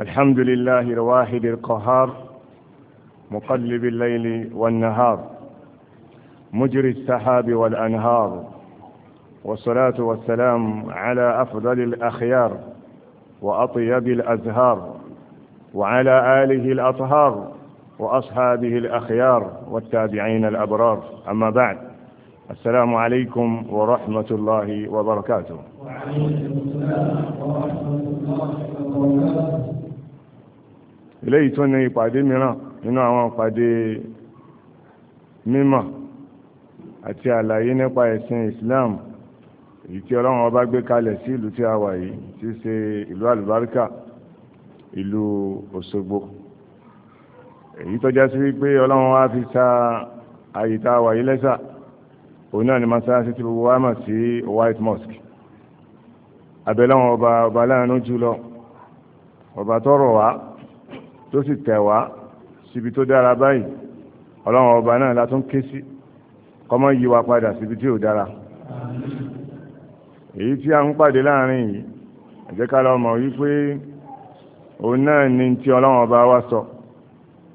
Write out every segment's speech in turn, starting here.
الحمد لله الواحد القهار مقلب الليل والنهار مجري السحاب والأنهار والصلاة والسلام على أفضل الأخيار وأطيب الأزهار وعلى آله الأطهار وأصحابه الأخيار والتابعين الأبرار أما بعد السلام عليكم ورحمة الله وبركاته وعليكم السلام ورحمة الله eléyìí tó ní ìpàdé mìíràn nínú àwọn ìpàdé mímọ̀ àti àlàyé nípa ẹ̀sìn Islam èyí tí ọlọ́run ọba gbé kalẹ̀ sí ìlú tí a wà yìí tí í ṣe ìlú àlùbáríkà ìlú Òṣogbo èyí tó já sí wípé ọlọ́run wá fi ta àyè tá a wà yìí lẹ́sà òun náà ni masáàsì tí gbogbo wa mọ̀ sí White Mosque abẹ́lẹ́wọ̀n ọba ọba láàánú jùlọ ọba tọrọ wá tó sì tẹ̀ wá síbi tó dára báyìí ọlọ́run ọba náà la tún ké sí kọ́mọ yí wa padà síbi tí ò dára èyí tí a ń pàdé láàrin yìí ẹ jẹ́ wípé òun náà ni tí ọlọ́run ọba wa sọ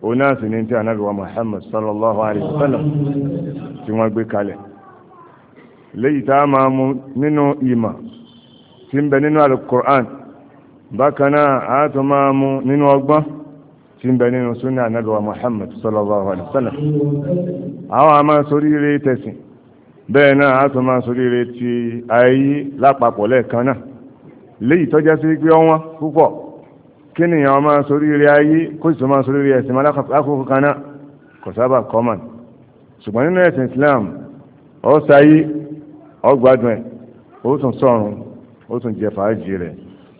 òun náà sì ni tí ànábì wa Muhammad sallallahu alayhi wa sallam tí wọ́n gbé kalẹ̀ léyìí tá a máa mú nínú ìmọ̀ tí ń bẹ nínú alukur'an bákan náà a tún máa mú nínú ọgbọ́n tí ń bẹ nínú súnà anábìwá Muhammad sallallahu alaihi wasallam àwọn a máa sorí ire tẹ̀sìn bẹ́ẹ̀ náà a tún máa sorí ire ti ayé lápapọ̀ lẹ́ẹ̀kan náà léyìí tọ́já sí pé ọwọ́n púpọ̀ kí nìyàn ọmọ sorí ire ayé kó sì tún máa sorí ire ẹ̀sìn alákòókò kan náà kò sábà kọ́mọ̀n ṣùgbọ́n nínú ẹ̀sìn Islam ó sayé ó gbádùn ẹ̀ ó tún sọ̀rùn ó tún jẹ fàájì rẹ̀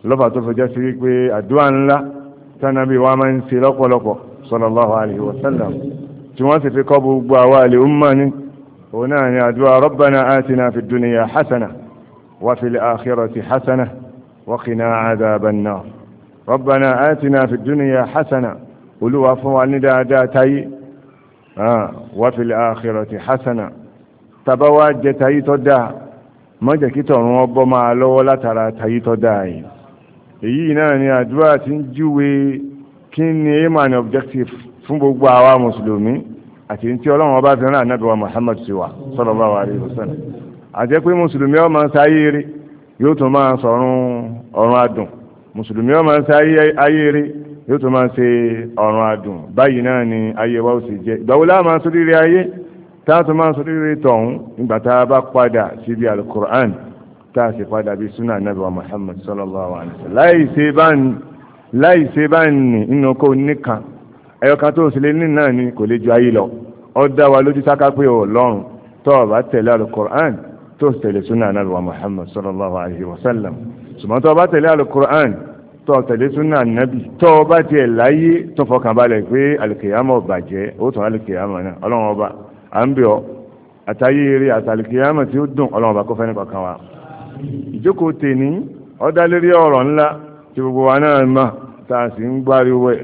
lọ́fà tó fẹjá sí wípé àdúrà ńlá tánàbí wa máa ń ṣe lọ́pọ̀lọpọ̀ sallallahu alaihi wasallam tí wọ́n sì fi kọ́ gbogbo àwa àlè umma ni òun náà ni àdúrà rabbana atina fid dunya hasana wa fil akhirati hasana wa qina adhaban nar rabbana atina fid dunya hasana olúwa fún wa ní dáadáa táyé ah, wa fil akhirati hasana tàbá jẹ táyé tó dáa mọ́jẹ̀kítọ̀ rún ọgbọ́ máa lọ́wọ́ látara táyé tó dáa yìí èyí náà ni àdúrà tí ń júwe kí ni aim and objective fún gbogbo àwa mùsùlùmí àti tí ọlọ́run ọba fi rán ànábì wa Muhammad siwa sallallahu alaihi wasallam àti pé mùsùlùmí ó máa sáyé rí yóò tún máa sọ̀rún ọ̀run adùn mùsùlùmí ó máa sáyé ayé rí yóò tún máa ṣe ọ̀run adùn báyìí náà ni ayé wa ó sì jẹ́ ìgbà wo la máa sórí rí ayé tá tún máa sórí rí tọ̀hún ìgbà tá a bá padà síbi alukur'an táàsì padà bí súnà nàbì wa Muhammad sallallahu alaihi wasallam láìsí bá ní inú kó nìkan ẹyọkan tó sì lé ní náà ni kò lè ju ayé lọ ó dá wa lójú sáká pé ò tó o bá tẹ̀lé alukur'an tó sì súnà nàbì wa Muhammad sallallahu alaihi wasallam ṣùgbọ́n tó o bá tẹ̀lé alukur'an tó o tẹ̀lé súnà nàbì tó o bá tiẹ̀ láyé tó fọkàn balẹ̀ pé alikiyama bàjẹ́ ó tún alikiyama náà ọlọ́run ọba à ń bẹ̀ ọ́ àtàyé eré àtàlìkìyàmọ̀ tí ó dùn ọlọ́run ọba kó fẹ́ nípa kan wa ìjókòó tèní ọ̀dá lérí ọ̀rọ̀ ńlá tí gbogbo wa náà mọ̀ tá a sì ń gbáriwẹ̀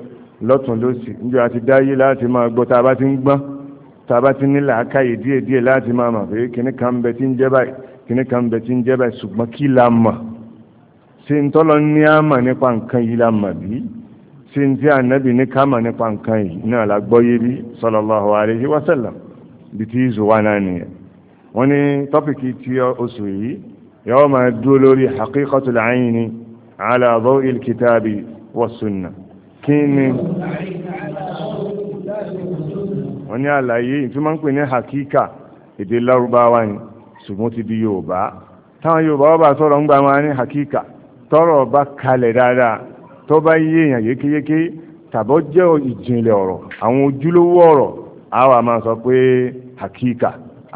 lọ́tún lósì níjọ́ àti dáyé láti máa gbọ́ tá a bá ti ń gbọ́n tá a bá ti nílà ákáyè díẹ̀ díẹ̀ láti máa mọ̀ pé kìnní kan ń bẹ tí ń jẹ́ báyìí kìnní kan ń bẹ tí ń jẹ́ báyìí ṣùgbọ́n kí la mọ̀ ṣe ń tọ́lọ ní àmà nípa nǹkan yìí la mọ̀ bí ṣe ń tí ànábì ní ká mọ̀ nípa nǹkan yìí náà la gbọ́yé bí sallallahu alaihi wasallam bí tí ìzùwà náà nìyẹn wọ́n ní tọ́pìkì tí oṣù yìí yọ́ ma dúó lórí haqiqatul aini ala dawil kitabi wa sunna kí ni wọ́n ní àlàyé ìtumọ̀ ń pè ní hakika èdè lárúbáwá ni ṣùgbọ́n ti di yorùbá táwọn yorùbá wọ́n bá sọ̀rọ̀ ń gbà máa ní hakika tọ́rọ̀ bá kalẹ̀ dáadáa tó bá yé èèyàn yékéyéké tàbọ́ jẹ́ ìjìnlẹ̀ ọ̀rọ̀ àwọn ojúlówó ọ̀rọ̀ àwa máa sọ pé hakika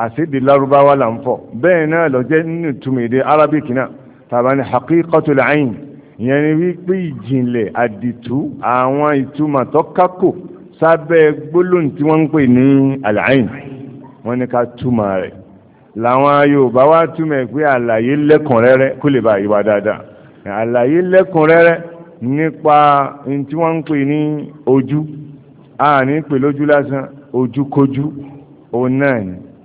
àṣídì lárúbáwá là ń fọ̀ bẹ́ẹ̀ náà lọ́jẹ́ nínú ìtumọ̀ èdè arabic náà tàbá ní haqiqatul ayn ìyẹn ni wípé ìjìnlẹ̀ àdìtú àwọn ìtumọ̀ tó kákò sábẹ́ gbólóhùn tí wọ́n ń pè ní al-ayn wọ́n ní ká túmọ̀ rẹ̀ làwọn yorùbá wá túmọ̀ pé àlàyé lẹ́kùnrẹ́rẹ́ kó lè bá ìwà dáadáa àlàyé lẹ́kùnrẹ́rẹ́ nípa tí wọ́n ń pè ní ojú a pè lójú lásán ojúkójú òun náà ni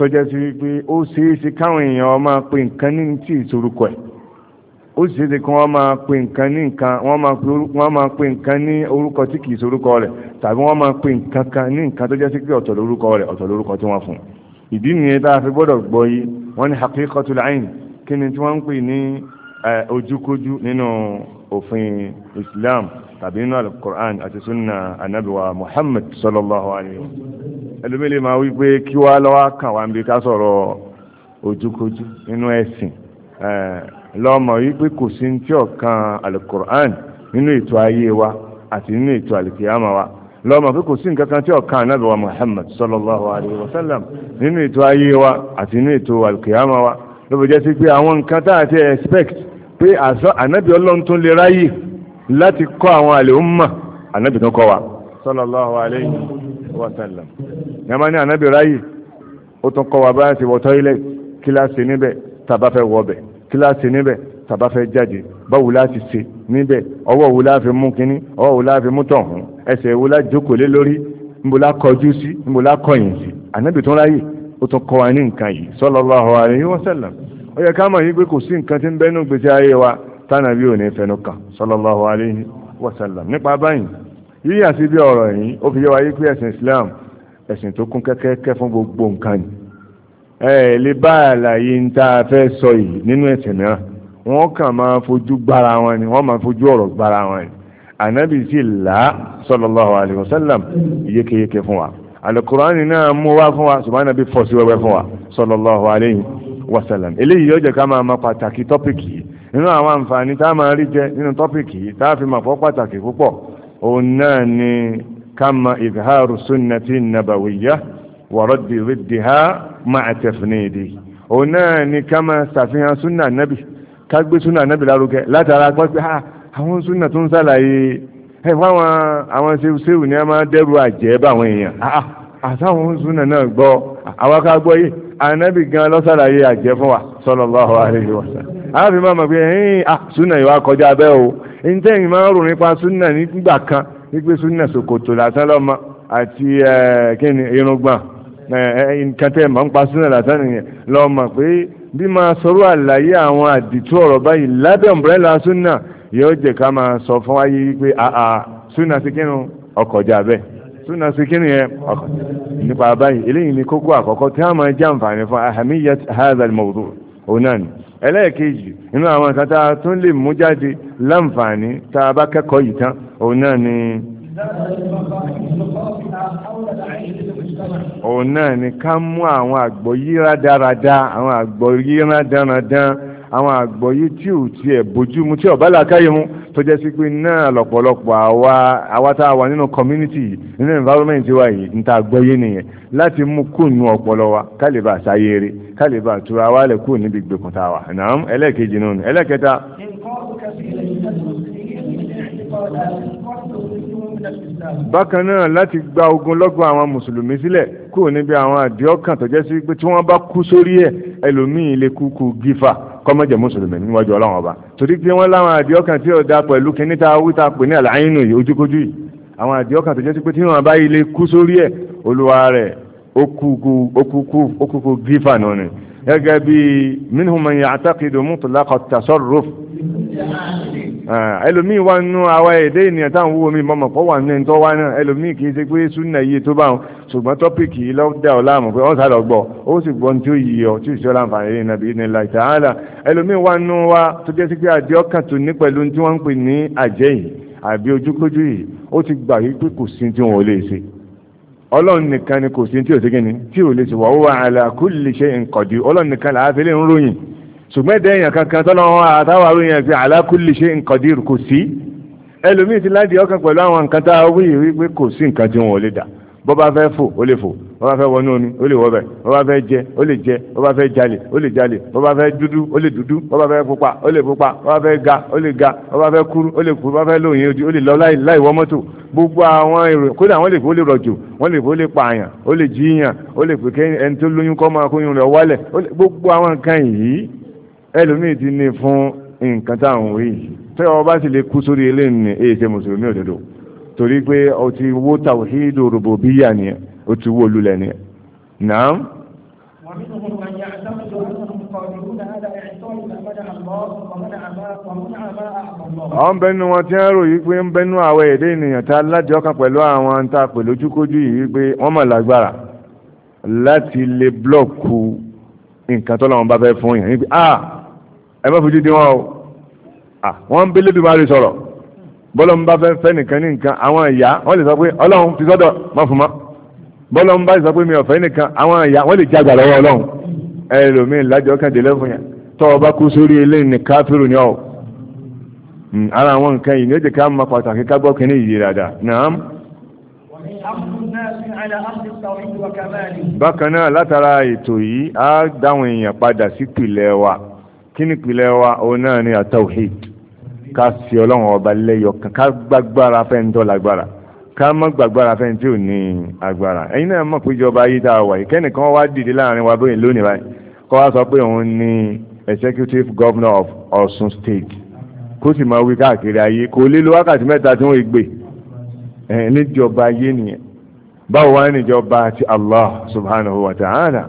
tọ́já sí wípé ó ṣeéṣe káwọn èèyàn máa pe nǹkan ní tí ìsorúkọ ẹ̀ ó sì ṣeéṣe kí wọ́n máa pe nǹkan ní nǹkan wọ́n máa pe nǹkan ní orúkọ tí kìí sorúkọ rẹ̀ tàbí wọ́n máa pe nǹkan kan ní nǹkan tọ́já sí pé ọ̀tọ̀ lórúkọ rẹ̀ ọ̀tọ̀ lórúkọ tí wọ́n fún ìdí nìyẹn tá a fi gbọ́dọ̀ gbọ́ yìí wọ́n ní haqiqatul ayn kí ni tí wọ́n ń pè ní ojúkójú nínú òfin Islam tàbí nínú al àti sunna anabiwa Muhammad sallallahu alayhi wa ẹlòmí lè máa wí pé kí wá lọ́wọ́ kàn wá níbi ká sọ̀rọ̀ ojúkojú nínú ẹ̀sìn lọ́mọ yìí kò sí tí ọ̀kan alukur'an nínú ètò ayé wa àti nínú ètò alìkìyàmà wa lọ́mọ pé kò sí nǹkan kan tí ọ̀kan ànábì wa Muhammad sallallahu alayhi wa sallam nínú ètò ayé wa àti nínú ètò alìkìyàmà wa ló bẹ̀ jẹ́ sí pé àwọn nǹkan tá àti expect pé ànábì ọlọ́run tó lè ráyè láti kọ́ àwọn àlè ó mọ̀ tó kọ́ wa sallallahu alayhi wa sallam wasallam yàmá ní ànábì ráyè ó tún kọ́ wa bá ṣe wọ tọ́ílẹ̀ kíláàsì níbẹ̀ tàbá fẹ́ wọbẹ̀ kíláàsì níbẹ̀ tàbá fẹ́ jáde báwo láti ṣe níbẹ̀ ọwọ́ wo la fi mú kínní ọwọ́ wo la fi mú tọ̀hún ẹsẹ̀ wo la jókòó lé lórí níbo la kọjú sí níbo la kọyìn sí ànábì tún ráyè ó tún kọ́ wa ní nǹkan yìí sallallahu alaihi wasallam ó yẹ ká mọ̀ yí pé kò sí nǹkan tí ń bẹ́nu gbèsè ayé wa tánàbí ò ní fẹnu kàn sallallahu alaihi wasallam nípa báyìí yíyà sí bí ọ̀rọ̀ yìí ó fi yé wa yí pé ẹ̀sìn Islam ẹ̀sìn tó kún kẹ́kẹ́kẹ́ fún gbogbo nǹkan ni ẹ lè bá àlàyé ń tá a fẹ́ sọ yìí nínú ẹ̀sìn mìíràn wọ́n kàn máa fojú gbára wọn ni wọ́n máa fojú ọ̀rọ̀ gbára wọn ni ànábì sì là á sallallahu alaihi wasallam yékéyéké fún wa alukurani náà mú wá fún wa ṣùgbọ́n ànábì fọ́ sí wẹ́wẹ́ fún wa sallallahu alaihi wasallam eléyìí yóò jẹ́ ká máa ma pàtàkì tọ́pìkì yìí nínú àwọn àǹfààní tá a máa rí jẹ nínú tọ́pìkì yìí tá a fi máa fọ́ pàtàkì púpọ̀ òun náà ni kama ìdáhàrù sunnati nabawiyya wa raddi riddiha ma'a tafnidi òun náà ni kama ṣàfihàn sunna nabi ká gbé sunna nabi lárugẹ látara pẹ́ pé ah, àwọn sunna tó ń sàlàyé ẹ fáwọn àwọn ṣéwùṣéwù ni a máa dẹ́rù àjẹ́ báwọn èèyàn ah, ah, àtàwọn sunna náà gbọ́ àwọn ká gbọ́ yìí ànábì gan lọ́sàlàyé àjẹ́ fún wa sallallahu alaihi wasallam àbí máa mọ̀ pé ẹ̀yìn ntẹ́yìn máa ń rò nípa súnà nígbà kan wípé súnà ṣòkòtò lásán lọ́mọ àti kíni irùngbọ̀n nǹkan tẹ́ máa ń pa súnà lásán nìyẹn lọ́mọ pé bí máa sọ̀rọ̀ àlàyé àwọn àdìtú ọ̀rọ̀ báyìí lábẹ́ ọ̀mbrẹ́là súnà yóò jẹ́ ká máa sọ fún wáyé wípé àà súnà sí kínú ọkọ̀jà bẹ́ẹ̀ súnà sí kínú yẹn ọkọ̀jà nípa báyìí eléyìí ni kókó àkọ́kọ́ tí a máa jẹ́ àǹfààní fún ahamiyat hadha ẹlẹ́ẹ̀kejì inú àwọn nǹkan tá a tún lè mú jáde láǹfààní tá a bá kẹ́kọ̀ọ́ yìí tán òun náà ni òun náà ni ká mú àwọn àgbọ́yé rádaràda àwọn àgbọ́yé rádaràdán àwọn àgbọ́yé tí ò tiẹ̀ bójú mu tí ọ̀bá làákàyè mu tó jẹ́ sí pé náà lọ́pọ̀lọpọ̀ àwa àwa tá a wà nínú community nínú environment wa yìí níta àgbọ́yé nìyẹn láti mú kùnú ọpọlọ wa ká lè bá a sáyé rí kálíbà tura wálẹ̀ kú níbi ìgbèkùn tá nàám ẹlẹ́ẹ̀kejì náà ni ẹlẹ́ẹ̀kẹta. bákan náà láti gba ogun lọ́gbọ̀n àwọn mùsùlùmí sílẹ̀ kú níbi àwọn àdìọ́kàn tó jẹ́ sí pé tí wọ́n bá kú sórí ẹ̀ ẹlòmíì lè kú kú gífà kọ́mọ́jẹ̀ mùsùlùmí níwájú ọlọ́run ọba torí pé wọ́n láwọn àdìọ́kàn tí ó da pẹ̀lú kíní tá a wí tá pè ní àlàyé nù yìí ojúkójú yìí àwọn àdìọ́kàn tó jẹ́ sí pé tí wọ́n bá ilé kú sórí ẹ̀ olúwa rẹ̀ okuku gífà náà ni gẹ́gẹ́ bí minhum man ya'taqidu mutlaq tasarruf ah, ẹlòmíì wà nínú àwa èdè ènìyàn táwọn wúwo mi mọ́mọ́ pọ̀ wà nínú ẹni tó wá náà ẹlòmíì kì ṣe pé súnà yìí tó bá wọn ṣùgbọ́n tọ́pìkì yìí lọ́dà ọ̀ láàmú pé wọ́n sá lọ gbọ́ ó sì gbọ́n tí ó yí ọ tí nàbí ní ẹlòmíì wà nínú wa tó jẹ́ sí pé tó ní pẹ̀lú tí wọ́n ń pè ní àjẹ́yìn àbí ojúkójú yìí ọlọ́run nìkan ni kò sí tí ò sí kíni tí ò lè ṣe wàá wà àlà kulli shay'in qadir ọlọ́run nìkan là á fi lè ń ròyìn ṣùgbọ́n ẹ̀dẹ́ èèyàn kankan tọ́lọ́run àtàwà ròyìn ẹ̀fẹ́ àlà kulli shay'in qadir kò sí ẹlòmíì ti láti ọkàn pẹ̀lú àwọn nǹkan tá a wí wípé kò sí nǹkan tí wọn ò lè dà bó bá fẹ́ fò ó lè fò bó bá fẹ́ wọnú omi ó lè wọbẹ̀ bó bá fẹ́ jẹ ó lè jẹ bó bá fẹ́ jalè ó lè jalè bó fẹ́ dúdú ó lè dúdú bó fẹ́ pupa ó lè pupa bó fẹ́ ga ó lè ga bó bá fẹ́ kúrú ó lè kúrú bó bá fẹ́ lóyìn ojú ó lè lọ láì láì wọ mọ́tò gbogbo àwọn èrò kódà wọ́n lè fò ó lè rọ̀jò wọ́n lè fò ó lè pààyàn ó lè jiyàn ó lè pè kẹ́yìn ẹni tó lóyún kọ́ máa kóyún rẹ̀ wálẹ̀ gbogbo àwọn nǹkan yìí ẹlòmíì ti ní fún nǹkan táwọn wí yìí bá sì lè kú sórí eléyìí ni èyí ṣe mùsùlùmí òdodo torí pé o ti wó tàwíìdù rùbùbíyà ni o ti wó lulẹ̀ ni naam. àwọn bẹnu wọn ti ń rò yìí pé ń bẹnu àwọn èdè ènìyàn tá láti ọkàn pẹ̀lú àwọn tá pẹ̀lú ojúkójú yìí pé wọ́n mọ̀ lágbára láti lè blọ́ọ̀kù nǹkan tó làwọn bá fẹ́ fún yàn yìí ah ẹ má fojú di wọn o ah wọ́n ń bí lébìmọ́ àrí sọ̀rọ̀ bọ́lọ́n bá fẹ́ fẹ́ nìkan ní nǹkan àwọn ìyá wọ́n lè sọ pé ọlọ́run fi sọ́dọ̀ má fún ma bọ́lọ́n bá sọ pé mi ò fẹ́ nìkan àwọn ìyá wọ́n lè jẹ́ àgbà lọ́wọ́ ọlọ́run ẹlòmíín lájọ kàndínlẹ́ fún yẹn tọ́ ọ bá kú sórí ilé ní káfíìrù ni ọ hmm, ara àwọn nǹkan yìí ní ó jẹ́ ká máa pàtàkì ká gbọ́ kínní yìí dáadáa nàám. bákan náà látara ètò yìí á dáwọn èèyàn padà sí pìlẹ̀ wa kí ni pìlẹ̀ wa òun náà ni àtàwhíd ká sí ọlọ́run ọba lẹ́yọ ká gbàgbára fẹ́ ń tọ́ lágbára ká mọ́ gbàgbára fẹ́ tí ò ní agbára ẹ̀yin náà mọ̀ pé ìjọba ayé tá a wà yìí kẹ́nìkan wá dìde láàrin wa bóyá lónìí báyìí kọ́ wá sọ pé òun ni executive governor of Ọ̀ṣun state kó sì máa wí káàkiri ayé kò lè lo wákàtí mẹ́ta tí wọ́n gbé ẹ̀ níjọba ayé nìyẹn báwo wá níjọba ti Allah subhanahu wa ta'ala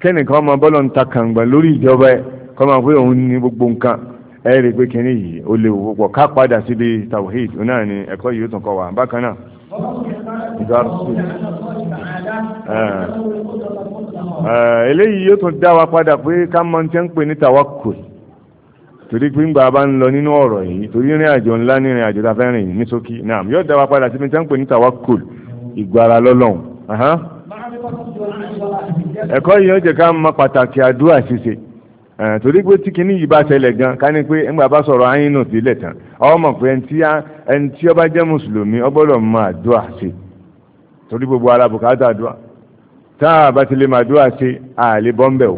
kẹ́nìkan ọmọ bọ́lọ̀ ń ta kàngbọ̀n lórí ìjọba ẹ̀ kọ́ máa pé òun ní gbogbo nǹkan ẹ rí pé kínní yìí ó léwu púpọ̀ ká tawhid náà ni ẹ̀kọ́ yìí ó tún wa bákan náà eléyìí yóò tún dá wa padà pé ká mọ tí ń pè ní torí pé ńgbà bá ń lọ nínú ọ̀rọ̀ yìí torí rìn àjò ńlá ní rìn àjò rìn ní sókí náà yóò dá wa padà síbi Eh, torí pé tí kinní yìí bá ṣẹlẹ̀ gan ká ní pé ńgbà bá sọ̀rọ̀ ayín nù sílẹ̀ tán ọmọ pé ẹni tí ó bá jẹ́ mùsùlùmí ó gbọ́dọ̀ máa àdúrà ṣe torí gbogbo alábùkátà àdúrà tá a bá ti lè máa àdúrà ṣe àlè bọ́m̀bẹ̀ o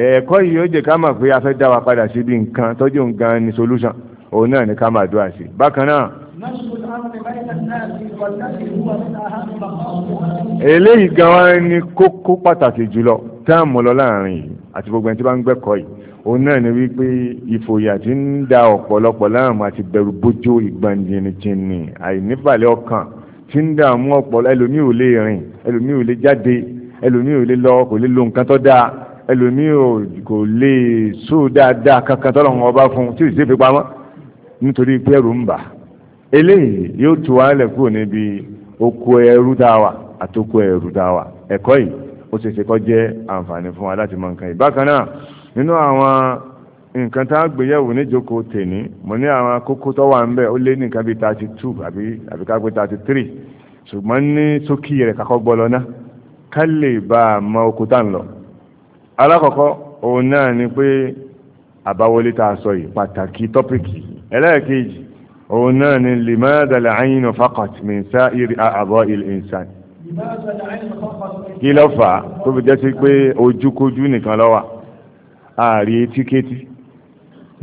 ẹ̀ẹ̀kọ́ eh, yìí ó jẹ́ ká mọ̀ pé a dá wa padà síbi nǹkan tọ́jú nǹkan ní solution òun náà ni ká máa àdúrà ṣe bákan náà eléyìí gan-an ni kókó pàtàkì jùlọ tá a mọ̀ lọ láàrin yìí àti gbogbo ẹni tí bá ń gbẹ́kọ̀ọ́ yìí òun náà ni wípé ìfòyà tí ń da ọ̀pọ̀lọpọ̀ láàmú àti bẹ̀rù bójó ìgbàndínìjìnì àìnífàlẹ̀ ọkàn tí ń dààmú ọ̀pọ̀lọ ẹlòmíì ò lè rìn ẹlòmíì ò lè jáde ẹlòmíì ò lè lọ kò lè lo nǹkan tó dáa ẹlòmíì kò lè sóò dáadáa kankan tọ́lọ́run ọba fún tí ò sì fi pamọ́ nítorí pé ẹ̀rù ń bà eléyìí yóò o wa kúrò níbi oko ẹrú dáwà àtòkò ẹrú dáwà ẹ̀kọ́ yìí ó ṣe kọ́ jẹ́ àǹfààní fún wa láti mọ nǹkan yìí bákan náà nínú àwọn nǹkan a gbéyẹ̀wò níjókòó tèní mo ní àwọn kókó tó wà ń bẹ̀ ó lé ní nǹkan bíi thirty two àbí àbí ká pé thirty three ṣùgbọ́n ní rẹ̀ kakọ́ ká lè ni pé àbáwọlé tá a sọ yìí òun náà ni limadha al-'aynu faqat min sa'iri a'dha'i al-insan kí ló fà á tó fi jẹ́ sí pé ojúkojú nìkan ló wà ààrí etíkétí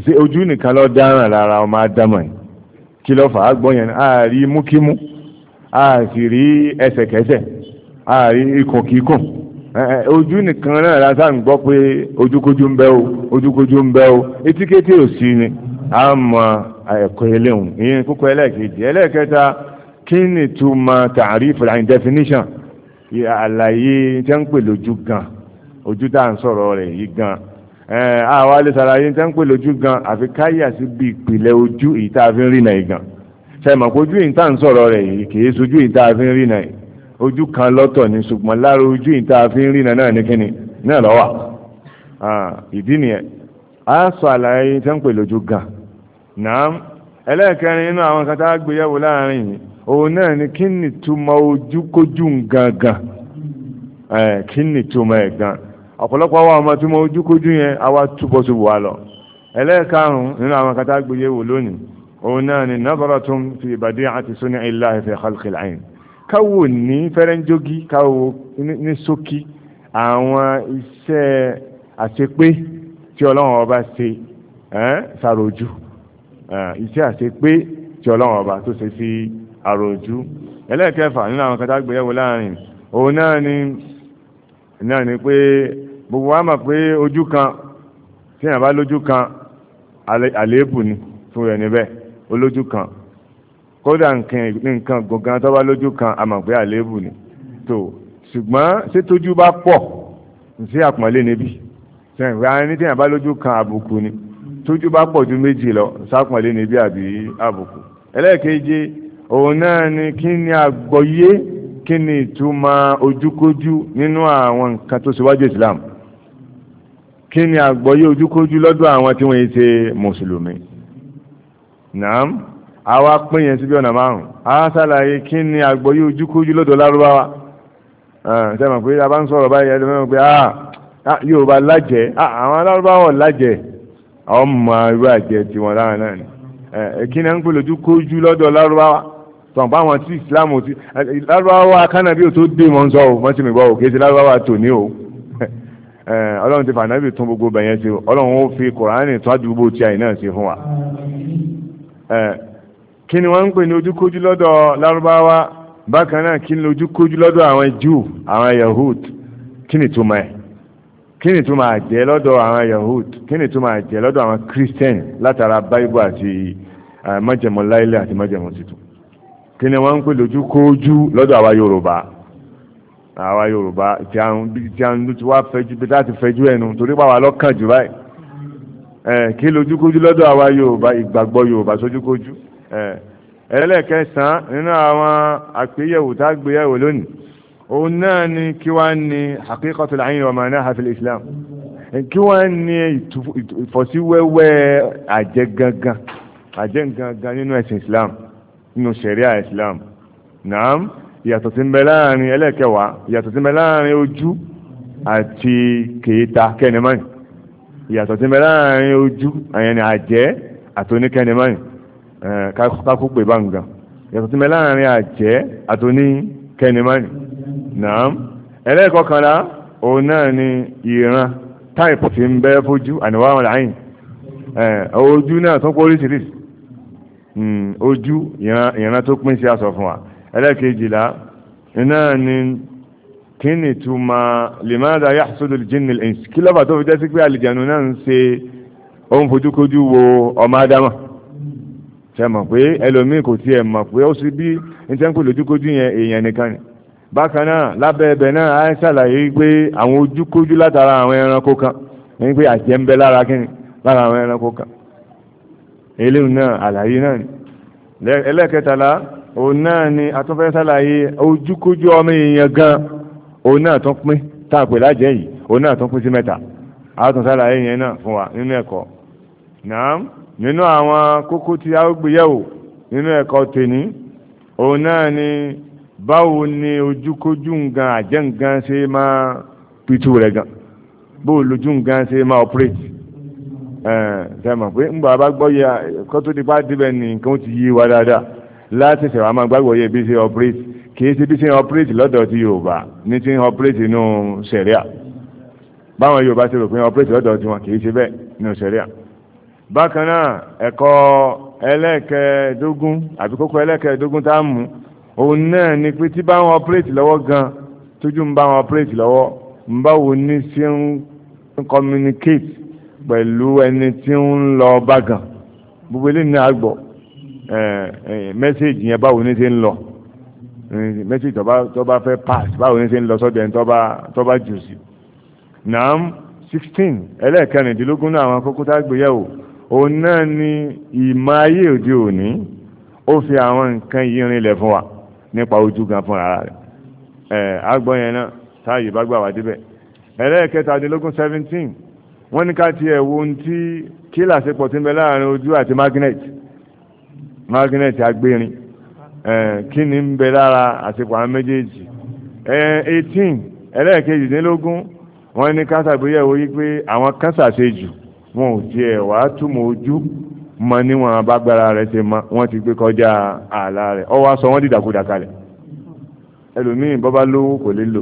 sí ojú nìkan ló dáràn lára ọmọ ádámọ̀ yìí kí ló fà á gbọ́ yẹn ààrí múkímú ààsì rí ẹsẹ̀kẹsẹ̀ ààrí ikùn kíkùn ojú nìkan náà lásán gbọ́ pé ojúkojú ń bẹ o ojúkojú ń bẹ o etíkétí ò sí ni a mọ ẹ̀kọ́ eléhùn ìyẹn kókó ẹlẹ́ẹ̀kejì ẹlẹ́ẹ̀kẹta kí ni túmọ̀ tààrífù and definition àlàyé tẹ́ ń pè lójú gan ojú tá à ń sọ̀rọ̀ rẹ̀ yìí gan àwọn alẹ́sàlàyé tẹ́ ń pè lójú gan àfi káyà sí bí ìpìlẹ̀ ojú èyí tá a fi ń rí náà yìí gan sẹ́mọ̀ ojú yìí ń sọ̀rọ̀ rẹ̀ yìí kì sojú yìí fi ń rí náà ojú kan lọ́tọ̀ ni ṣùgbọ́n lára ojú yìí fi ń rí náà náà ní kíni náà lọ́wà ìdí nìyẹn a sọ àlàyé tẹ́ ń pè lójú gan náà ẹlẹ́ẹ̀kẹrin nínú àwọn kan tá a gbéyẹ̀wò láàrin yìí òun náà ni kí ni túmọ̀ ojúkójú gangan ẹ̀ kí ni túmọ̀ ẹ̀ gan ọ̀pọ̀lọpọ̀ wa ọmọ túmọ̀ ojúkójú yẹn a wá túbọ̀ síbò wa lọ ẹlẹ́ẹ̀karùn-ún àwọn kan gbéyẹ̀wò lónìí òun náà ni nazaratun fi badi'ati sun'illahi fi khalqil 'ayn káwò ní fẹ́rẹ́ńjógí káwò ní ṣókí àwọn iṣẹ́ àṣepé tí ọlọ́run ọba ṣe ṣàròjú iṣẹ́ àṣẹ pé tí ọlọ́run ọba tó ṣe sí àròjú ẹlẹ́ẹ̀kẹfà nínú àwọn kẹta gbéyẹ̀wò láàrin òun náà ni náà ni pé gbogbo wa mọ̀ pé ojú kan tí èèyàn bá lójú kan àléébù ni fún rẹ̀ níbẹ̀ olójú kan kódà nǹkan gbọ̀ngàn tó bá lójú kan a mọ̀ pé àléébù ni tó ṣùgbọ́n ṣé tójú bá pọ̀ sí àpọ̀nlé níbi sẹ́yìn pé àwọn ẹni tí yàn bá lójú kan àbùkù ni tójú bá pọ̀ ju méjì lọ sápọ̀nlé níbi àbí àbùkù ẹlẹ́ẹ̀kejì òun náà ni kí ni àgbọ́yé kí ni ìtumọ̀ ojúkójú nínú àwọn nǹkan tó ṣíwájú Islam kí ni àgbọ́yé ojúkójú lọ́dọ̀ àwọn tí wọ́n yìí ṣe mùsùlùmí naam àwa pín yẹn síbi ọ̀nà márùn-ún a ṣàlàyé kí ni àgbọ́yé ojúkójú lọ́dọ̀ lárúbáwá ṣe mọ̀ pé a bá ń sọ̀rọ̀ báyìí ẹlẹ́mọ̀ pé ah Ah, yorùbá lájẹ ah, àwọn alárúbáwọ̀ lájẹ ọmọ irú àjẹ tiwọn lára náà ni eh, kí ni à ń pè lójú kójú lọdọ lárúbáwá tọ̀npá àwọn tí ìsìláàmù ti eh, lárúbáwá kánàbí tó dé wọn sọ mi gbọ́ ò kéde lárúbáwá tò ní o eh, ọlọ́run ti fànàbì tún gbogbo bẹ̀yẹn ti ọlọ́run ó fi kòránì tó àdúgbò tí náà ti fún wa kí ni wọ́n ń pè ní ojúkójú lọ́dọ̀ lárúbáwá bákan náà kí ni ojúkójú lọ́dọ̀ àwọn Yahud kí ni kí ni tó máa jẹ́ lọ́dọ̀ àwọn Yahud kí ni tó máa jẹ́ lọ́dọ̀ àwọn Christian látara Bible àti eh, májẹ̀mú láìlẹ̀ àti májẹ̀mú titun kí ni wọ́n ń pè lójú kójú lọ́dọ̀ àwa Yorùbá àwa Yorùbá tí a ń lù tí wá fẹjú bí láti fẹjú ẹnu torí pàwọn alọ́kàn jù báyìí eh, kí lójú kójú lọ́dọ̀ àwa Yorùbá ìgbàgbọ́ Yorùbá sójú kójú eh, ẹlẹ́kẹsàn-án nínú àwọn àgbéyẹ̀wò tá a lónìí òun náà ni kí wá ní haqiqatul ayn wa ma'naha fil islam kí wá ní ìfọ̀síwẹ́wẹ́ àjẹgangan àjẹgangan nínú ẹ̀sìn islam nínú sharia islam naam ìyàtọ̀ tí ń bẹ láàrin ẹlẹ́kẹwàá ìyàtọ̀ tí ń bẹ láàrin ojú àti kèéta kẹ́nìmọ́nì ìyàtọ̀ tí ń bẹ láàrin ojú àyẹn ni àjẹ́ àtòní kẹ́nìmọ́nì kákó pè bá ń gan ìyàtọ̀ tí ń bẹ láàrin àjẹ́ àtòní kẹ́nìmọ́nì naam ẹlẹ́ẹ̀kọkànlá òun náà ni ìran táìpù ti ń bẹ́ fojú àníwá wọn láyìn ojú náà tó kó oríṣiríṣi hmm, ojú ìran tó pín sí aṣọ fún wa ẹlẹ́ẹ̀kejìlá náà ni kí ni túmọ̀ lèmọ́dà yàtúndò jìnnì ẹ̀ǹsì kí lọ́ba tó fi jẹ́ sí pé àlìjànú náà ń ṣe ó ń fojúkojú wo ọmọ ádámà ṣe mọ̀ pé ẹlòmíì kò tiẹ̀ mọ̀ pé ó sì bí ní tẹ́ńkù lójúkojú yẹn èèyàn nìkan ni bákan náà lábẹ́ ẹbẹ̀ náà á ṣàlàyé pé àwọn ojúkójú látara àwọn ẹranko kan ní pé àjẹ́ ń bẹ lára kíni lára àwọn ẹranko kan eléyìí náà àlàyé náà ni ẹlẹ́kẹtàlá òun náà ni atúnfẹ́ ṣàlàyé ojúkójú ọmọ èèyàn gan òun náà tún pín tá a pè lájẹ́ yìí òun náà tún pín sí mẹ́ta àtún ṣàlàyé yẹn náà fún wa nínú ẹ̀kọ́ náà nínú àwọn kókó tí a ó gbéyẹ̀wò nínú ẹ̀kọ́ tèní òun náà ni báwo ni ojúkójú nǹkan àjẹ́ nǹkan ṣe máa pitú rẹ̀ gan bó lójú nǹkan ṣe máa operate tẹ́mọ̀ pé ń bàbá gbọ́yẹ kó tó di bá débẹ̀ ní nǹkan ó ti yí wa dáadáa láti ṣẹ̀wá máa gbàgbọ́ yẹ bí ṣe operate kìí ṣe bí ṣe operate lọ́dọ̀ ti Yorùbá ní ti operate nínú sẹ̀ríà báwọn Yorùbá ṣe rò pé operate lọ́dọ̀ tiwọn kìí ṣe bẹ́ẹ̀ nínú sẹ̀ríà bákan náà ẹ̀kọ́ ẹlẹ́ẹ̀kẹ́ẹ̀dógún àbí kókó tá a mú òun náà ni pé tí bá wọn ọpẹ́rẹ́tì lọ́wọ́ gan tójú ń bá wọn ọpẹ́rẹ́tì lọ́wọ́ ń bá wo ní ṣe ń communicate pẹ̀lú ẹni tí ń lọ bá gan gbogbo eléyìí náà gbọ́ mẹ́sẹ̀gì yẹn báwo ní ṣe ń lọ mẹ́sẹ̀gì tó bá fẹ́ pass báwo ní ṣe ń lọ sọ́dọ̀ ẹni tó bá jù sí. nàám sixteen ẹlẹ́ẹ̀kẹrìndínlógún náà àwọn akókó tá a gbé yẹ̀wò òun náà ni ìmọ̀ ayé òde òní ó fi àwọn nǹkan yìí rinlẹ̀ fún wa nípa ojú gan fún ara rẹ̀ ẹ̀ agbọ́n yẹn náà táàyè bá gbà wá débẹ̀ ẹlẹ́ẹ̀kẹtàdínlógún seventeen wọ́n ní ká tiẹ̀ wo ohun tí kílà ṣe pọ̀ tí ń bẹ láàrin ojú àti magnet magnet agbérin kí ni ń bẹ lára àsìkò àwọn méjèèjì eighteen ẹlẹ́ẹ̀kejìdínlógún wọ́n ní ká ṣàgbéyẹ̀wò yí pé àwọn kan ṣàṣejù wọn ò tiẹ̀ wàá túmọ̀ ojú mọ níwọ̀n abágbára rẹ̀ ṣe mọ wọ́n ti gbé kọjá ààlà rẹ̀ ọ wá sọ wọ́n dìdàkudà kalẹ̀ ẹlòmíì bọ́bá lówó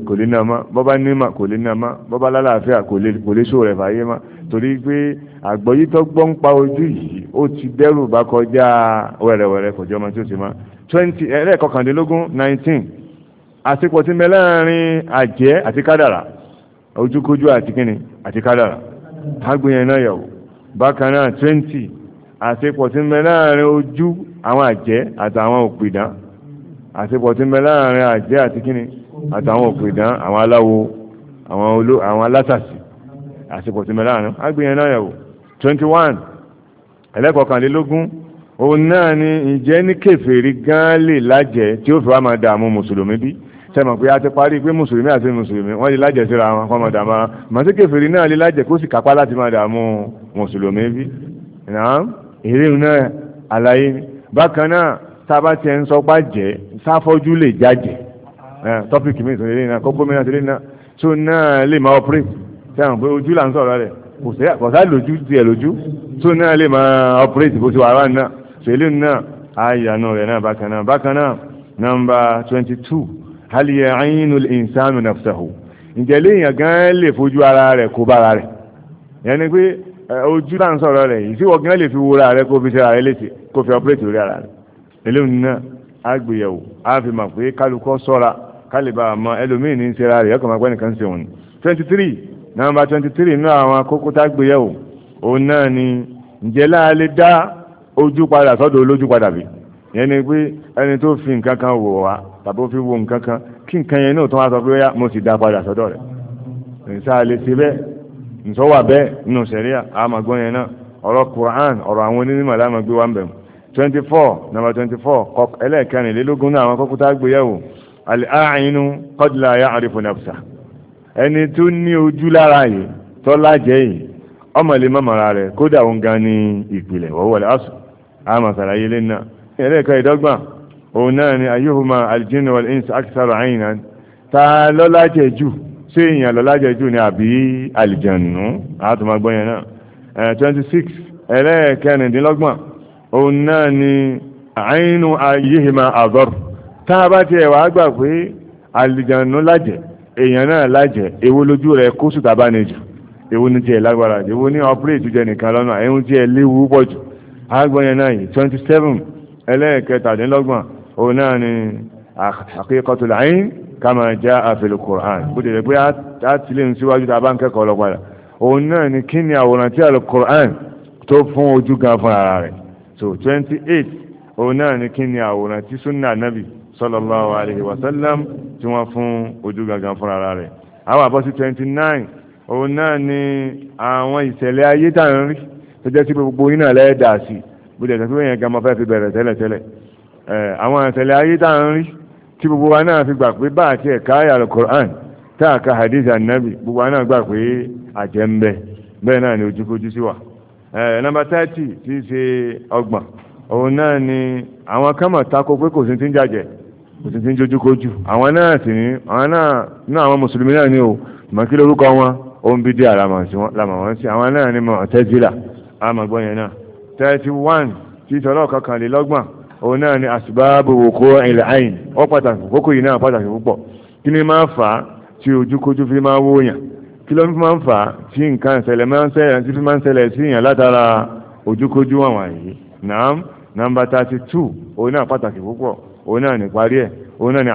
kò lè ná mọ́ bọ́bá nímọ̀ kò lè ná mọ́ bọ́bá lálàáfíà kò lè sóò rẹ̀ fàyè mọ́ torí pé àgbọ̀yítọ́ gbọ́n pa ojú yìí ó ti dẹ́rù bá kọjá wẹ̀rẹ̀wẹ̀rẹ̀ kọjá ọmọ tí ó ti mọ́ twenty ẹlẹ́ẹ̀kọkàndínlógún nineteen àsìkò tí mẹ́láàrin àjẹ́ àti kádàrà ojúkójú àti kínni àti kádàrà á náà yẹ̀wò bákan náà twenty àṣepọ̀ tí ń bẹ láàrin ojú àwọn àjẹ́ àtàwọn òpìdán àṣepọ̀ tí ń bẹ láàrin àjẹ́ àti kíni àtàwọn òpìdán àwọn aláwo àwọn oló àwọn alásàsì àṣepọ̀ tí ń láàrin agbìyàn náà yẹ̀wò twenty one ẹlẹ́kọ̀ọ́kànlélógún òun náà ni ìjẹ́ ní kèfèrí gan lè lájẹ́ tí ó fi wá máa dààmú mùsùlùmí bí sẹ́mọ̀ pé a ti parí pé mùsùlùmí àti mùsùlùmí wọ́n lè lájẹ̀ síra wọn kọ́ máa dààmú ara màá sí kèfèrí náà lè lájẹ̀ kó sì kápá láti máa dààmú mùsùlùmí bí. èrè náà àlàyé bákan náà sábà tiẹ̀ ń sọpá jẹ́ sáfọ́jú lè jájẹ́ tọ́pìkì mi ìtòlélẹ́ náà kókó mi náà tẹ́lẹ̀ náà tó náà lè máa ọpẹ́rẹ́tì sẹ́wọ̀n pé ojú là ń sọ̀rọ̀ rẹ̀ kò sá lójú tiẹ̀ lójú tó náà lè máa ọpẹ́rẹ́tì bó ti wà na náà tẹ́lẹ̀ náà náà bákan náà bákan náà nọmba twenty two hali ayinu lè fojú ara kó ara yẹn ni pé ojú tá à ń sọ̀rọ̀ rẹ̀ yìí tí wọ́n fi wúra rẹ̀ kó fi ṣe ààrẹ létí kó fi ọpẹ́rẹ́tì orí ara rẹ̀ eléyìí náà á gbìyàwó fi mọ̀ pé kálukọ́ sọ́ra kálíbà àmọ́ ẹlòmíì ní rẹ̀ ṣe twenty three number twenty three àwọn tá òun náà ni ǹjẹ́ láàlẹ́ dá ojú padà sọ́dọ̀ olójú padà ni fi fi ntọ́ wà bẹ́ẹ̀ nínú sẹ̀ríà àmàgbọ́n yẹn náà ọ̀rọ̀ Quran ọ̀rọ̀ àwọn onímọ̀ láàmà gbé wá ń bẹ̀rù twenty four number twenty four kọp ẹlẹ́ẹ̀kẹrìnlélógún náà àwọn kọ́kútà gbéyàwó àìnú kọ́dìlà ayá àrífò nàfṣà ẹni tó ní ojú lára yìí tọ́lá jẹ́ yìí ọmọ lè má mara rẹ̀ kódà òun gan ni ìpìlẹ̀ wọ́wọ́lẹ̀ asù àmà sàlàyé lé náà ẹlẹ́ẹ̀kẹ́ ìdọ́gbà òun náà ni ayéhùmá aljínú wal ins akitaro àyìnà ta lọ́lá jẹ́ jù ṣé èèyàn lọ lájẹjù ni àbí àlìjànú àtúmọ̀gbọ́n yẹn náà twenty six ẹlẹ́ẹ̀kẹrìndínlọ́gbọ̀n òun náà ni àìnú ayéhìmá àbọ̀rù tá a bá tiẹ̀ wàá gbà pé àlìjànú lájẹ èèyàn náà lájẹ èwo lójú rẹ kó sùtà bá ní jù èwo ní tiẹ̀ lágbára jù èwo ní ọ̀pẹ́rẹ́tì jẹ nìkan lọ́nà ẹ̀hún tiẹ̀ léwu pọ̀ jù àgbọ̀n náà yìí twenty seven ẹlẹ́ẹ̀kẹtàdínlọ́gbọ̀n òun náà ni àkíkọ́tù làyín kama jaa fil Koran, bó ti rẹ̀ pé a ti lè ń síwájú tá a bá ń kẹ́kọ̀ọ́ lọ padà òun náà ni kí ni àwòrán tí al-Qur'an tó fún ojú gan fún ara rẹ̀ so twenty eight òun náà ni kí ni àwòrán tí sunna nabi sallallahu alayhi wa sallam tí wọ́n fún ojú gangan fún ara rẹ̀ àwọn àbọ̀sí twenty nine òun náà ni àwọn ìṣẹ̀lẹ̀ ayé tá à ń rí tó jẹ́ sí gbogbo yín náà lẹ́ẹ̀dà sí bó ti rẹ̀ pé yẹn gan mo fẹ́ fi bẹ̀rẹ̀ tẹ́lẹ̀tẹ́lẹ̀ àwọn ìṣẹ̀lẹ̀ ayé tá à ń rí tí gbogbo wa náà fi gbà pé bá àti ẹ̀ka àyà alukur'an tá a ka hadith anabi gbogbo wa náà gbà pé àjẹ́ ń bẹ bẹ́ẹ̀ náà ni ojúkojú sí wa. nọ́mbà tẹ́tì tí í ṣe ọgbọ̀n òun náà ni àwọn kámọ̀ tako pé kò sí ti ń jàjẹ́ kò sí ti ń jojúkojú àwọn náà sì ní àwọn náà náà àwọn mùsùlùmí náà ni o mọ̀ kí lórúkọ wọn ó ń bí díà làmà wọn sí àwọn náà ni mọ̀ tẹ́tì là àmọ̀ gbọ́n yẹn náà thirty one tí ìtọ́lọ́ kankanlélọ́gbọ̀n òun náà ni àṣìbáàbò òkú ìlàáyìn ó pàtàkì kókò yìí náà pàtàkì púpọ̀ kí ni máa fà á tí ojúkójú fi máa wóyàn kí ló máa ń fà tí nǹkan ìṣẹ̀lẹ̀ máa ń ṣẹlẹ̀ tí fi máa ń ṣẹlẹ̀ sí èèyàn látara ojúkójú àwọn yìí naam nàmbà thirty òun náà pàtàkì púpọ̀ òun náà ní parí ẹ̀ òun náà ní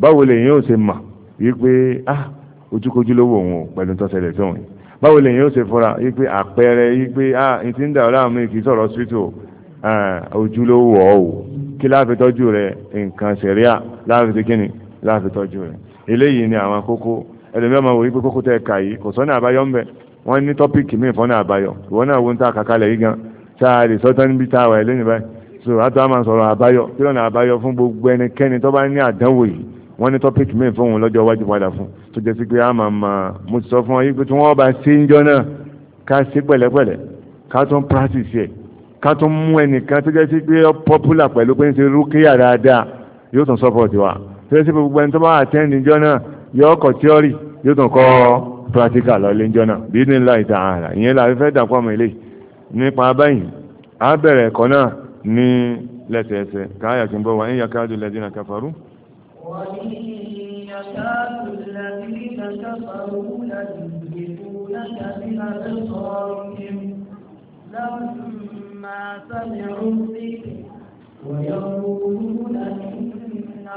báwo ṣe mà ah ojúkójú ló wò wọn pẹ̀lú Ah, ojúlówó ọ̀ o kí láàfin tọ́jú rẹ nǹkan sẹ̀ríà láàfin tó kíni láàfin tọ́jú rẹ eléyìí ni àwọn kókó ẹlòmíràn máa wò wípé kókó tẹ ẹ̀ka yìí kò sọ́nà àbáyọ ńbẹ wọ́n ní tọ́pìkì míì fọ́nà àbáyọ ìwọ náà wo ń ta kàkálẹ̀ yìí gan sáà lè sọ́tọ́ níbi tá a wà lẹ́yìn báyìí so àtọ́ àmà sọ̀rọ̀ àbáyọ kí lọ́nà àbáyọ fún gbogbo ẹnikẹ́ni tó bá ní àdánwò yìí wọ́n ní tọ́pìkì míì fún òun lọ́jọ́ iwájú padà fún tó jẹ́ sí pé àmà mà mo ti sọ fún ọ yìí pé tí wọ́n bá sí ń jọ náà ká sí pẹ̀lẹ́pẹ̀lẹ́ ká tún practice yẹn ká tún mú ẹnìkan tó jẹ́ sí pé pọ́pùlà pẹ̀lú pé ń ṣe rúkìá dáadáa yóò tún sọ́pọ̀tì wa tó yẹ sí gbogbo ẹni tó bá àtẹ́ǹdì jọ náà yóò kọ́ tíọ́rì yóò tún kọ́ practical lọ lé jọ náà bí ní láì ta ìyẹn làwọn fẹ́ dàpọ̀ ọmọ ilé nípa báyìí á bẹ̀rẹ̀ ẹ̀kọ́ náà ní lẹ́sẹẹsẹ káyà bọ̀ wá ń yàká lẹ́dínà wọ́n ní ما سمعوا به ويقولون إنه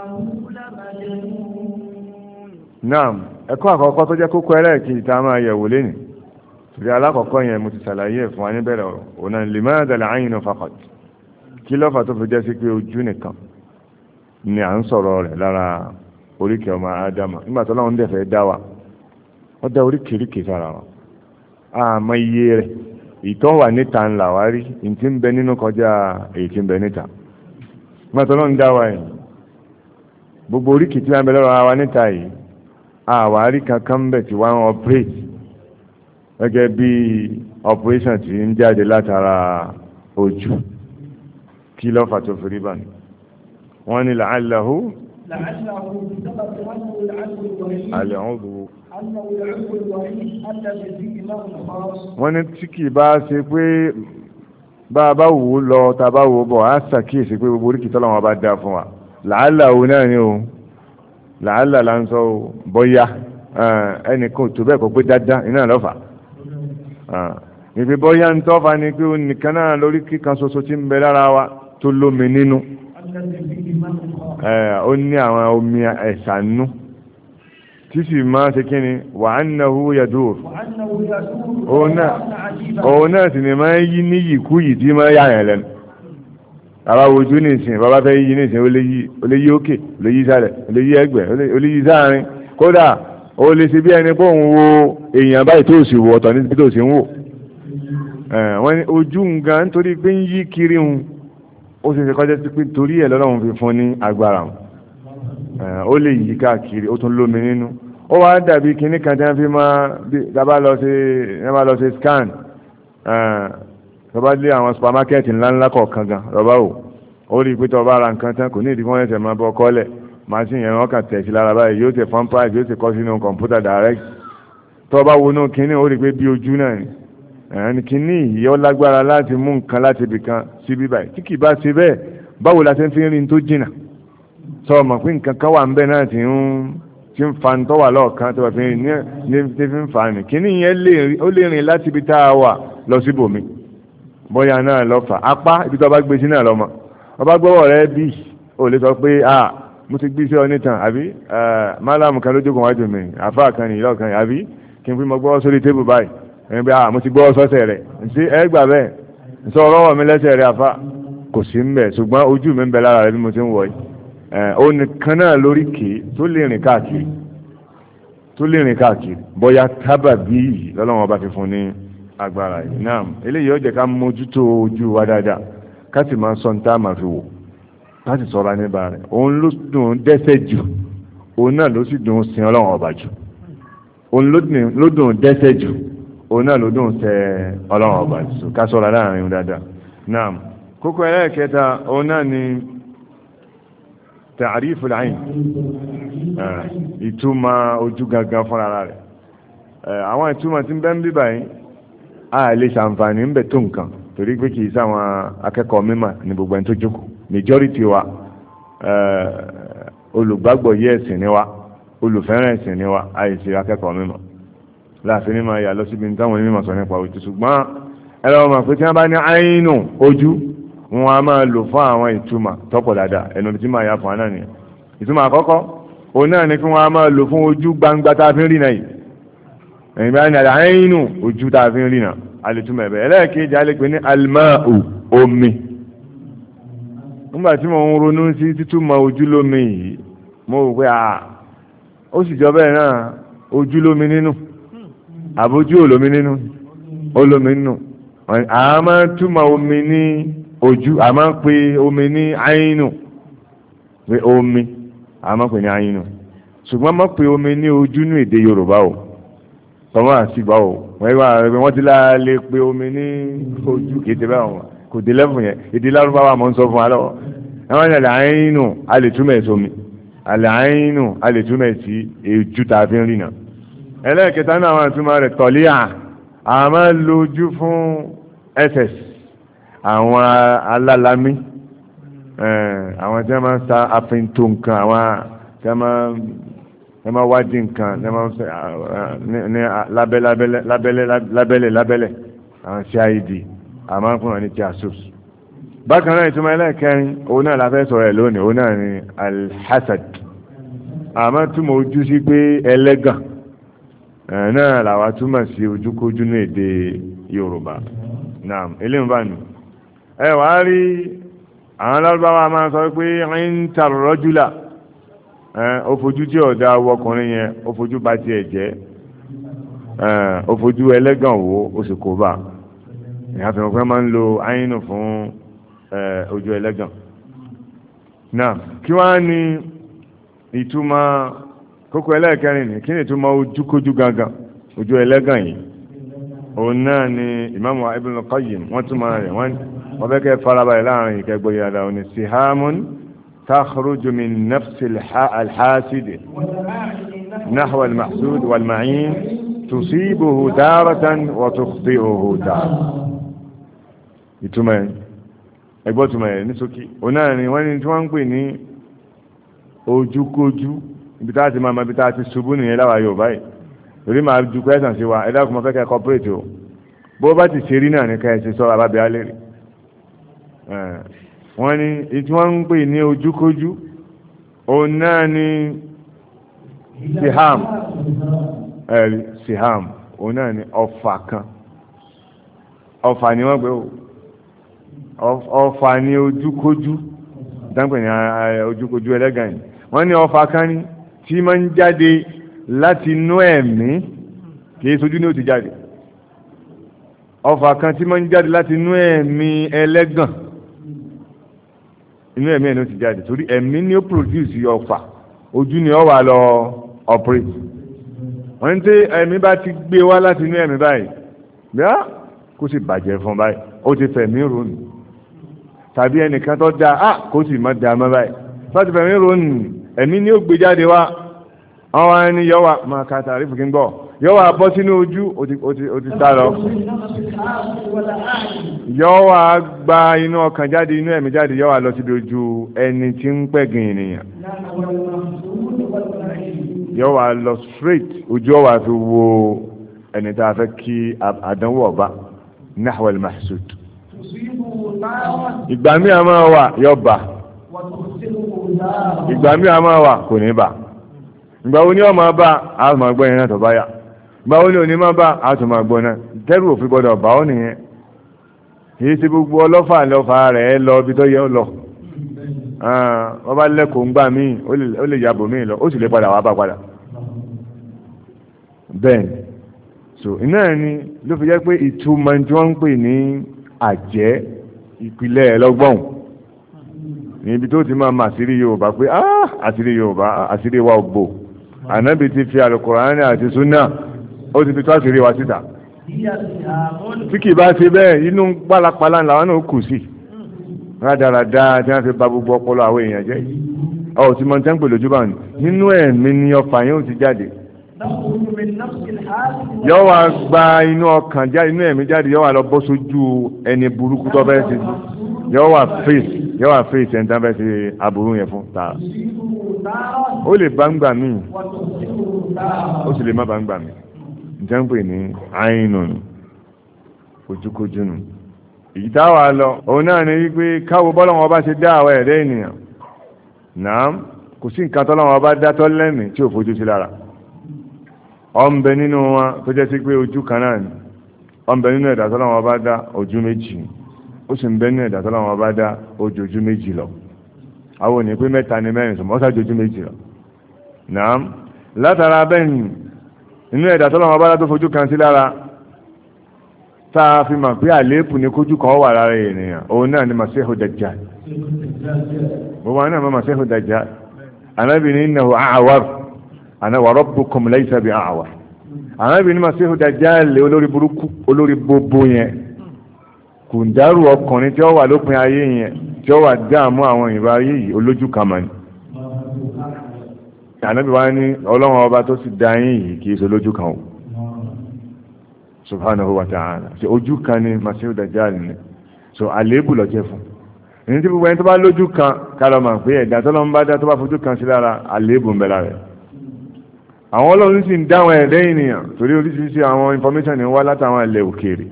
نعم ẹ̀kọ́ àkọ́kọ́ tó jẹ́ kókó ẹlẹ́ẹ̀kejì tá a máa yẹ̀wò lénìí torí alákọ̀ọ́kọ́ yẹn mo ti ṣàlàyé ẹ̀ fún wa níbẹ̀rẹ̀ ọ̀rọ̀ ọ̀nà limada al-aynu faqat kí ló fà tó fi jẹ́ sí pé ojú nìkan ni à ń sọ̀rọ̀ rẹ̀ lára oríkèé ọmọ ádámà nígbà tó ìtọ́ wà níta ń là wá rí ní ti ń bẹ nínú kọjá èyí ti ń bẹ níta mọ́tọ́lọ́ ń dá wa yìí gbogbo oríkì tí wọ́n bẹ lọ́rọ̀ ara wa níta yìí àwárí kankan ń bẹ tí wọ́n ń gẹ́gẹ́ bí operation ti ń jáde látara ojú kí lọ́fà tó fi rí bá ní wọ́n ní làálàhù. làálàhù bí sábà tí wọ́n wọ́n ní tí kì í bá ṣe pé bá a bá wò ó lọ tá a bá wò ó bọ̀ á ṣàkíyèsí pé gbogbo oríkì tọ́lọ́wọ́n bá dáa fún wa làálà òun náà ni o làálà là ń sọ bọ́yá ẹnìkan ò tó bẹ́ẹ̀ kọ́ pé dáadáa iná lọ́fà ìpè bọ́yá ń tọ́fà ni pé nìkan náà lórí kíkan ṣoṣo tí ń bẹ lára wa tó lómi nínú ó ní àwọn omi ẹ̀sánú tí sì máa ṣe kí ni wà á nà hu yadur òun náà sì ni máa yí níyì kú yìí tí máa yà yàn lẹ́nu bàbá wojú nìsín bàbá fẹ́ yí nìsín ó lè yí òkè ó lè yí sálẹ̀ ó lè yí ẹ̀gbẹ́ ó lè yí sáàrin kódà ó lè ṣe bí ẹni pé òun wo èèyàn báyìí tó sì wò ọ̀tọ̀ níbi tó sì ń wò wọ́n ní ojú nǹkan nítorí pé ń yí kiri ń ó sì ṣe kọjá sí pé torí ẹ̀ lọ́lọ́run fi fún ní agbára ó lè yí káàkiri ó tún lómi nínú ó wá dàbí kinní kan tí wọ́n fi máa dábàá lọ sí dábàá lọ sí scan eh, tọ́ba dé àwọn supermarket ńláńlá kọ̀ọ̀kan gan rọ́bà o ó rí i pé tọ́ba ara nǹkan tán kò ní ìdí fún ẹsẹ̀ máa bọ́ kọ́lẹ̀ machine yẹn wọ́n kàn tẹ̀ lára báyìí yóò tẹ̀ fún price yóò tẹ̀ kọ́ sínú computer direct tọ́ba wo náà kinní ó rí i pé bí ojú náà ni ẹ̀ẹ́n kinní yìí ó lágbára láti mú nǹkan láti ibì kan sí bíbáyìí tí kì bá ṣe bẹ́ẹ̀ báwo la ṣe ń fi rin tó jìnnà sọ ọmọ pé nǹkan kan wà ń bẹ náà ti ń tí ń fa ń tọ́wà lọ́ọ̀kan tó bá fi ní tí fi ń fa nì kíní yẹn ó lè rìn láti ibi tá a wà lọ sí bòmí bóyá náà lọ fà apá ibi tó bá gbé sí náà lọ́mọ ọba gbọ́wọ́ rẹ bí ò lè sọ pé a mo ti gbé sí ọ nítan àbí málàmù kan lójú kan wájú mi àfáà kan nìyí lọ́ọ̀kan àbí kí n fi mọ gbọ́wọ́ sórí tébù báyìí ẹni pé a mo ti gbọ́wọ́ sọ́sẹ̀ rẹ̀ ṣé ẹ gbà bẹ́ẹ̀ sọ ọlọ́wọ́ mi lẹ́sẹ̀ rẹ̀ àfáà kò sí ń bẹ̀ ṣùgbọ́n ojú mi ń bẹ lára rẹ̀ bí mo ti ń wọ̀ yìí onìkan eh, náà lóríkèé tó lè rìn káàkiri tó lè rìn káàkiri bóyá tábàbí yìí lọ́lọ́wọ́n bá ti fún ní agbára yìí náà eléyìí ó jẹ́ ká mójútó ojú wa dáadáa ká sì máa sọ níta máa fi wò ká sì sọra nípa rẹ̀ òun ló dùn dẹ́ṣẹ̀ jù òun náà ló sì dùn sin ọlọ́run ọba jù òun ló dùn dẹ́ṣẹ̀ jù òun náà ló dùn ṣẹ ọlọ́run ọba jù ká sọra láàrin dáadáa náà kókó ẹlẹ́ẹ̀kẹta òun náà ni tàrífù láyìn ìtumọ̀ ojú gangan fúnra rẹ̀ àwọn ìtumọ̀ tí ń bẹ́ ń bí báyìí a lè ṣàǹfààní ń bẹ̀ tó nǹkan torí pé kìí sáwọn akẹ́kọ̀ọ́ mímọ̀ ní gbogbo ẹni tó jókòó majority wa olùgbàgbọ́ yé ẹ̀sìn ni wa olùfẹ́ràn ẹ̀sìn ni wa àìsí akẹ́kọ̀ọ́ mímọ̀ láàfin mímọ̀ yà lọ síbi táwọn onímọ̀ sọ nípa ojú ṣùgbọ́n ẹ̀rọ ọmọ pé tí wọ́n bá ní àínú ojú wọn a máa lò fún àwọn ìtumọ̀ tọ́pọ̀ dáadáa ẹnu tí máa yà fún àná nìyẹn ìtumọ̀ àkọ́kọ́ òun náà ni kí wọ́n a máa lò fún ojú gbangba tá a fi ń rìnà yìí ẹ̀yìn bá ní àdá ẹ̀yìnù ojú tá a fi ń rìnà àlètúmọ̀ ẹ̀bẹ̀ ẹlẹ́ẹ̀kejì alẹ́pẹ́ ní alimáàù omi nígbà tí mo ń ronú sí títúmọ̀ ojú lómi yìí mo rò pé àà ó sì jọ bẹ́ẹ̀ náà ojú nínú àbójú olómi nínú olómi nínú àmọ́ túmọ̀ omi ní ojú a máa ń pe omi ní àyínú pé omi a máa ń pe ní àyínú ṣùgbọ́n máa ń pe omi ní ojú ní èdè Yorùbá o tọ́wọ́n àti ìbá o wọ́n ti láà lè pe omi ní ojú kìí ṣe báwọn kò dé lẹ́fún yẹn èdè lárúbáwá mọ̀ ń sọ fún wa lọ́wọ́ ẹ wọ́n ní àlẹ́ àyínú a lè sí omi àlẹ́ àyínú a lè sí ojú tá a fi ń rìnà ẹlẹ́ẹ̀kẹta náà àwọn àtúmọ̀ rẹ̀ tọ̀lé à àmọ́ lójú fún ss àwọn alálàmí eh, àwọn tí wọ́n máa ń ta àfihàn nǹkan àwọn tí wọ́n máa ń ẹ máa wádìí nǹkan ẹ máa ń fẹ ní lábẹ́lẹ́ lábẹ́lẹ́ lábẹ́lẹ́ àwọn cid àmọ́ ń kúrò ní tiasus. bákan náà ìtumọ̀ ẹlẹ́ẹ̀kẹrin òun náà la fẹ́ sọ̀rọ̀ ẹ̀ lónìí òun náà ni alhassad àmọ́ túmọ̀ ojú sí pé ẹlẹ́gàn eh, náà làwa túmọ̀ sí ojúkójú ní èdè yorùbá náà eléyìí bá nù. ẹ rí àwọn lárúbáwá máa sọ pé rìn tàrọ̀rọ̀ jùlá ó fojú tí ọ̀dà yẹn ó fojú bá tiẹ̀ jẹ́ ó fojú ẹlẹ́gàn wo ó sì kó bá ìyàfẹ́ òpin máa ń lo àyínú fún ojú ẹlẹ́gàn náà kí ní ìtumọ̀ kókó ẹlẹ́ẹ̀kẹrin kí ni ìtumọ̀ ojúkójú gangan ojú ẹlẹ́gàn yìí òun náà ni wọ́n fẹ́ kẹ́ farabalẹ̀ láàrin ìkẹgbẹ́ yàrá òní sihamun takhruju min nafsi alhasidi nahwa almahsud walma'in tusibuhu daratan wa tukhti'uhu daratan ìtumọ̀ ẹgbọ́ ìtumọ̀ ẹ̀ ní sókí onáà ni wọ́n ní tí wọ́n ń pè ní ojúkójú ibi tá máa ma ibi ṣubú nìyẹn láwa Yorùbá yìí torí màá ju kẹsàn sí wa ẹ dákun mọ́ fẹ́ kẹ́ kọ́pẹ́rẹ́tì o bó bá ti ṣe rí náà ní ká ẹ ṣe sọ́ra rí wọ́n ni ìtí wọ́n ń pè ní ojúkójú òun náà ni siham siham òun náà ni ọfà kan ọfà ni wọ́n ọfà ni ojúkójú dáńpẹ̀ ojúkójú ẹlẹ́gàn wọ́n ọfà kan ní tí máa ń jáde láti inú ẹ̀mí kìí sojú ní jáde ọfà kan tí máa ń jáde láti inú ẹ̀mí inú ẹ̀mí ẹ̀ ló ti jáde torí ẹ̀mí ni ó produce yọ ọ̀fà ojú ni ó wà lọ operate wọ́n tí ẹ̀mí bá ti gbé wá láti inú ẹ̀mí báyìí bí á kó sì bàjẹ́ fún báyìí ó ti fẹ̀mí ronú tàbí ẹnìkan tó da á ah, kó sì má da mọ́ báyìí bá ti fẹ̀mí ronú ẹ̀mí ni ó gbé jáde wá àwọn ẹni yọ wa máa ka tàrífù kí n gbọ́ yóò wá bọ́ sínú ojú ó ti sá lọ yóò wá gba inú ọkàn jáde inú ẹ̀mí jáde yóò wá lọ síbi ojú ẹni tí ń pẹ̀gìn ènìyàn yóò wá lọ straight ojú ó wá fi wo ẹni tá a fẹ́ kí àdánwò ọba nahwa al-mahsud ìgbà mi máa wà yóò bá ìgbà mi máa wà kò ní bá ìgbà wo ni ọmọ bá a máa gbọ́ yẹn náà tó bá yà báwo ni òní máa bá àtùmọ̀ àgbọ̀nà tẹ́rù òfin gbọ́dọ̀ báwo nìyẹn èyí tí gbogbo ọlọ́fà lọ́fà rẹ̀ lọ ibi tó yẹ ọ lọ ah, wọ́n bá lẹ́kọ̀ọ́ ń gbà míì ó lè yàbò míì lọ ó sì lè padà wá bá padà bẹ́ẹ̀ so iná ni ló fi jẹ́ pé ìtumọ̀ tí wọ́n ń pè ní àjẹ́ ìpìlẹ̀ lọ́gbọ̀n níbi tó ti máa ma àṣírí Yorùbá pé ah, àṣírí Yorùbá àṣírí wa ò bò ànábì ti fi àlùkùránì àti súnà ó ti fi tó àṣírí wa síta tí kì bá ṣe bẹ́ẹ̀ inú pálapàla làwọn náà kù sí rádaràda tí wọ́n fi ba gbogbo ọpọlọ àwọn èèyàn jẹ́ ọ̀ tí mo ń tẹ́ǹpẹ̀ lójú bá ní nínú ẹ̀mí ni ọfà yẹn ò ti jáde yóò wá gba inú ọkàn já inú ẹ̀mí jáde yóò wá lọ bọ́ sójú ẹni burúkú tó bẹ́ẹ̀ ti yóò wá fèsì yóò wá fèsì ẹni tó bẹ́ẹ̀ ti aburú yẹn fún tààrà ó lè bá ń gbà míì ó sì lè má bá ń gbà míì ìjẹ́ǹpè ní àìnùn ojúkojúnù èyí táwà lọ òun náà ni wípé káwo bọ́lọ́wọ́ bá ṣe dá àwọn ẹ̀dẹ́ ènìyàn náà kò sí nǹkan tọ́lọ́wọ́ bá dátọ́ lẹ́mìí tí ò fojú sí lára ọ̀nbẹ nínú wọn tó jẹ́ sí pé ojú kan náà ni ọ̀nbẹ nínú ẹ̀dá tọ́lọ́wọ́ bá dá ojú méjì ó sì ń bẹ nínú ẹ̀dá tọ́lọ́wọ́ bá dá ojú méjì lọ àwọn ò ní pé mẹ́ta ni mẹ́rin sọ̀mọ́sájú ojú méjì lọ náà látara bẹ́ẹ̀ inú ẹ̀dà tọ́lọ́mọ bá tó fojú kan sí lára tá a fi mọ̀ pé àléébù ní kójú kan wà lára ènìyàn òun náà ni màṣẹ́hù dajjal gbogbo àwọn náà mọ̀ màṣẹ́hù dajjal anábìnrin innahu a'war ana wa rabbukum laysa bi a'war anábìnrin màṣẹ́hù dajjal lé olórí burúkú olórí gbogbo yẹn kùndàrú ọkùnrin tí ó wà lópin ayé yẹn tí ó wà dáàmú àwọn ìbáyé yìí olójú kan mọ̀ ànábì wa ní ọlọ́run ọba tó sì dá yín yìí kì í ṣe lójú kan o subhanahu wa ta'ala ṣe ojú kan ni masiru dajjal ni so àléébù lọ jẹ fún ní tí gbogbo ẹni tó bá lójú kan kálọ̀ máa pé ẹ̀dá tó lọ́n bá dá tó bá fojú kan sí lára àléébù ń bẹ lára ẹ̀ àwọn ọlọ́run sì ń dáwọn ẹ̀dẹ́ ènìyàn torí oríṣiríṣi àwọn information ni wá látàwọn ilẹ̀ òkèèrè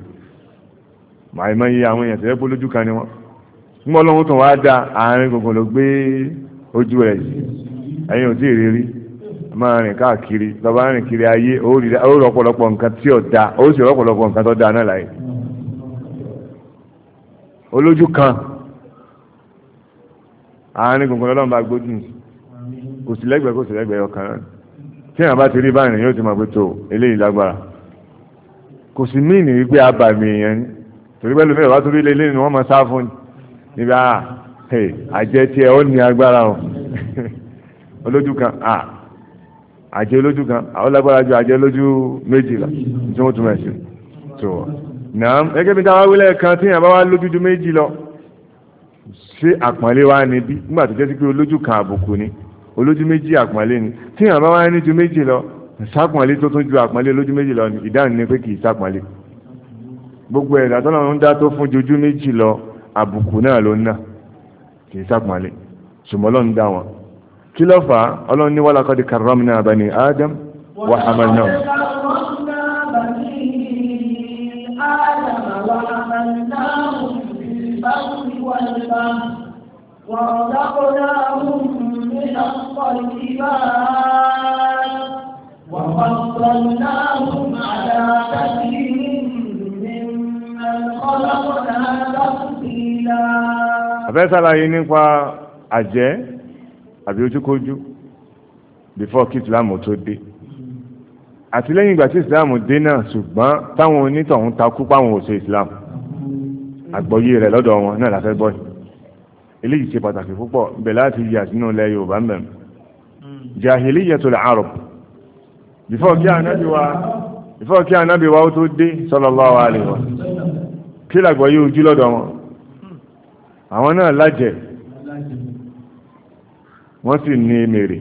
màá mọ iye àwọn èèyàn tẹ́lẹ̀ pé lójú kan ni wọ́n ń gbọ́ ọlọ́run tó wá dá àárín gbogbo ló gbé ojú rẹ̀ yìí ẹ̀yin ò tí ì rírí máa rìn káàkiri lọ́ba rìn kiri ayé ó rí ọ̀pọ̀lọpọ̀ nǹkan tí ò da ó sì ọ̀pọ̀lọpọ̀ nǹkan tó da náà láyé olójú kan àárín gbogbo ọlọ́run bá gbójú kò sí lẹ́gbẹ̀ẹ́ kò sí lẹ́gbẹ̀ẹ́ ọkàn náà tí èèyàn bá ti rí báyìí yóò ti máa pé tó eléyìí lágbára kò sí míìnì wípé abàmì èèyàn ni torí pẹ́lú mẹ́rin wá torí ilé ilé ni wọ́n máa sá fún ni níbi ah, àjẹ tiẹ̀ ó ní agbára o. olójú kan à àjẹ́ olójú kan àwọn lágbára ju àjẹ́ olójú méjì lọ tí wọ́n tún mẹ́ sí tó náà gẹ́gẹ́ bí táwa wílẹ̀ kan tí yàn bá wá lójú ju méjì lọ ṣé àpọ́nlé wa ni bí nígbà tó jẹ́ sí pé olójú kan àbùkù ni olójú méjì àpọ́nlé ni tí yàn bá wá ní ju méjì lọ sápọ̀nlé tó tún ju àpọ̀nlé olójú méjì lọ ìdáhùn ni pé kì í sápọ̀nlé gbogbo ẹ̀dá tọ́lọ́run dá tó fún jojú méjì lọ àbùkù náà ló ń ná kì í sápọ̀nlé ṣùgbọ́n lọ́n dá wọn kí ló fà á ọlọ́run ní wàlàkọ́dì karramna bani adam wa hamalna ورزقناهم من الطيبات وفضلناهم على كثير ممن خلقنا nípa àjẹ́ àbí ojúkójú before kí ìsìláàmù tó dé àti lẹ́yìn ìgbà tí ìsìláàmù dé náà ṣùgbọ́n táwọn onítọ̀hún takú páwọn òṣè ìsìláàmù àgbọ́yé rẹ̀ lọ́dọ̀ wọn náà láfẹ́ bọ́ eléyìí ṣe pàtàkì púpọ̀ bẹ̀ láti yà sínú ilẹ̀ Yorùbá ń bẹ̀rẹ̀ jahiliyatul arab before kí ànábì wa before kí ànábì wa ó tó dé sallallahu alaihi wa kí làgbọ́yé ojú lọ́dọ̀ wọn àwọn náà lájẹ̀ẹ́ wọ́n sì ní mèrè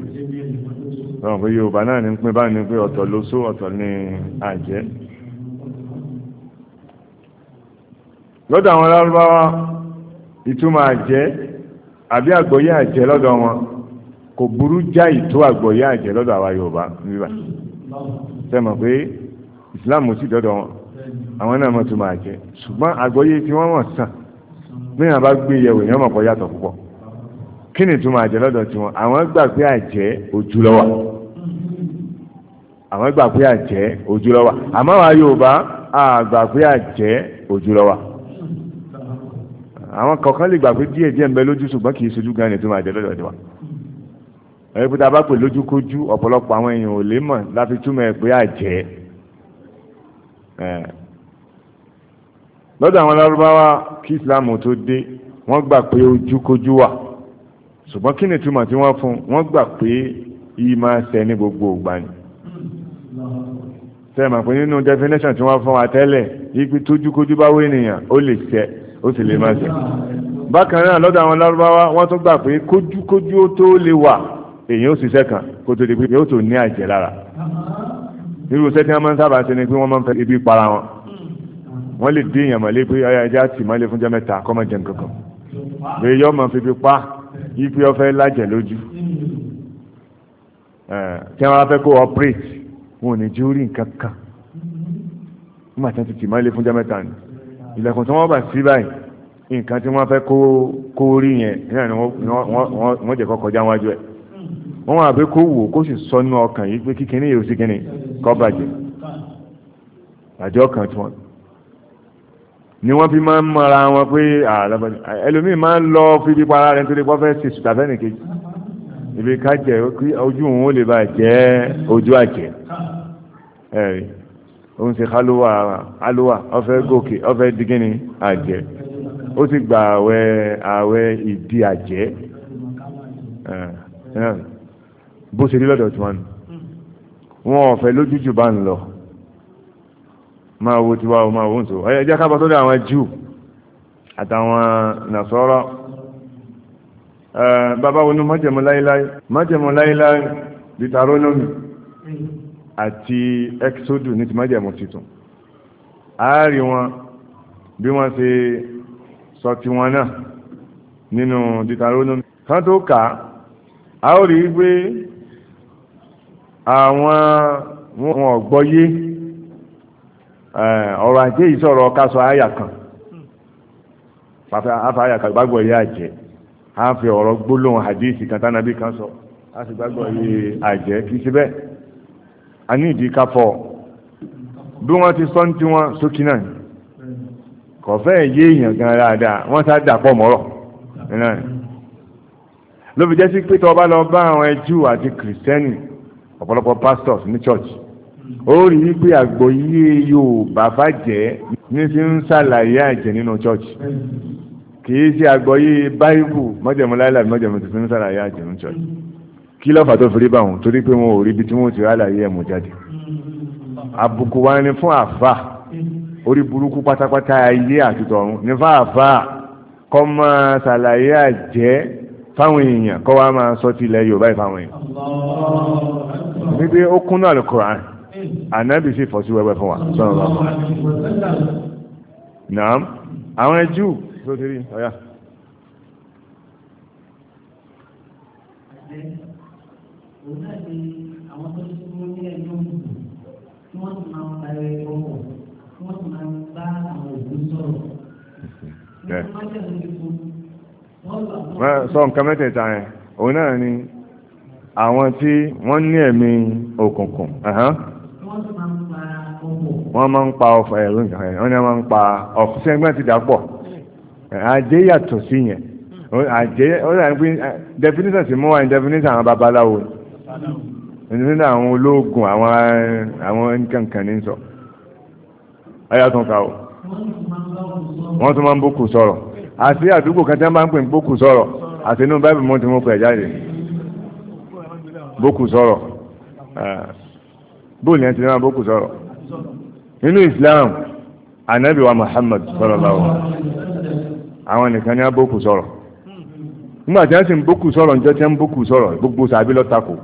ọ̀rọ̀ pé yorùbá náà ní pín bá ní pé ọ̀tọ̀ ló só ọ̀tọ̀ ní àjẹ́ lọ́dọ̀ àwọn lárúbáwá ìtumọ̀ àjẹ́ àbí àgbọ̀yé àjẹ́ lọ́dọ̀ wọn kò burú já ìtó àgbọ̀yé àjẹ́ lọ́dọ̀ àwa yorùbá níbà sẹ́mọ̀ pé ìsìláàmù sì dọ́dọ̀ wọn àwọn náà mọ̀ tó máa jẹ́ ṣùgbọ́n àgbọ̀yé tí wọ́n mọ̀ sàn bí wọn bá gbé yẹ̀wò ìyẹn mọ̀ kọ́ yàtọ̀ púpọ̀ kí ni ìtumọ̀ àjẹ́ lọ́dọ̀ tiwọn àwọn gbà pé àjẹ́ ojú lọ́wà àwọn gbà pé àjẹ́ ojú lọ́wà àmọ́ àwọn Yorùbá àgbà pé àjẹ́ ojú lọ́wà àwọn kọ̀ọ̀kan lè gbà pé díẹ̀ díẹ̀ ń bẹ lójú ṣùgbọ́n kì í sojú gan ni ìtumọ̀ àjẹ́ lọ́dọ̀ tiwa ẹ̀rí pé tá bá pè lójúkójú ọ̀pọ̀lọpọ̀ àwọn èèyàn ò lè mọ̀ láti túmọ̀ ẹ̀ pé àjẹ́ lọ́dọ̀ àwọn lárúbáwá kí Islam tó gbà pé ojúkójú wà ṣùgbọ́n kí ni túmọ̀ tí wọ́n fún wọ́n gbà pé yìí máa ṣẹ ní gbogbo ìgbà ni sẹ́yìn màpín nínú definition tí wọ́n fún wa tẹ́lẹ̀ yípi tójúkójú bá wé ènìyàn ó lè ṣẹ ó sì lè máa ṣẹ bákan náà lọ́dọ̀ àwọn lárúbáwá wọ́n tún gbà pé kójúkójú ó tó lè wà èèyàn ó ṣiṣẹ́ kan kó tó di pé yóò tó ní àìjẹ́ lára irú iṣẹ́ tí wọ́n máa ń sábà ṣe ni pé wọ́n máa ń fẹ́ ibi para wọn wọ́n lè dín èèyàn mọ̀lé pé ọyá ẹja tì mọ́lé fúnjọ́ mẹ́ta kọ́mọ̀jẹ̀ nǹkan kan èèyàn máa fi ibi pa ipe ọfẹ lájẹ lójú tí wọn fẹ́ kó operate wọn ò ní jí orí nǹkan kan nígbà tí wọn ti tì máa lé fún jẹmẹta ni ìlẹ̀kùn tí wọn bá sí báyìí nǹkan tí wọn fẹ́ kó kó rí yẹn náà ni wọn jẹ kó kọjá wájú ẹ wọn wà pé kó wò kó sì sọ nínú ọkàn yìí pé kíkiní yìí ó sì kíni kó bàjẹ́ àjọ kan tí wọn ni wọ́n fi máa ń mọ́ra wọn pé ẹlòmíì máa ń lọ fíbi para rẹ̀ nítorí pọ́fẹ́ ṣe sùtàfẹ́ nìkejì ibi ká jẹ́ ojú òun ó lè bá jẹ́ ojú àjẹ́ ẹ̀rí òun ṣe kálówà alówà ọfẹ́ gòkè ọfẹ́ digínì àjẹ́ ó ti gba àwẹ̀ àwẹ̀ ìdí àjẹ́ bó ṣe rí lọ́dọ̀ tí wọ́n wọn ọ̀fẹ́ lójújù bá ń lọ máa wo tiwa o máa wo ń tó ẹ jẹ́ kábọ̀ sọ́dọ̀ àwọn Júù àtàwọn Nàsárà bàbá wọnú májẹ̀mú láíláí májẹ̀mú láíláí Deuteronomy àti Exodus ní ti májẹ̀mú tuntun àárí wọn bí wọ́n ṣe sọ ti wọn náà nínú Deuteronomy kan tó kà á ó rí i àwọn wọn ọ̀gbọ́yé Eh, ọ̀rọ̀ àjẹ́ yìí sọ̀rọ̀ ọ̀ká sọ àyà kan afa àyà kan yìí àjẹ́ a fi ọ̀rọ̀ gbólóhùn hadisi kan tánàbí kan sọ a sì gbàgbọ́ yìí àjẹ́ kì í ṣe bẹ́ẹ̀ a ní ìdí káfọ́ bí wọ́n ti sọ tí wọ́n sókí náà kò fẹ́ yé èèyàn gan dáadáa wọ́n sá dà pọ̀ mọ́rọ̀ jẹ́ sí pé ó rí wípé àgbọ́yé Yorùbá bàjẹ́ ní fi ń ṣàlàyé àjẹ́ nínú chọ́ọ̀chì kìí ṣe àgbọ́yé báíbù mọ́jẹ̀mú láìláì mọ́jẹ̀mú ti fi ń ṣàlàyé àjẹ́ nínú chọ́ọ̀chì kí lọ́fà tó fi rí bá wọn torí pé wọn ò rí ibi tí wọ́n ti rálàyé ẹ̀mú jáde àbùkù wa ni fún àfà orí burúkú pátápátá ayé àti tọ̀run ní fún àfà kọ́ máa ṣàlàyé àjẹ́ fáwọn èèyàn kọ́ wa máa sọ ti ilẹ̀ Yorùbá ìfáwọn ànábì sì fọ́ sí wẹ́wẹ́ fún wa sọ́nà lọ́wọ́ náà àwọn ẹjú tó ti rí ọ̀yà. sọ nǹkan mẹ́tẹ̀ẹ̀ta yẹn òun náà ni àwọn tí wọ́n ní ẹ̀mí òkùnkùn wọ́n máa ń pa ọ̀fọ̀ ẹ̀rọ nǹkan ẹ̀ wọ́n máa ń pa ọ̀fọ̀ sẹ́gbẹ́ ti dàpọ̀ àjẹ́ yàtọ̀ sí yẹn àjẹ́ ó dà pé definition sì mú wa ní definition àwọn babaláwo definition àwọn ológun àwọn àwọn nǹkan ní sọ ayé àtúnkà o wọ́n tún máa ń bókù sọ̀rọ̀ àti àdúgbò kan tí wọ́n bá ń pè ń bókù sọ̀rọ̀ àti inú báìbù mọ́ tí mo pè jáde bókù sọ̀rọ̀ bóòlù yẹn ti náà bókù sọ̀rọ̀ nínú Islam anabi wa Muhammad sallallahu àwọn nìkan ní abókù sọ̀rọ̀ nígbà tí wọ́n sì ń bókù sọ̀rọ̀ níjọ́ tí wọ́n ń bókù sọ̀rọ̀ gbogbo sàbí lọ́tàkù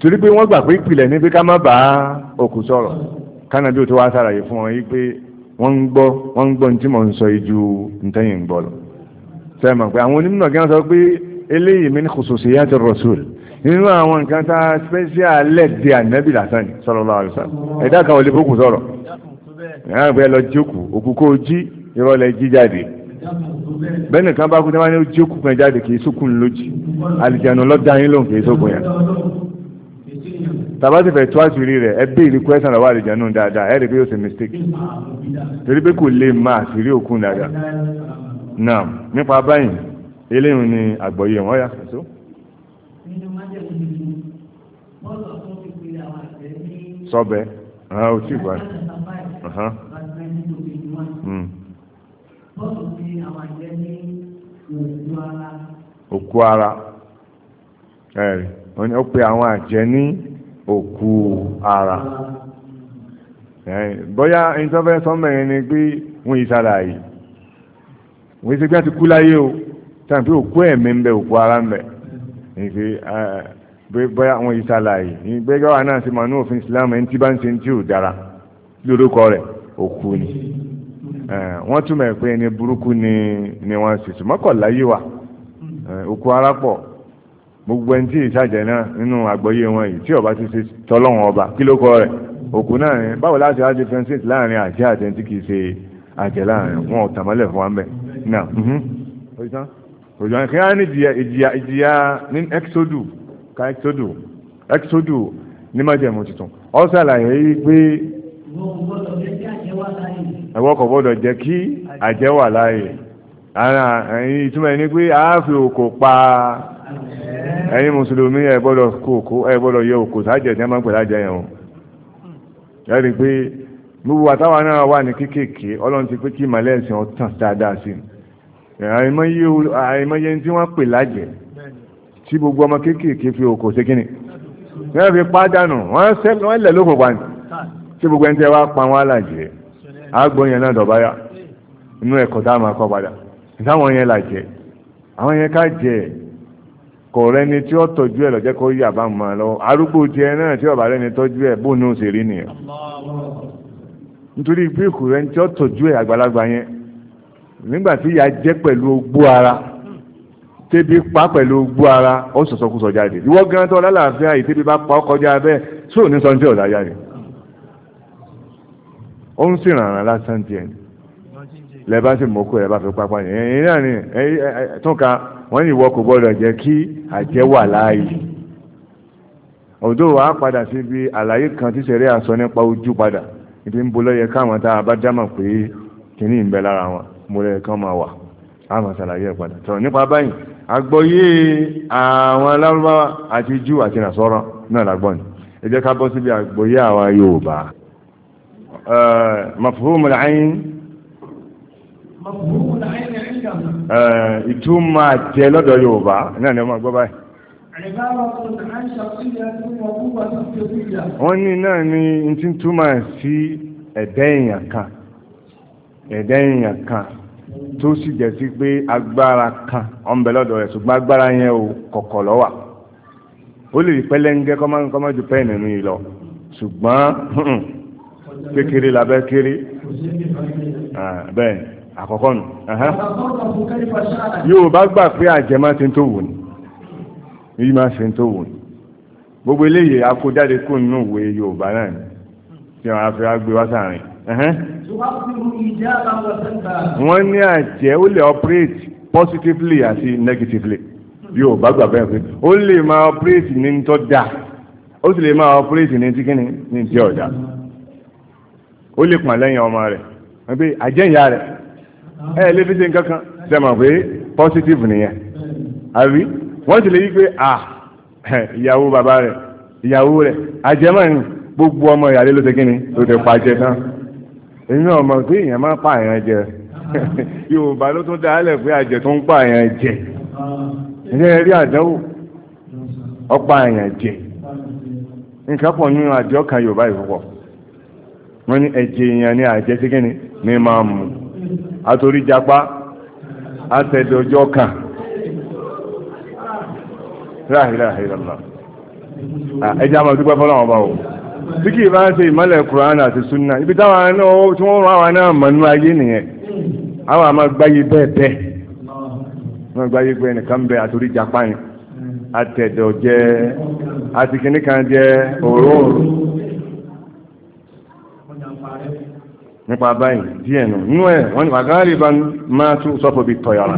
torí pé wọ́n gbà pé ìpìlẹ̀ ní pé ká má bàa òkú sọ̀rọ̀ kánàbí ò tó wá sàlàyé fún wọn yí pé wọ́n ń gbọ́ wọ́n ń gbọ́ ní tí mò ń sọ yìí ju ntẹ́yìn ń gbọ́ lọ sẹ́yìn pé àwọn onímọ̀ kí wọ́n sọ pé eléyìí min khususiyati rasul nínú àwọn nǹkan tá a special lẹ́ẹ̀dẹ̀ ànábì lásán ni sallallahu alaihi wasallam ẹ̀dá kan ò lè fókùn sọ̀rọ̀ ìyá àgbẹ̀ lọ jókòó òkú kó jí ìrọ̀lẹ́ jí jáde bẹ́ẹ̀ nìkan bá kú tí wọ́n ní jókòó kan jáde kì í sókun lójì àlìjánu lọ́dá yín lòun kì í sókun yẹn tàbá ti fẹ́ tó àṣírí rẹ̀ ẹ béèrè kwẹ́sàn lọ́wọ́ àlìjánu dáadáa ẹ rí i mistake torí pé kò lè máa àṣírí òkun dáadáa náà nípa báyìí eléyìí sọ́bẹ̀ ọ̀hán ò tí ì gbà. Hmm. òkú ara ẹ̀rì wọ́n ní ó pe àwọn àjẹ́ ní òkú ara bóyá ẹni tó fẹ́ sọ́mọ̀ yẹn ni pé wọ́n yìí sára yìí wọ́n yìí sẹ́gbẹ́ ti kú láyé o tàbí òkú ẹ̀mí ń bẹ òkú ara ń bẹ bóyá àwọn yìí ṣàlàyé bóyá wà náà sí màánú òfin Islam ẹni tí bá ń ṣe tí ò dára lórúkọ rẹ̀ òkú ni wọ́n túmọ̀ pé ẹni burúkú ni ni wọ́n sì sùn mọ́kànlá yìí wà òkú arápọ̀ gbogbo ẹni tí ìṣàjẹ́ náà nínú àgbọ́yé wọn yìí tí ọba ti ṣe tọ́lọ́wọ́n ọba kí ló kọ rẹ̀ òkú náà ni báwo láti wá differentiate láàrin àjẹ́ àti ẹni tí kìí ṣe àjẹ́ láàrin wọn ò tàmọ́lẹ̀ fún wa mẹ́ náà òjò kí ní ìjìyà ní exodus ka exodu exodu ní májẹ̀mú tuntun ọ ṣàlàyé yìí pé ẹ̀wọ́ kò gbọ́dọ̀ jẹ́ kí àjẹ́ wà láàyè ara ẹ̀yin ìtumọ̀ ẹni pé a fi òkò pa ẹ̀yin mùsùlùmí ẹ gbọ́dọ̀ kó òkò ẹ gbọ́dọ̀ yẹ òkò sájẹ̀ tí wọ́n máa ń pè lájẹ̀ yẹn o ẹ̀rí pé gbogbo àtàwọn náà wà ní kéékèèké ọlọ́run ti pé kí ìmọ̀lẹ́sìn ọ̀tàn dáadáa sí i àìmọye tí wọ́n pè lájẹ̀ tí gbogbo ọmọ kéékèèké fi òkò ṣe kíni wọ́n fi pádànù wọ́n lẹ̀ lóko pa ní tí gbogbo ẹni tẹ́ wá pa wọ́n alájẹ́ àgbọn yẹn náà dọ̀báyà inú ẹ̀kọ́ tá a máa kọ́ padà ìtàwọn yẹn làjẹ́ àwọn yẹn ká jẹ kò rẹni tí ó tọ́jú ẹ̀ lọ́jẹ́ kó yí àbá mọ́ ọ lọ́wọ́ arúgbó tiẹ̀ náà tí ọ̀bà rẹni tọ́jú ẹ̀ bóun náà ṣe rí nìyẹn nítorí pé kò rẹni tí ó tọ́jú ẹ̀ àgbàlagbà yẹn nígbà tí ìyá jẹ́ pẹ̀lú ogbó ara Tebi pa pẹ̀lú gbú ara ó sọ̀sọ̀kúsọ̀ jáde ìwọ gan tó lálàáfíà yìí tẹ́bi bá pa ọ kọjá bẹ́ẹ̀ tí ò ní sọ ní tí ọ̀dà jáde ó ń sì rànràn lásán tiẹ̀ lẹ́bàá sì mọ́kú ẹ̀ bá fi pápá yẹn ẹ̀yìn náà ni tún ka wọ́n ní ìwọ kò gbọ́dọ̀ jẹ́ kí àjẹ́ wà láàyè ọ̀dọ́ wa padà síbi àlàyé kan tí sẹ̀rí àsọ nípa ojú padà ibi ń bolọ́ yẹ káwọn tá a bá dámọ̀ pé kìíní ń bẹ lára wọn mo lẹ́ kán máa wà á máa ṣàlàyé ẹ̀ padà tọ̀ nípa báyìí àgbọ́yé àwọn alárúbáwá àti jù àti nàṣọ́rọ̀ náà làgbọ́ ni ẹ jẹ́ ká bọ́ síbi àgbọ́yé àwọn Yorùbá mafhumul ayn ìtumọ̀ àti ẹlọ́dọ̀ Yorùbá náà ni ọmọ gbọ́ báyìí wọ́n ní náà ni tí túmọ̀ sí ẹ̀dẹ́ èèyàn kan ẹ̀dẹ́ tó sì jẹ́ sí pé agbára kan ọ̀nbẹ lọ́dọ̀ rẹ̀ ṣùgbọ́n agbára yẹn ò kọ̀kọ̀ lọ́wà ó lè rí pẹ́lẹ́ńgẹ́ kọ́mọ́ ju pẹ́ẹ̀nì mi lọ ṣùgbọ́n kékeré labẹ́ kéré bẹ́ẹ̀ àkọ́kọ́ nù yóò bá gbà pé àjẹmá ti ń tó wù ní yìí máa ṣe ń tó wù ní gbogbo eléyìí akó jáde kó nínú ìwé Yorùbá náà ni tí wọn á fi wá gbé wá sáàrin wọ́n ní àjẹ́ ó lè operate positively àti negatively yóò bá gbà bẹ́ẹ̀ pé ó lè máa operate ní tó dá ó sì lè máa operate ní tí kíni ní tí ọ̀dá ó lè pọ̀n lẹ́yìn ọmọ rẹ̀ wọ́n pé àjẹ́ ìyá rẹ̀ ẹ lè fi ṣe nǹkan kan sẹ́mọ̀ pé positive nìyẹn àbí wọ́n sì lè yí pé à ìyàwó bàbá rẹ̀ ìyàwó rẹ̀ àjẹmọ́ gbogbo ọmọ ìyàlé ló ti kíni ló ti pàjẹ́ tán. èmi ọmọ pé èèyàn máa pa àyàn jẹ yorùbá ló tún dálẹ̀ pé àjẹ tó ń pa àyàn jẹ ilé rí àdánwò ọ̀pá àyàn jẹ nǹkan pọ̀ nínú àjọ kan yorùbá ìfọ̀pọ̀ wọ́n ní ẹ̀jẹ̀ èèyàn ní àjẹ sí kíni ní máa mú àtòrí japa àtẹ̀dọ̀jọ́ kan láhìláhìlá ẹ̀jẹ̀ àmọ̀ dúpẹ́ tí kì í bá ń ṣe ìmọ́lẹ̀ kùránà àti súnà ibi táwọn náà tí wọ́n rán àwọn náà mọ̀ nínú ayé nìyẹn àwọn àmọ́ be be bẹ́ẹ̀ wọ́n gbáyé pé ẹnìkan bẹ àtòrí japa yẹn àtẹ̀dọ̀ jẹ́ kan je oro nípa báyìí díẹ̀ nù nú ẹ̀ wọ́n ní wàgárì bá máa tún sọ́fọ̀ bíi tọ̀yàrà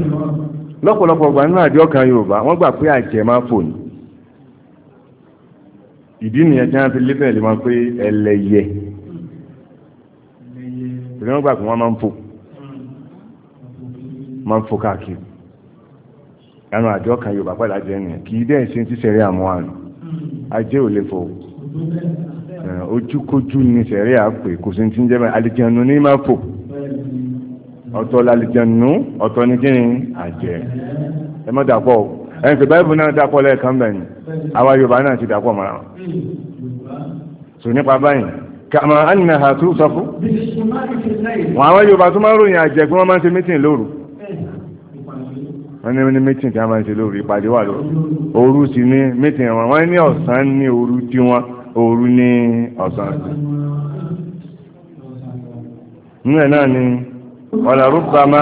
lọ́pọ̀lọpọ̀ gbà nínú àjọ kan Yorùbá wọ́n gbà pé ìdí nìyẹn tí wọ́n fi lébẹ̀ lè máa pé ẹlẹ́yẹ ìrìn wọn gbà pé wọ́n máa ń fò máa ń fò káàkiri ẹnu àjọ kan Yorùbá pẹ̀lú ajẹ́ nìyẹn kì í dẹ́yìn sí ti sẹ̀rí àmọ́ àrùn ajé ò lè fò ojúkójú ni sẹ̀rí àpè kò sí ti ń jẹ́ bẹ́ẹ̀ alìjẹ̀nu ní máa fò ọ̀tọ̀ làlìjẹ̀nu ọ̀tọ̀ ní kíni àjẹ́ ẹ má dàpọ̀ o. ẹni pé báyìí náà dápọ̀ lẹ́ẹ̀kan bẹ̀ ni àwa yorùbá náà ti wọn sọ nípa báyìí kàmà ánìyàn hà tó sọ fún wọn àwọn yorùbá tó máa ya ròyìn àjẹgbọ́n wọn máa ń ṣe mítìn lóru wọ́n ní ní mítìn tí a máa ń ṣe lóru ìpàdé wà lóru sì ní mítìn wọn ní ọ̀sán ní ọ̀làrúbàmá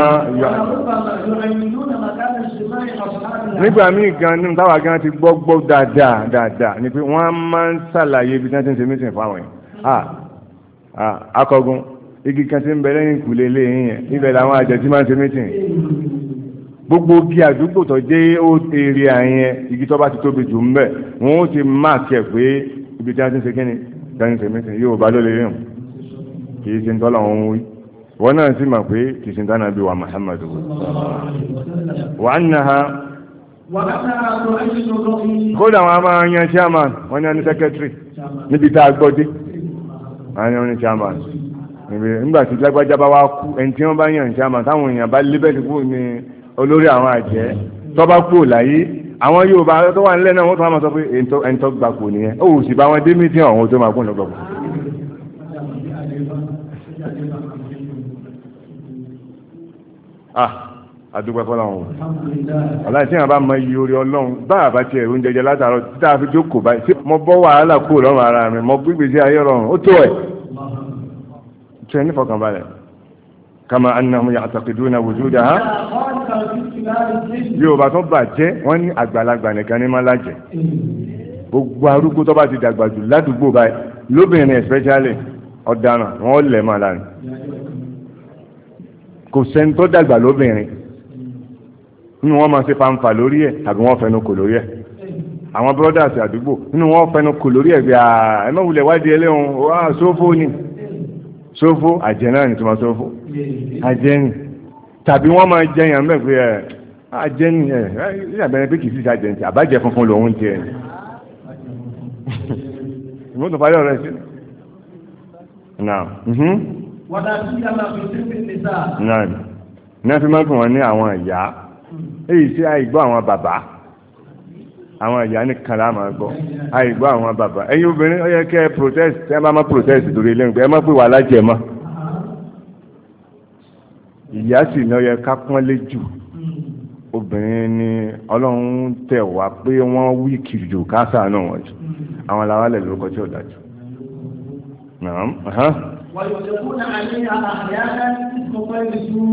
nígbà míì gan ní táwa gan ti gbọ́gbọ́ dáadáa dáadáa ni pé wọ́n máa ń ṣàlàyé ibi tí wọ́n ti ń ṣe mítìn fáwọn yìí akọgun igi kan ti ń bẹ lẹ́yìn ìkùlé ilé yìí yẹn ibẹ̀ làwọn àjẹjí máa ń ṣe mítìn gbogbo igi àdúgbò tó jẹ́ èrè àyẹn igi tó bá ti tóbi jù ń bẹ wọ́n ó ti máàkì ẹ̀ pé ibi tí wọ́n ti ń ṣe kíni tí wọ́n ti ń ṣe mítìn yóò bá lólè yẹn kì í ṣe ń tọ́lọ̀ wọn wí wọ́n náà sì mọ̀ pé kìsìn bí wa Muhammadu wa annaha kódà wọn a máa yan chairman wọ́n ní a ní secretary níbi tá a gbọ́ dé a ní a ní chairman nígbà tí lágbájá bá wá kú ẹni tí wọ́n bá yan chairman táwọn èèyàn bá lébẹ̀lì kú ní olórí àwọn àjẹ́ tó bá kú láyé àwọn Yorùbá tó wà nílẹ̀ náà wọ́n tó wà máa sọ pé ẹni tó gbà kú nìyẹn ó sì bá wọn dé mítí ọ̀hún tó máa kú lọ́gbọ̀gbọ̀. ah àdúgbò ẹ̀fọ́ làwọn ọ̀la bá mọ iye orí ọlọ́run bá àbá tiẹ̀ oúnjẹ jẹ títà fi jókòó báyìí ṣé mo bọ́ wàhálà kúrò lọ́rùn ara mi mo gbígbé sí ayé rọrùn ó tó ẹ̀ tiẹ̀ nífọ̀kànbalẹ̀ kama anahun ya na wujuda ha yorùbá tó bàjẹ́ wọ́n ní àgbàlagbà nìkan ní má lájẹ̀ gbogbo arúgbó tó bá ti dàgbà jù ládùúgbò báyìí lóbìnrin especially ọ̀daràn wọ́n lẹ̀ máa lárin kò sẹ́ni tó dàgbà lóbìnrin nínú wọn máa ṣe fanfà lórí ẹ̀ tàbí wọ́n fẹnu kò lórí ẹ̀ àwọn brothers àdúgbò nínú wọn fẹnu kò lórí ẹ̀ bí i ẹ̀mọ́wulẹ̀ wádìí ẹlẹ́hun wá sófó ni sófó àjẹ́ náà nìtúmọ̀ sófó àjẹ́ ni tàbí wọ́n máa jẹyàn mẹ́fẹ́ ẹ̀ àjẹ́ ni ẹ̀ ìyàbẹ̀rẹ̀ pé kìí sí àjẹ́ ni àbájẹ́ funfun lòun jẹ́ ni ìmọ̀tò parí ọ̀rẹ́ sí náà náà fi máa ń pè wọ́n ní àwọn ìyá èyí tí àìgbọ́ àwọn bàbá àwọn ìyá nìkan la máa gbọ́ àìgbọ́ àwọn bàbá ẹ̀yin obìnrin ó yẹ kẹ́ ẹ protest ẹ bá má protest lórí ilé ìgbẹ́ ẹ má pè wà lájẹ̀ mọ́ ìyá sì náà yẹ ká pọ́nlé jù obìnrin ni ọlọ́run tẹ̀ wá pé wọ́n wí kiri jù ká ṣàánú wọn jù àwọn làwọn alẹ́ lórúkọ tí ó dájú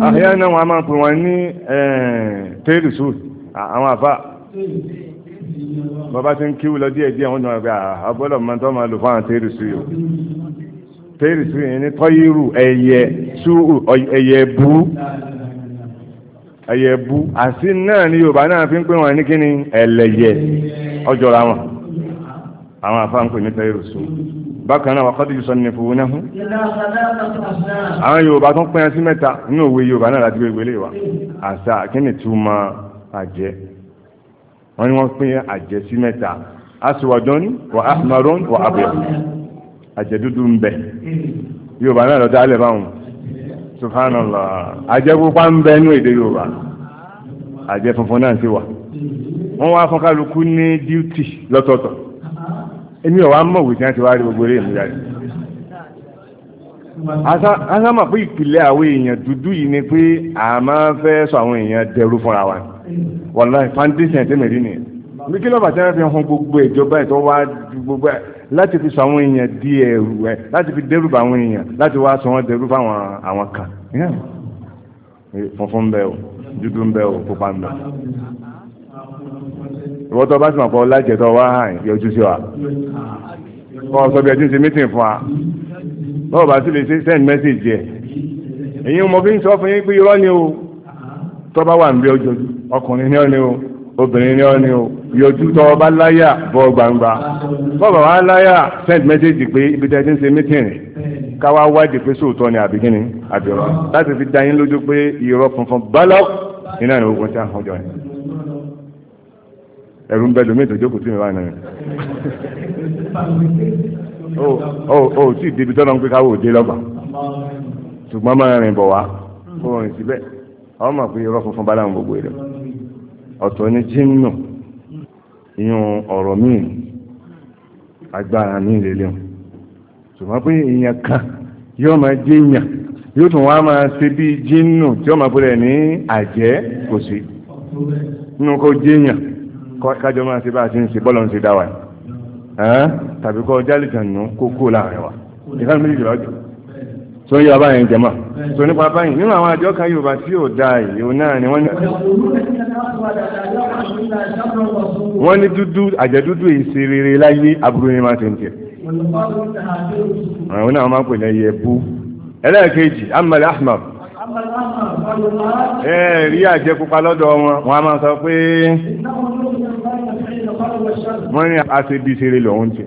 àhíyá náà wọn a máa pè wọn ní tẹ́lì sùúrù àwọn àfà bàbá tí ń kíwù lọ díẹ̀ díẹ̀ wọ́n jọ pé àbọ́lọ̀ máa tọ́ máa lò fún àwọn tẹ́lì sùúrù tẹ́lì sùúrù yẹn ní tọ́yìrù ẹ̀yẹ sùúrù ẹ̀yẹ bú ẹ̀yẹ bú àti náà ni Yorùbá náà fi ń pè wọn ní kíni ẹlẹ́yẹ ọjọ́ra wọn àwọn àfà ń bákan náà wàkọ́dì yìí sọ́nà ìfowó náà hún. àwọn yorùbá tó ń pẹ́yàn sí mẹ́ta nínú òwe yorùbá náà láti gbégbélé wa àṣà kíni túmọ̀ àjẹ́ wọ́n ní wọ́n pín àjẹ́ sí mẹ́ta aṣèwádọ́n wà ahmarun wà abẹ́ àjẹ́ dúdú ń bẹ yorùbá náà lọ́dọ̀ alẹ́ báwọn subhanallah àjẹ́ pupa ń bẹ nínú èdè yorùbá àjẹ́ funfun náà sì wà wọ́n wá fún kálukú ní díútì lọ́tọ̀ọ̀tọ̀ èmi ọ̀wá mọ̀ wò tí wọ́n ti wá rí gbogbo eré ìmúra rẹ̀ asámà pé ìpìlẹ̀ àwọn èèyàn dúdú yìí ni pé a máa fẹ́ sọ àwọn èèyàn dẹrú fúnra wa wàláhì foundation ẹ̀ tẹ́mẹ̀rí nìyẹn bí kí lọ́bàtí wọ́n fi hàn gbogbo ìjọba ìtọ́ wá gbogbo láti fi sọ àwọn èèyàn di ẹ̀rù ẹ̀ láti fi dẹ́rù bá àwọn èèyàn láti wá sọ wọ́n dẹrú fáwọn àwọn kan funfun ń o dúdú ń o pupa ń o ìwọ́n tó bá sì mọ̀ pọ̀ lájẹ̀ tó wá hàn yọjú sí wa kọ́ sọ bí ẹtí ń ṣe mítìn fún wa báwo bá sì lè ṣe send message yẹ èyí mo fi ń sọ fún yín pé irọ́ ni o tó bá wà ń bí ojú ọkùnrin ni ó ni o obìnrin ni ó ni o yọjú tó bá láyà bọ́ gbangba báwo bá wà láyà send message pé ibi tẹ́ ti ń ṣe mítìn rẹ̀ káwá wádìí pé sóòótọ́ ni àbí kíni àbí ọ̀rọ̀ láti fi dá yín lójú pé irọ́ funfun bálọ́ iná ni ogun tí a ń hàn jọ yẹn ẹ̀rù ń bẹ́ lómi ìtọ́jú kò tí mi báyìí náà ó tí débi tọ́nà ń pé káwọ́ òde lọ́gbà ṣùgbọ́n máa rìn bọ̀ wá kó rìn síbẹ̀ ọmọ pé irọ́ funfun bá láwọn gbogbo rẹ̀ ọ̀tọ̀ ni jíìmù ìyún ọ̀rọ̀ míì agbára míì lélẹ̀ ṣùgbọ́n pé èèyàn kan yóò máa jẹ́ èèyàn yóò tún wá máa ṣe bí jíìmù tí ó máa pẹ̀lẹ̀ ní àjẹ́ kò sí nínú kó jẹ́ èèyàn kájọ máa ṣe bá a ti ń ṣe bọ́ọ̀lù ń ṣe dá wa ẹ̀ tàbí kọ́ jálè jàǹdù kó kó láàrin wa ìkànnì méjì lọ́jọ́ tó yọ abáyẹn jẹma tó nípa abáyẹn nínú àwọn àjọ kan Yorùbá tí ò da ìyó náà ni wọ́n ní. wọ́n ní dúdú àjẹdúdú ìṣe rere láyé aburú ni máa ti ń tẹ̀. àwọn náà máa ń pè ní ẹyẹ bú ẹlẹ́ẹ̀kejì amẹ́lẹ́ ahmad ẹ rí àjẹkúpa lọ́dọ̀ wọn wọn a máa sọ pé wọ́n ní àṣebí ṣeré lọ́hún ti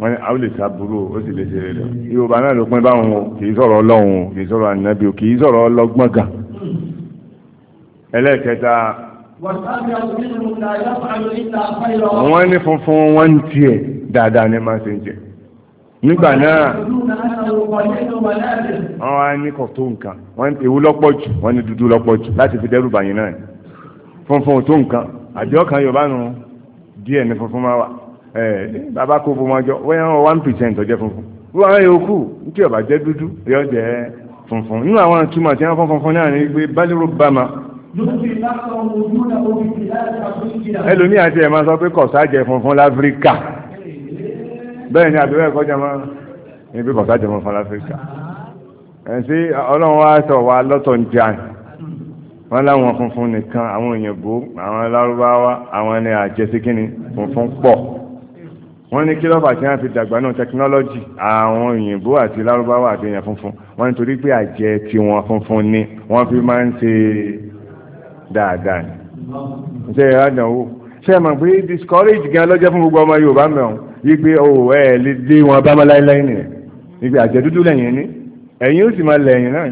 wọ́n ní àwọn lè ṣàbúrò ó sì lè ṣeré lọ yorùbá náà ló pín báwọn o kì sọ̀rọ̀ ọlọ́run o kì í sọ̀rọ̀ ànábì o kì í sọ̀rọ̀ ọlọ́gbọ́n gan ẹlẹ́ẹ̀kẹta wọ́n ní funfun wọ́n ń tiẹ̀ dáadáa ní máa ṣe ń jẹ́ nígbà náà wọ́n wá ní kò tó nǹkan wọ́n ewu lọ́pọ̀ jù wọ́n ní dúdú lọ́pọ̀ jù láti fi dẹ́rù bàyìn náà funfun tó nǹkan àjọ kan Yorùbá nù díẹ̀ ní funfun máa wà bàbá kó fún ọjọ́ wọ́n yẹn one percent ọjọ́ funfun wọ́n àwọn yòókù tí ọba jẹ́ dúdú yọ jẹ́ funfun nínú àwọn àtúmọ̀ tí wọ́n fọ́n funfun náà ní pé bálírò bá ma ẹlòmíà tiẹ̀ máa sọ pé kọ̀ọ̀sá jẹ funfun láfíríkà bẹ́ẹ̀ ni àbí bẹ́ẹ̀ kọ́ jẹ́ máa ní bí kọ̀ọ̀ká jẹ́ máa fún Áfíríkà ẹ̀ sí ọlọ́run wá sọ wa lọ́tọ̀ ń jà wọ́n láwọn funfun nìkan àwọn òyìnbó àwọn lárúbáwá àwọn ẹni àjẹsíkíni funfun pọ̀ wọ́n ní kí lọ́fà tí wọ́n fi dàgbà náà tẹkinọ́lọ́jì àwọn òyìnbó àti lárúbáwá àti èèyàn funfun wọ́n ní torí pé àjẹ tí wọ́n funfun ni wọ́n fi máa ń ṣe dáadáa ní. ṣé ìrádàn wo ṣé ẹ mọ̀ pé discourage gan lọ́jọ́ fún gbogbo ọmọ Yorùbá mẹ́wọ̀n wípé o oh, ẹ lè dé wọn bá má láéláé nìyẹn wípé àjẹ dúdú lẹ́yìn ní ẹ̀yin ó sì máa lẹ́yìn náà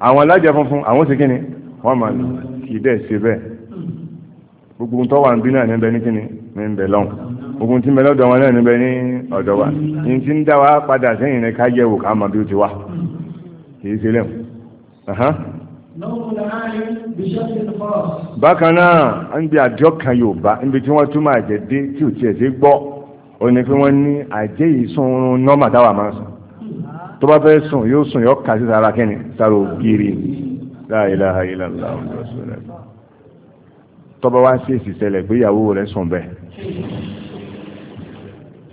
àwọn alájà funfun àwọn sì kíni wọ́n máa lò kì í dẹ̀ ṣe bẹ́ẹ̀ gbogbo tó wà ń bí náà níbẹ̀ ní kíni ní bẹ̀ lọ́hùn gbogbo tí mẹ́lẹ́ ọ̀dọ̀ wọn náà níbẹ̀ ní ọ̀dọ̀ wa ní ti ń dá wa padà sẹ́yìn ní ká yẹ̀ wò ká mọ̀ bí ó ti wà kì í ṣe lẹ́hùn bákan náà ń bí àjọ kan yorùbá níbi tí wọ́n túmọ̀ àjẹ́ tí ò tiẹ̀ sí gbọ́ ó ní pé wọ́n ní àjẹ́ yìí sún nọ́mà táwà máa sùn tó bá fẹ́ sùn yóò sùn yóò kà sí sára kẹ́ni sára ògiri la ilaha illallah tọ́ba wá sí èsì ṣẹlẹ̀ pé ìyàwó rẹ̀ sùn bẹ́ẹ̀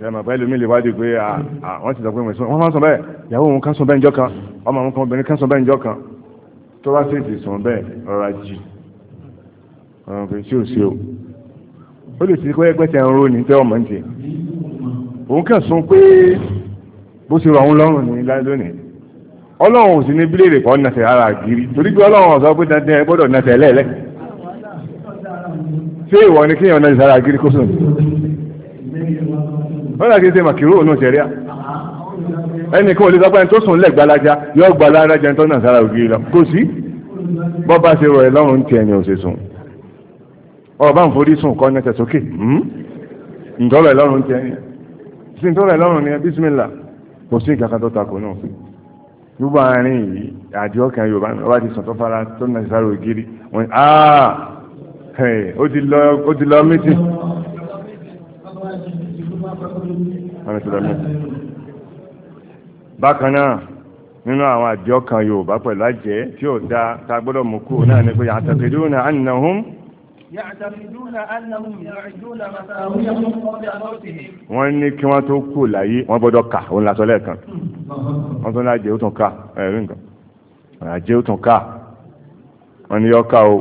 sẹ́mà pẹ́lú mi lè wádìí pé wọ́n ti sọ pé wọ́n máa sùn bẹ́ẹ̀ ìyàwó òun kan sùn bẹ́ẹ̀ njọ́ kan ọmọ òun kan obìnrin kan sùn bẹ́ẹ̀ njọ́ kan tó bá sí èsì sùn bẹ́ẹ̀ rọra jì ọ̀rọ̀ pé tí ò sí o ó lè ti pé ẹgbẹ́ tẹ̀ ń ró ní tẹ́ ọmọ òun kẹsùn pé bó ṣe rọ àwọn lọ́rùn ní lónìí ọlọ́run ò sí ní bíléèrè kan nàṣẹ ara gírí torí pé ọlọ́run ọ̀sán pé dandan ẹ gbọ́dọ̀ nàṣẹ lẹ́ẹ̀lẹ́ ṣé ìwọ ni kéèyàn nàṣẹ ara gírí kó sùn wọ́n láti ṣe màkìrú òun ṣẹ̀ríà ẹnì kan ò lè sọ pé ẹni tó sùn lẹ̀ gbalaja yóò gba aláraja tó nàṣẹ ara gírí lọ kò sí bọ́ bá ṣe rọ ẹ lọ́rùn tiẹ̀ ni ò ṣe sùn ọ̀ọ́ bá ń forí sùn kọ́ nàṣẹ sókè hmm? ǹjọ́ rẹ̀ lọ́rùn tiẹ̀ ni sí tó rẹ̀ lọ́rùn ní bísímìlà kò sí ìkàkà tó takò náà gbogbo àárín yìí àjọ ọkàn yorùbá ọba ti sọ̀tọ́ fara tó nà sáré ògiri wọn ni aaa ó ti lọ mítì. bákan náà nínú àwọn àjọ ọkàn yorùbá pẹ̀lú àjẹ́ tí ó dá tá a gbọ́dọ̀ mú kú náà ní pé àtàkùn ìdúró náà ànínà hùn wọ́n ní kí wọ́n tó kú láyé wọ́n gbọ́dọ̀ kà òun lásọ lẹ́ẹ̀kan wọ́n tó ní ajé ó tún ká ẹ̀rí nǹkan ajé ó tún ká wọ́n ní ọkà o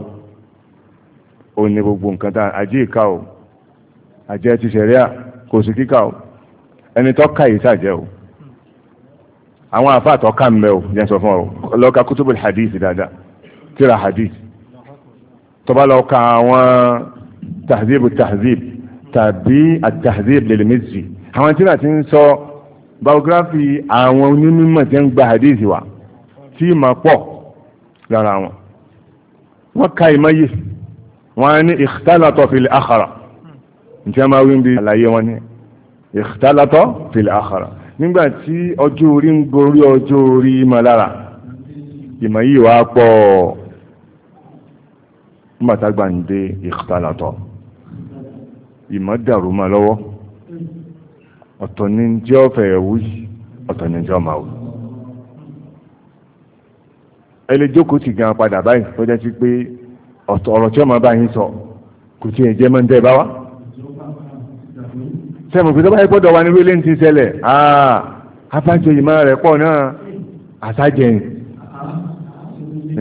ó ní gbogbo nǹkan tá ajé ìka o ajé ti ṣẹ̀ríà kò sí kíkà o ẹni tó ká yìí sàjẹ́ o àwọn àfáà tó ká ń bẹ o yẹn sọ fún ọ lọ́ka kútùbù hadith dáadáa tíra hadith tọba lọ ka àwọn tahzib tahzib tàbí àtahzib lèlèmẹ́sì àwọn tí wọ́n ti ń sọ biography àwọn onímọ̀ tí ń gba hadith wa tí ma pọ̀ lára wọn wọ́n ka ìmáyé wọ́n ní ikhtalata fil akhara nítí a máa wí bí àlàyé wọn ní ikhtalata fil akhara nígbà tí ọjọ́ orí ń gorí ọjọ́ orí mọ̀ lára ìmáyé wa pọ̀ nígbàtàgbà ń dé ìkọtàlàtọ̀ ìmọ̀ dàrú ma lọ́wọ́ ọ̀tọ̀ ni jẹ́ ọ̀fẹ́ ẹ̀wú ọ̀tọ̀ ni jẹ́ ọmọ àwù ẹ lè jókòó ti gan padà báyìí tó jẹ́ sí pé ọ̀rọ̀ tí ọmọ bá yín sọ kò tí ẹ̀ jẹ́ mọ́ ń tẹ́ bá wá sẹ́mu pé tó bá gbọ́dọ̀ wá nírú ilé ti ṣẹlẹ̀ abájọ ìmọ̀ rẹ̀ pọ̀ náà àtàjẹyìn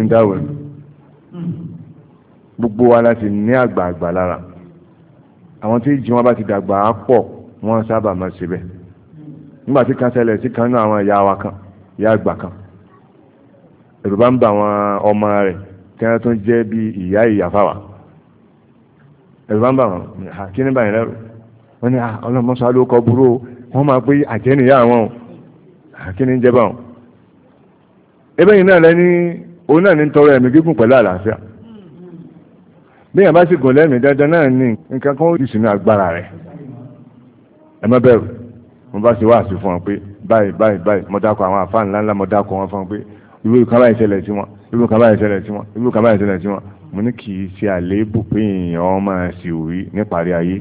ń dáwọ̀ ni gbogbo wa la sì ní àgbààgbà lára àwọn tí ìjì bá ti dàgbà á pọ̀ wọ́n sábà máa ṣe bẹ́ẹ̀ nígbà tí kan ṣẹlẹ̀ sí kan náà àwọn ìyá wa kan ìyá àgbà kan ẹ̀rù bá ń bà àwọn ọmọ rẹ̀ kí wọ́n tún jẹ́ bí ìyá ìyá fáwa ẹ̀rù bá ń bà wọn kí ní báyìí lẹ́rù wọ́n ní ọlọ́mọṣá ló kọ burú wọ́n máa pé àjẹ́nìyá àwọn kí ní jẹ́ báwọn ebẹ́yìn náà lẹ́ni òun náà ní tọrọ ẹ̀mí gígùn pẹ̀lú àlàáfíà bíyàn bá sì gùn lẹ́mìí dandan náà ní nǹkan kan ó sì sínú agbára rẹ̀ ẹ má bẹ̀rù mo bá sì wá àṣì fún wọn pé báyìí báyìí báyìí mo dákọ̀ àwọn àfáà ńláńlá mo dákọ̀ wọn fún wọn pé irú kan báyìí ṣẹlẹ̀ sí wọn irú kan báyìí ṣẹlẹ̀ sí wọn irú kan báyìí ṣẹlẹ̀ sí wọn mo ní kì í ṣe àléébù pé èèyàn máa sì wí níparí ayé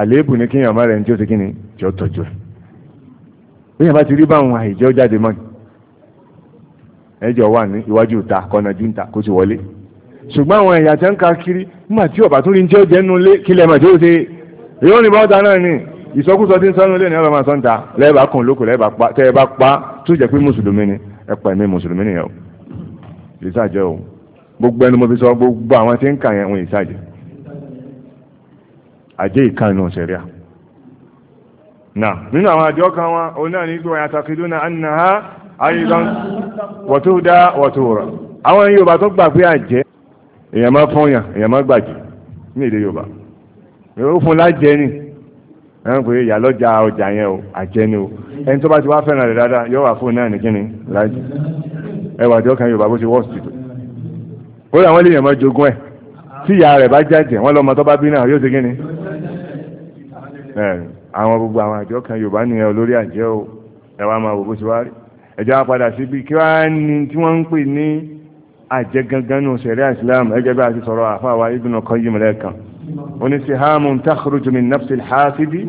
àléébù ni kéèyàn má rẹ̀ ní tí ó ti kíni tí ó tọ́jú ẹ̀ bíyàn bá ti rí báwọn àìjẹ́ ó jáde mọ́ ẹ wà ní iwájú ìta kọ́nà jù kó ti wọlé ṣùgbọ́n àwọn ẹ̀yà tẹ́ ń ka kiri nígbà tí ọ̀bà tún rí jẹ́ jẹ́ nulẹ̀ kí lẹ́mọ̀ tí ó ṣe èyí ni bọ́ta náà ni ìsọkúsọ tí ń sọ́nù lé ní ọlọ́mọ sọ́ńtà lẹ́ẹ̀bà lóko lẹ́ẹ̀bà pa tẹ́ ẹ o ìsàjẹ́ gbogbo mo fi sọ gbogbo àwọn tí ń kà yẹn wọn ìsàjẹ́ àjẹ́ ìkànnì nínú àwọn àjọ kan wọn òun náà ní wọn àwọn Yorùbá tó gbà pé èèyàn máa fún yàn èèyàn máa gbàjì ní èdè Yorùbá ó fún lájẹ ni ẹn pé ìyá lọ́jà ọjà yẹn o àjẹ ni o ẹni tó bá ti wá fẹ́ràn rẹ̀ dáadáa yóò wà fún náà ní kíni lájẹ ẹwà tí ọkàn Yorùbá bó ti wọ́ọ̀sì tó ó làwọn lè yàn máa jogún ẹ̀ tí ìyá rẹ̀ bá jàjẹ̀ wọ́n lọ́mọ tó bá bí náà yóò ti kíni àwọn gbogbo àwọn àjọ kan Yorùbá nìyẹn olórí àjẹ o ẹwà máa wò bó ti wá rí ẹjọ́ á padà síbi kí wàá ní tí wọ́n ń pè ní àjẹganganú sẹ̀rẹ́ islam ẹgẹ́ bí a ti sọ̀rọ̀ àfáwà ibùnà kan yìí mẹ́lẹ́kan oníṣìhámù takhruju min nafsi alhasidi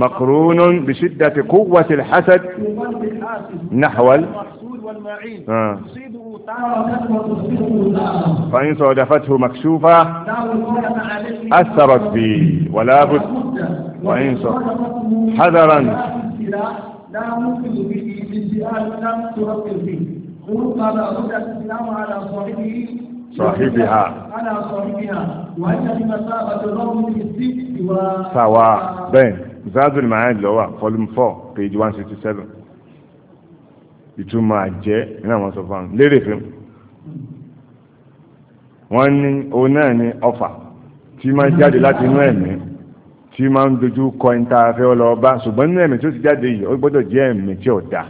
makrunun bi shiddati quwwati alhasad nahwal فإن صادفته مكشوفة أثرت به ولا بد وإن حذرا لا ممكن به لا تفكر فيه صاحبها على صاحبها وأن المسافة الرغم في سواء بين زاد المعاد اللي هو فوليوم 4 page 167 ìtumọ̀ àjẹ́ iná wọn sọ fún un lérè fún wọn ní òun náà ní ọfà tí máa jáde láti inú ẹ̀mí tí máa ń dojú kọ ìta afẹ́ ọlọ́ọ̀bá ṣùgbọ́n inú ẹ̀mí tí ó ti jáde yìí ó gbọ́dọ̀ jẹ́ ẹ̀mí tí ò dáa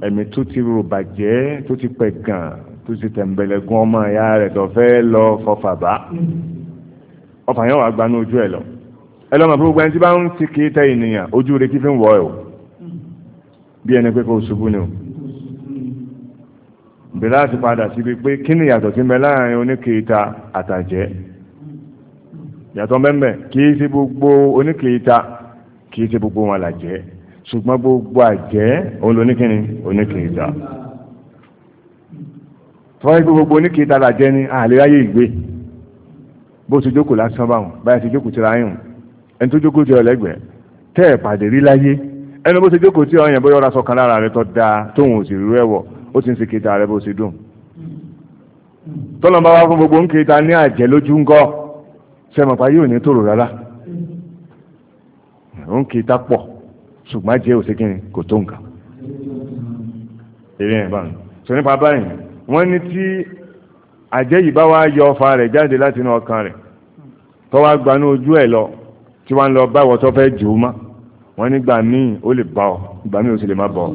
ẹ̀mí tó ti rò bàjẹ́ tó ti pẹ̀ gàn tó ti tẹ̀m̀bẹ̀lẹ̀gún ọmọ ìyá rẹ̀ tó fẹ́ lọ fọfà bá ọfà yẹn wà gbanú ojú ẹ̀ lọ ẹlọ́mọ gbogbo ẹni tí bá ń ti kì í ènìyàn ojú rẹ̀ kí fi ń wọ̀ ẹ̀ bí ẹni pé kò ṣubú ni o bẹ̀rẹ̀ láti padà síbi pé kí ni ìyàtọ̀ tí ń bẹ láàrin oníkèéta àtàjẹ́ ìyàtọ̀ mẹ́mẹ́ kì í ṣe gbogbo oníkèéta kì í ṣe gbogbo wọn làjẹ́ ṣùgbọ́n gbogbo àjẹ́ olóníkíni oníkìíta tọ́wọ́ ikú gbogbo oníkìíta làjẹ́ ní àléráyé ìgbé bó ti jókòó lásán báwọn báyìí ti jókòó tira yìí ẹni tó jókòó ti ọlẹ́gbẹ̀ẹ́ tẹ́ ẹ̀ pàdé rí láyé ẹni bó ti jókòó tí ọyàn bóyá ọ̀rá sọ̀kan lára rẹ tó dáa tóun ò sì rú ẹ̀wọ̀ ó ti ń sìkìta rẹ bó ti dùn tọ́lọ́mbà wá fún gbogbo oníkìíta ní àjẹ́ lójú ńgọ́ sẹ́mọ̀pá yóò ní tòrò rárá oníkìíta pọ̀ ṣùgbọ́n jẹ́ òṣèkínni kò tó nǹkan eré ẹ̀ báyìí sọ nípa báyìí wọ́n ní tí àjẹ́ yìí bá wá yọ ọfà rẹ̀ jáde láti inú ọkàn rẹ̀ tó wá gbanú ojú ẹ̀ lọ tí wọ́n lọ báwọ̀ tó fẹ́ jù ú mọ́ wọ́n nígbà míì ó lè bá ọ ìgbà míì ó sì lè má bá ọ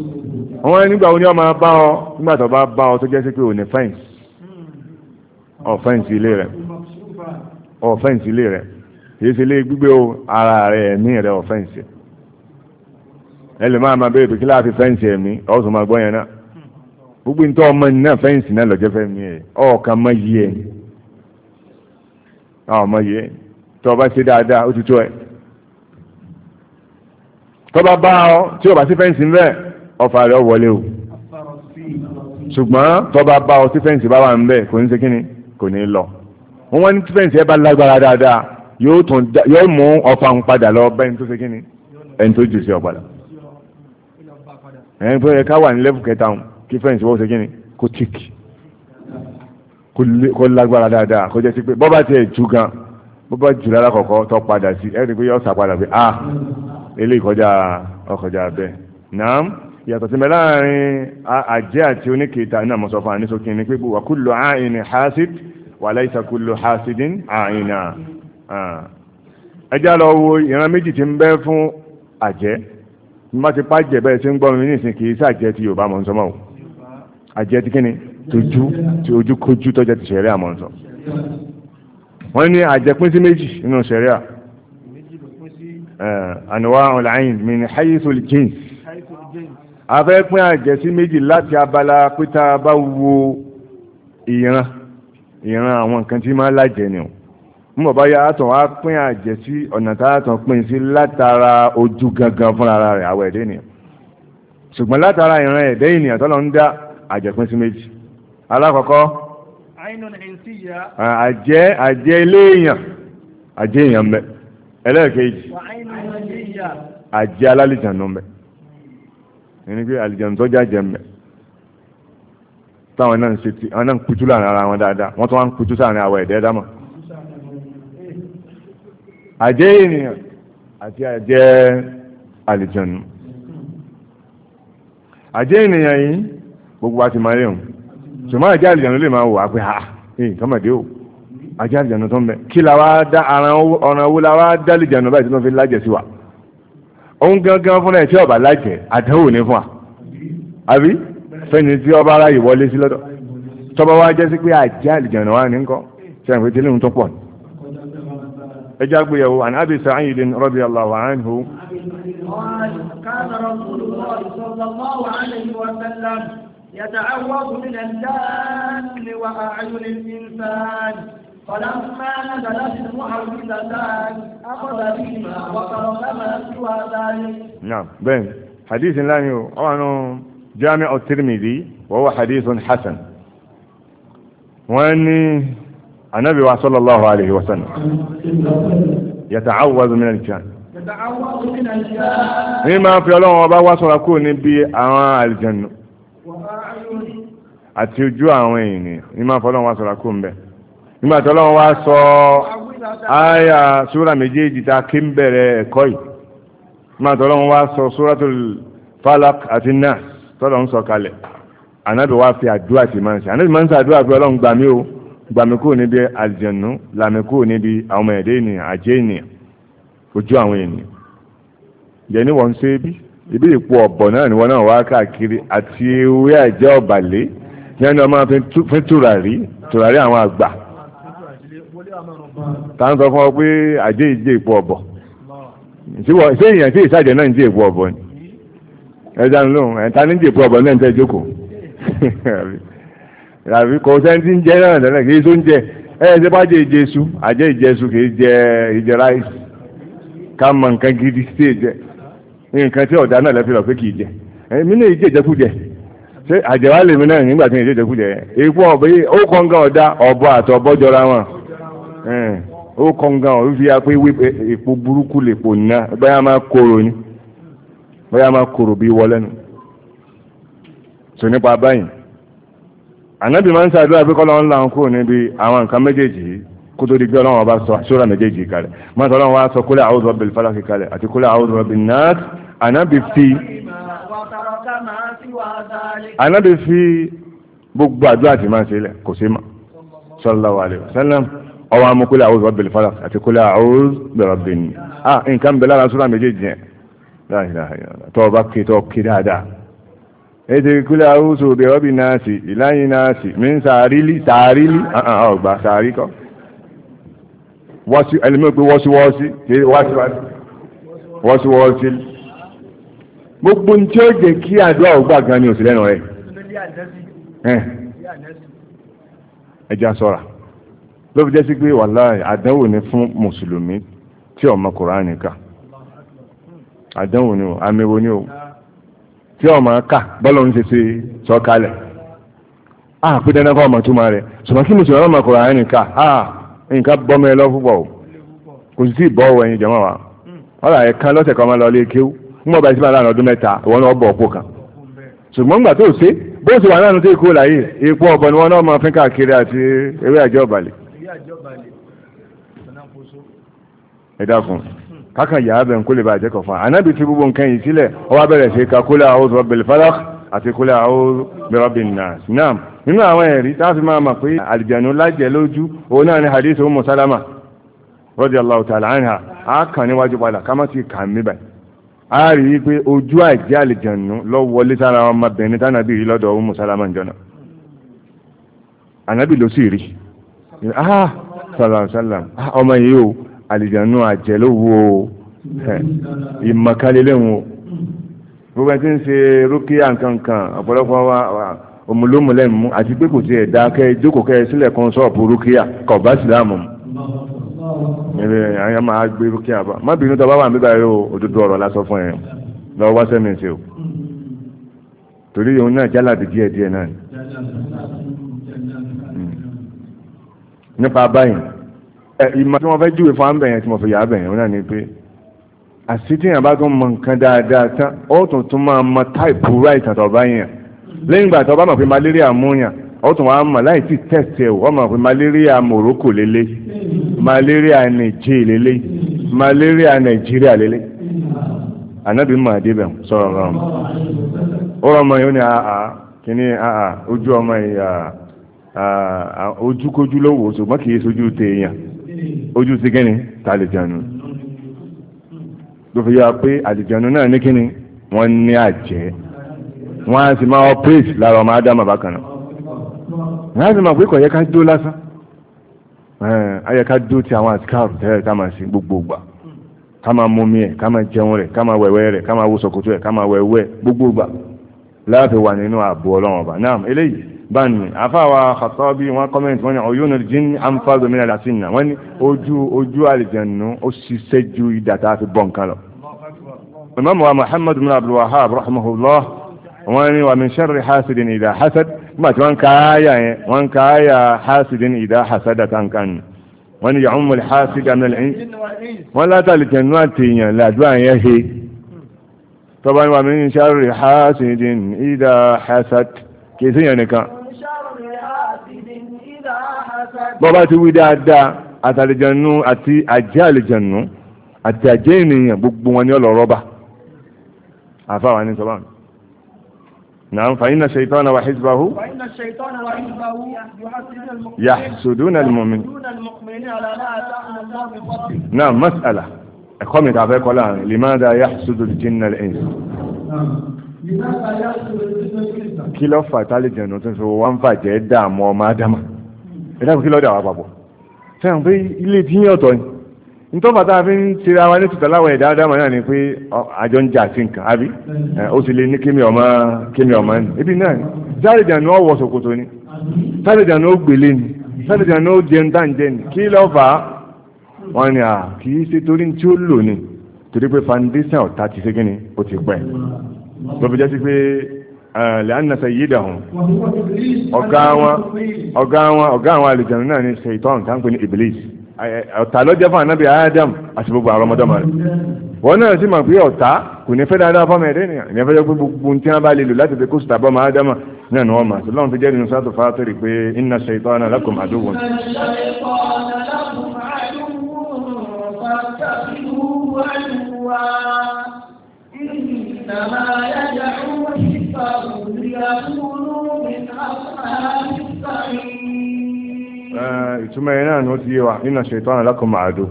wọ́n nígbà wo ni ọ máa bá ọ nígbà tó bá bá ọ tó jẹ́ sí pé ò fẹ́ǹsì ọ̀fẹ́ǹsì ilé rẹ̀ ọ̀fẹ́ǹsì ilé rẹ̀ kì í ṣe ilé gbígbé o ara rẹ̀ ẹ̀mí rẹ̀ ọ̀fẹ́ǹsì ẹlẹ́ máa ma béèrè pé kí láàfin fẹ́ǹsì ẹ̀mí ọ̀sùn máa gbọ́ yẹn náà gbogbo nítorí ọmọ ní náà fẹ́ǹsì náà lọ́jọ́ fẹ́mi ẹ̀ ọ̀ọ̀kan mọ yí ẹ̀ ọmọ yí ẹ̀ tó o bá ṣe dáadáa ó ti tó ẹ̀ tó bá bá ọ tí o bá sí fẹ́ǹsì ńbẹ ọfà rẹ̀ wọlé o ṣùgbọ́n tó bá bá ọ sí fẹ́ǹsì bá wà ńbẹ kò ní ṣe kíni kò ní lọ wọn ní fẹ́ǹsì ẹ bá lágbára dáadáa yóò mú ọfà ń padà lọ bẹ́ẹ̀ ní tó ṣe kíni ẹni tó jù sí ọ̀padà ẹni tó yẹ ká wà ní lẹ́fù kẹta hùn kí fẹ́ǹsì wọ́n ṣe kí ni kó tíkì kó lágbára dáadáa kó jẹ́ sí pé bọ́bá tiẹ̀ jù gan bọ́bá jù lára kọ̀ọ̀kọ́ tó padà sí ẹni pé yọ sà pé ah eléyìí kọjá ọkọjá bẹ́ẹ̀ nàám ìyàtọ̀ tí mẹ́lá àárín àjẹ́ àti oníkèéta náà mọ̀ sọ fún àní sókè ní pé wà kullu àìní hasid wà laysa kullu hasidin àìnà ah. ẹjá lọ wo ìran méjì tí ń bẹ fún àjẹ́ má ti pa jẹ bẹ́ẹ̀ ṣe ń gbọ́ mi nísìnyí kì í ṣàjẹ́ ti Yorùbá mọ̀ ń sọ mọ́ o àjẹ́ ti kíni tójú tí ojú kojú tọ́jà ti ṣẹ̀ríà mọ̀ ń sọ. wọ́n ní àjẹ́ pín sí méjì nínú ṣẹ̀ríà àníwá ọ̀làyìn mi ní hayisul james a pín àjẹ́ sí méjì láti abala pété a ìran ìran àwọn nǹkan tí máa lájẹ ni o mọ̀ bá yá àtàn wá pín àjẹ́ sí ọ̀nà tààtàn pín sí látara ojú gangan fún ara rẹ̀ àwọ̀ ẹ̀dẹ́ ènìyàn ṣùgbọ́n látara ìran ẹ̀dẹ́ ènìyàn tọ́lọ ń dá àjẹ́ pín sí méjì alákọ̀ọ́kọ́ àjẹ́ àjẹ́ ilé èèyàn àjẹ́ èèyàn mẹ́ ẹlẹ́ẹ̀kejì àjẹ́ alálìjànú mẹ́ ẹni pé àlìjànú tó jájẹ mẹ́ táwọn náà ń kutu láàrin ara wọn dáadáa wọ́n tún wá ń kutu sáàrin àwọ̀ ẹ̀dẹ́ dámọ̀ àjẹ́ ènìyàn àti àjẹ́ àlìjọ̀nù àjẹ́ ènìyàn yìí gbogbo wa ti máa rí ṣùgbọ́n àjẹ́ àlìjọ̀nù lè máa wò á pé ha ẹ̀yìn kọ́mọ̀dé o àjẹ́ àlìjọ̀nù tó ń bẹ kí la wá dá ọ̀ràn owó la wá dá àlìjọ̀nù báyìí tó ń fi lájẹ̀ sí wa òun gangan fúnra ẹ̀ tí ọba lájẹ̀ àdánwò ní fún wa àbí fẹ́ni tí ọba aráyè wọlé sí lọ́dọ̀ tọ́ba wa jẹ́ sí pé àjẹ́ àlìjọ̀nù wa ní ń kọ́ ṣe àǹfẹ́ tí lóun tó ní ẹjá gbéyàwó an abi sa'idin radiyallahu anhu kana rasulullah sallallahu alayhi wa sallam yata'awwadu min al-lam wa a'yun al-insan فلما نزلت المعوذتان أخذ بهما وقرب ما سوى ذلك نعم بين حديث لا يو جامع الترمذي وهو حديث حسن وأني النبي صلى الله عليه وسلم يتعوذ من الجن ní máa fi ọlọ́run ọba wá sọ́ra kúrò níbi àwọn àlìjẹ̀nù àti ojú àwọn ènìyàn ní máa fi ọlọ́run wá sọ́ra kúrò ń bẹ̀ nígbà tí ọlọ́run wá sọ àyà súra méjèèjì tá a kí ń bẹ̀rẹ̀ ẹ̀kọ́ yìí nígbà tí ọlọ́run wá sọ súratul falak àti nas tọ́lọ̀ ń sọ kalẹ̀ ànábì wá fi àdúrà sí máa ń ṣe ànábì máa ń ṣe àdúrà pé ọlọ́run gbà mí o gbàmíkò níbi àjẹ̀nú làmíkò níbi àwọn ẹ̀dẹ́ ènìyàn àjẹ́ ènìyàn ojú àwọn ènìyàn yẹni wọ́n ń ṣe bí ibi ìpò ọ̀bọ̀ náà ni wọ́n náà wá káàkiri àti ewé àjẹ́ ọ̀bàlẹ́ yẹn ni wọ́n máa fi tùràrí tùràrí àwọn àgbà ta ń sọ fún ọ pé àjẹ́ ìjẹ ìpò ọ̀bọ̀ ṣé èèyàn tí ìṣàjẹ́ náà ń jẹ ìpò ọ̀bọ̀ ni ẹ̀dá ń lóhùn ẹ̀ta ní jẹ ìpò ọ̀bọ̀ náà ń tẹ́ jókòó àbí kò sẹ́ńtì ń jẹ́ náà tẹ́lẹ̀ kì í tó ń jẹ ẹ ṣe bá jẹ ìjẹsù àjẹ ìjẹsù kì í jẹ ìjẹ ráìsì ká mọ nǹkan gidi sí ìjẹ nǹkan tí ọ̀dà náà lẹ́fẹ̀ẹ́ lọ pé kì í jẹ èmi náà ìjẹ ìjẹkújẹ ṣé àjẹwà náà nígbà tí ìjẹ ìjẹkújẹ ikú ọ̀bẹ ó ọ̀dà ọ̀bọ jọra wọn ó fi pé èpo burúkú kóró ni ànábì máa ń ṣàdúrà pé kọ́lọ́ ńlá ń kúrò níbi àwọn nǹkan méjèèjì yìí kó tó di pé ọlọ́run ọba sọ sóra méjèèjì kalẹ̀ máa tọ́ ọlọ́run wá sọ kólé a'udhu rabbil falaq kalẹ̀ àti kólé a'udhu rabbin nas ànábì fi ànábì fi gbogbo àdúrà tí máa ń ṣe lẹ̀ kò sí mà sallallahu alaihi wasallam ọwọ́ amú kólé a'udhu rabbil falaq àti kólé a'udhu rabbin ah nǹkan ètè kúlẹ̀ àwùsù òbí ọ́bì náà sì ìláyìn náà sì mí ń sàárìlì sàárìlì ọgbà sàárì kọ́ wọ́sí ẹlẹ́mọ̀ pé wọ́síwọ́sí kí wọ́síwọ́sí wọ́síwọ́sí gbogbo ní tí ó jẹ́ kí àdúrà ògbà gan ni òsì lẹ́nu rẹ̀ eh. ẹja sọ́ra ló fi jẹ́ sí pé wàláhì àdánwò ni fún mùsùlùmí tí ọmọ Kùránì kà àdánwò ni o àmì wo ni o. tí ọmọ aka bọ́lọ̀ ń ṣe ṣe a pé dandan kọ́ ọmọ túmọ̀ rẹ̀ ṣùgbọ́n kí mùsùlùmí ọmọ a nǹkan bọ́mọ ẹ lọ púpọ̀ o kò sì tí wa ẹ̀ kan lọ́sẹ̀ kan máa lọ kéwú ọdún mẹ́ta ìwọ náà bọ̀ ọ̀pọ̀ kan gbà tó ṣe bó ṣe wà náà tó láyé ọ̀bọ ni náà máa káàkiri àti ewé kákan yà á bẹ̀ ń kó lè bàjẹ́ kọ̀ fún anábì tí gbogbo nǹkan yìí sílẹ̀ ó wá bẹ̀rẹ̀ sí ka kólé a'udhu rabbil falaq àti kólé a'udhu birabbin nas náà nínú àwọn ẹ̀rí tá a fi máa mọ̀ pé àlìjànú lájẹ̀ lójú òun náà ni hadith Ummu Salama radiyallahu ta'ala anha á kàn níwájú padà ká má ti kàn mí bẹ̀ á rí i pé ojú àìjẹ́ àlìjànú lọ wọlé sára ọmọbìnrin tánàbì rí lọ́dọ̀ Ummu Salama jọ̀nà ànábì ló sì rí ah sallam sallam ọmọ yìí o àlìjànú àjẹ́lówó ìmọ̀kálélẹ́wọ̀n gbogbo ẹni tí ń ṣe rókíà nkankan ọ̀pọ̀lọpọ̀ wa òmùlómùlẹ́mù àti pé kò sí ẹ̀dá kẹ́ jókòó kẹ́ sílẹ̀ kan sọ́ọ̀bù rókíà kọ̀ bá sílámù ẹ̀rẹ̀ àyà máa gbé rókíà bá má bínú tó bá wà nígbà yóò òdodo ọ̀rọ̀ lásán fún ẹ̀ lọ wá sẹ́mi ṣe o torí òun náà jálàbí díẹ̀ náà hmm. nípa báyìí ìmọ̀ tí wọ́n fẹ́ júwe fún àbẹ̀yẹn tí mo fi yà àbẹ̀yẹn wọn náà ni pé àṣìtíyàn bá tún mọ nǹkan dáadáa tán ó tún tún máa mọ táìpù ráìtì àtọ̀bá yẹn lẹ́yìn ìgbà tó bá mọ̀ pé malaria múyàn ó tún wá mọ̀ láì tí tẹ̀sẹ̀ ó mọ̀ pé malaria Morocco lélẹ̀ malaria Niger lélẹ̀ malaria Nàìjíríà lélẹ̀ ànábì mọ̀ àdébẹ̀ sọ̀rọ̀ rọrùn ó rọmọ yìí ó ní àà kíní àà ojú ọmọ yìí àà ah, ah, ah, ojúkójú lówó ṣùgbọ́n kì í sojú tèèyàn ojú sí kíni tàlìjànù ló fi yá pé àlìjànù náà ní kíni wọ́n ní àjẹ́ wọ́n á sì máa operate lára ọmọ ádámà bákan náà wọ́n á sì máa pé kò yẹ ká dó lásán ayẹ ká dó ti àwọn àtikáàrù tẹ́lẹ̀ ká máa sí gbogbo gbà ká máa mumi ẹ̀ ká máa jẹun rẹ̀ ká máa wẹ̀wẹ̀ rẹ̀ ká máa wo sọ̀kòtò ẹ̀ ká máa wẹ̀wẹ̀ gbogbo gbà láàfin wà nínú ààbò ọlọ́run ọba náà eléyìí بان عفا وخطابي وكومنت وني عيون الجن عم فاضوا من الاسنه وني اوجو اوجو الجن او سيسجو يداتا في بونكالو امام محمد بن عبد الوهاب رحمه الله واني ومن شر حاسد اذا حسد ما كان كايا وان كايا حاسد اذا حسد كان كان وان يعم الحاسد من العين ولا ذلك نواتي لا دوان يهي طبعا ومن شر حاسد اذا حسد كيف يعني كان bọ́bá ti wí dáadáa àtàlejànú àti àjẹ́ àlejànú àti àjẹ́ ènìyàn gbogbo wọn ni ọ̀lọ́ rọ́bà àfáwà ní sọ́bà نعم فإن الشيطان وحزبه فإن الشيطان وحزبه يحسدون المؤمنين نعم مسألة أخواني تعبيك ولا لماذا يحسد الجن الإنس نعم لماذا يحسد الجن الإنس كيلو فاتالي جنوتين سوى وانفا جيدا مو مادما ẹ̀dá kí lọ́dà wà papọ̀ fẹ́ràn pé ilé tí yín ọ̀tọ̀ ni tá a fi ń ṣera wa ní tùtà láwọn ẹ̀dá dáàmà náà ni pé àjọ ń jà sí nǹkan àbí ó sì lè ní kémi ọ̀mọ́ kémi ọ̀mọ́ ni ebi náà ni sáré dànù ọ̀wọ̀ ṣòkòtò ni sáré dànù ó gbélé ni sáré dànù ó jẹun dáǹjẹ ni kí lọ́ fà á wọ́n ní à kì í ṣe torí tí ó lò ni torí pé foundation ọ̀tá ti ṣe kí ni ó ti pẹ́ fi jẹ́ sí pé lẹ́nà sẹ̀yídà hùn ọ̀gá wọn ọ̀gá wọn ọ̀gá àwọn àlùjànnú náà ni ṣèitán tá ń pè ní iblis eh, eh, ọ̀tá lọ́jọ́ fún anábì adam àti gbogbo àwọn ọmọdọ́mọ rẹ̀ wọ́n náà sì mọ̀ pé ọ̀tá kò ní fẹ́ dáadáa fọ́mọ ẹ̀dẹ́ nìyà ìyẹn fẹ́ jẹ́ pé gbogbo tí wọ́n bá lè lò láti fi kó sùtà bọ́mọ adam náà ni wọ́n mọ̀ sílọ́n fi jẹ́ nínú sátò fátìrì pé inna shaytana lakum aduwwun إنما يدعو ìtumọ̀ yẹn náà ni ó ti yé wa nínú ṣètọ́nù alákọ̀ọ́mọ̀ àdó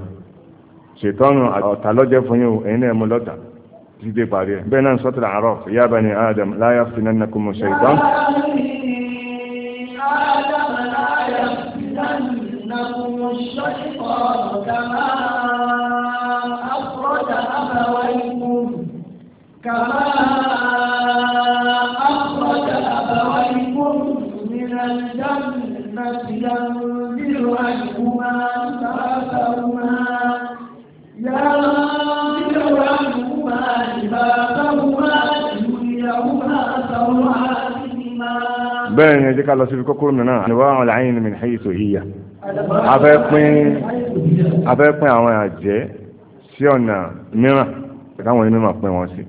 ṣètọ́nù ọ̀tá lọ́jẹ́ fún yín ẹ̀yin náà mú lọ́tà títí dé parí ẹ̀ bẹ́ẹ̀ náà sọ́tìlà àárọ̀ ya bani Adam la yaftinannakumu ṣètọ́nù. كما ينزل عنهما لباسهما ينزل عنهما لباسهما ليريهما سوآتهما bẹ́ẹ̀ ni ẹjẹ́ ká lọ síbi kókóró mìíràn àníwá àwọn làáyìn mi nìyí tó híyà afẹ́ àwọn àjẹ́ sí ọ̀nà mìíràn ìtàwọn onímọ̀ pín wọn sí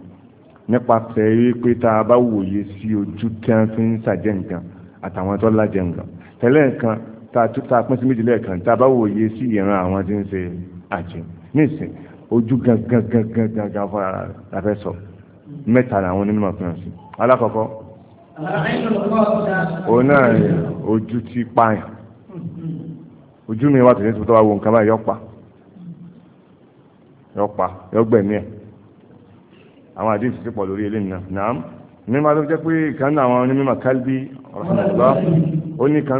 nípasẹ̀ wípé tá a bá wòye sí ojú tí wọ́n fi ń ṣàjẹ́ nǹkan àtàwọn tó lájẹ nǹkan tẹ́lẹ̀kan tá a pín sí méjì lẹ́ẹ̀kan tá a bá wòye sí ìran àwọn tí ń ṣe àjẹ nísìn ojú gangan gangan gangan fún ara la fẹ́ sọ mẹ́ta làwọn onímọ̀ fi hàn sí alákọ̀ọ́kọ́ òun náà rẹ̀ ojú ti pààyàn ojú mi wà tó ní tó tọ́ wa wo nǹkan báyìí yọ pa yọ pa yọ gbẹ̀mí ẹ̀ àwọn àdéhùn ti pọ̀ lórí eléyìí náà nàám mímọ́ ló jẹ́ pé ìkànnì àwọn onímọ̀ kálbí هذا نعم، آه. من العرب ó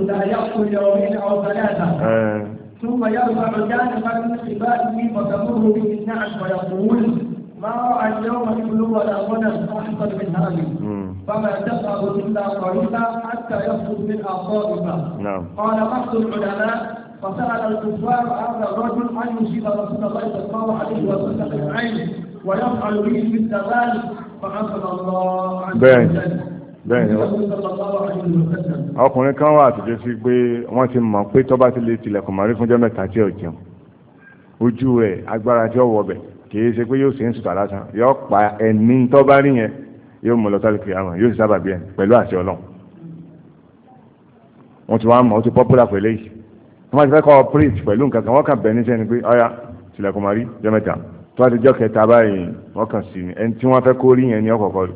لا kan يومين أو ní آه. ثم يرفع جانبا من عباده فتمر به النعش ويقول ما رأى اليوم ابن ولا غنم أحسن من هذه فما تفعل إلا قريبا حتى يخرج من أعصابها نعم قال بعض العلماء فسأل الكفار هذا الرجل أن يصيب رسول الله صلى الله عليه وسلم العين ويفعل به مثل ذلك فحسن الله عز وجل bẹ́ẹ̀ni ọkùnrin kan wà àtijọ́ sí pé wọ́n ti mọ̀ pé tọ́ba ti lè tilẹ̀kùn mọ́rí fúnjọ́ mẹ́ta tí ò jẹun ojú rẹ̀ agbára tí ó wọ̀ bẹ̀ kìí ṣe pé yóò sì ń sùtà lásán yóò pa ẹni tọ́ba rí yẹn yóò mú lọ́tà lókè àrùn yóò sì sábà bí ẹni pẹ̀lú àṣẹ ọlọ́run wọ́n ti wá mọ̀ ó ti pọ́pùlà pẹ̀lú èyí wọ́n ti fẹ́ kọ́ ọ pírìtì pẹ̀lú nǹkan kan wọ́n kàn bẹ̀ níṣẹ́ ni pé ọ̀ya tilẹ̀kùn mọ́rí jọ́ mẹ́ta tó bá ti jọ́ kẹta báyìí wọ́n kàn sí mi ẹni tí wọ́n fẹ́ kó rí yẹn ní ọkọ̀ọ̀kọ̀ rẹ̀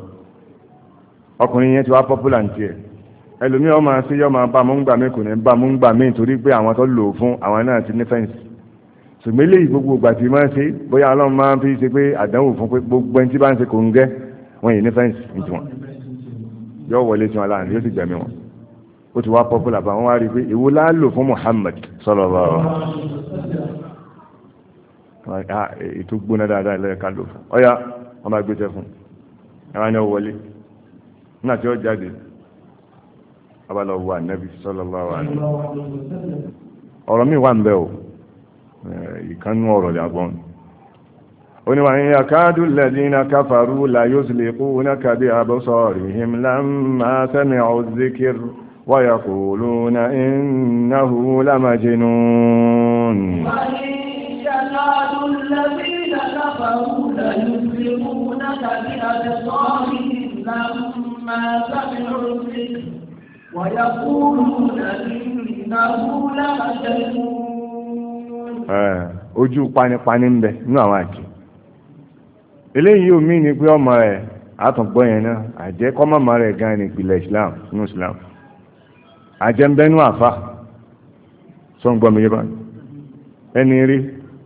ọkùnrin yẹn ti wá pọ́pùlà ní tiẹ̀ ẹlòmíì ọmọ sí yọ máa bá mú ń gbà mí kò ní bá mú ń gbà mí torí pé àwọn tó lò ó fún àwọn náà ti ní fẹ́ǹsì ṣùgbọ́n eléyìí gbogbo ìgbà tí máa ń ṣe bóyá ọlọ́run máa ń fi ṣe pé àdánwò fún pé gbogbo ẹni tí bá ń ṣe kò ń gẹ́ wọn yìí ní fẹ́ǹsì ní tiwọn yọ wọlé tiwọn láàrin yóò sì gbẹ̀mí wọn ó ti wá pọ́pùlà bá wọn wá rí i pé èwo lò fún Muhammad sallallahu alaihi Ah, ètò gbóná dáadáa ilẹ̀ ẹ̀ka lò fún ọyá wọn bá gbéṣẹ́ fún ẹ̀rọ ni ó wọlé nígbà tí ó jáde abalọ wo ànábì sallallahu alaihi ọ̀rọ̀ mi wà ń bẹ o eh, ìkànnú ọ̀rọ̀ lè agbọ́n ó ní wàá yíya káàdù alladhina kafaru la yuzliqunaka bi absarihim lamma sami'u dhikr wa yaquluna innahu lamajnun. الذين كفروا ليسلمونك بأبصارهم لما سمعوا الذكر ويقولون إنه لمجنون ojú panipani ń bẹ nínú àwọn àjẹ eléyìí omi ni pé ọmọ rẹ àtúngbọ yẹn náà àjẹ kọmọmọ rẹ gan ni ìpìlẹ̀ Islam nínú Islam àjẹ ń bẹ nínú àfa sọ ń gbọ́ mi yé ẹni rí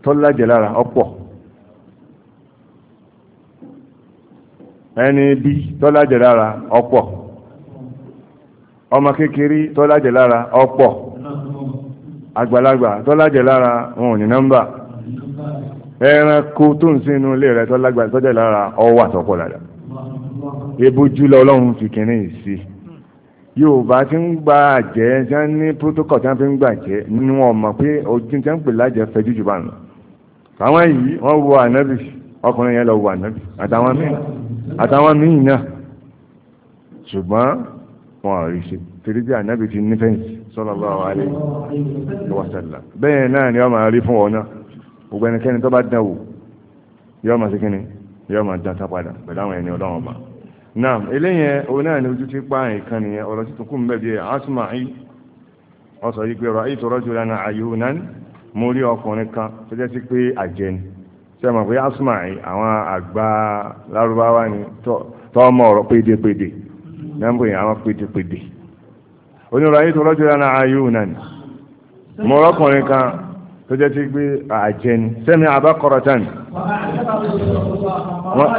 tọ́lájẹ̀ lára ọ̀pọ̀ ẹni bí tọ́lájẹ̀ lára ọ̀pọ̀ ọmọ kékeré lára ọ̀pọ̀ àgbàlagbà tọ́lájẹ̀ lára wọn ò ní nọ́mbà ẹranko tó ń sínú ilé lára ọwà tọ́pọ̀ lára ebojú lọ́lọ́run fi kìíní sí yorùbá ti ń gba àjẹ́ tí wọ́n ní protocol tí wọ́n fi ń gbàjẹ́ nínú ọmọ pé ojú àwọn yìí wọ́n wo ànábì ọkùnrin yẹn lọ wo ànábì àtàwọn míì náà ṣùgbọ́n wọn rí ṣe torí bí ànábì ti nífẹ̀ẹ́ bẹ́ẹ̀ náà ni wọ́n máa rí fún wọn gbogbo ẹnikẹ́ni tó bá dán wò yọ́ máa ṣe yọ́ máa dán sápadà pẹ̀lú àwọn ẹni náà eléyẹn òun náà ni ojú ti pa nǹkan nìyẹn ọ̀rọ̀ mo rí ọkùnrin kan tó jẹ́ sí pé àjẹ́ ni ṣe mọ̀ pé asma àwọn àgbà lárúbáwá ni tọ́ ọmọ ọ̀rọ̀ pédepéde nẹ́mbù yìí àwọn pédepéde onírọ̀ ayé tó rọ́jò yára ayé náà ni mo rọ́kùnrin kan tó jẹ́ sí pé àjẹ́ ni sẹ́mi àbákọ̀rọ̀ tán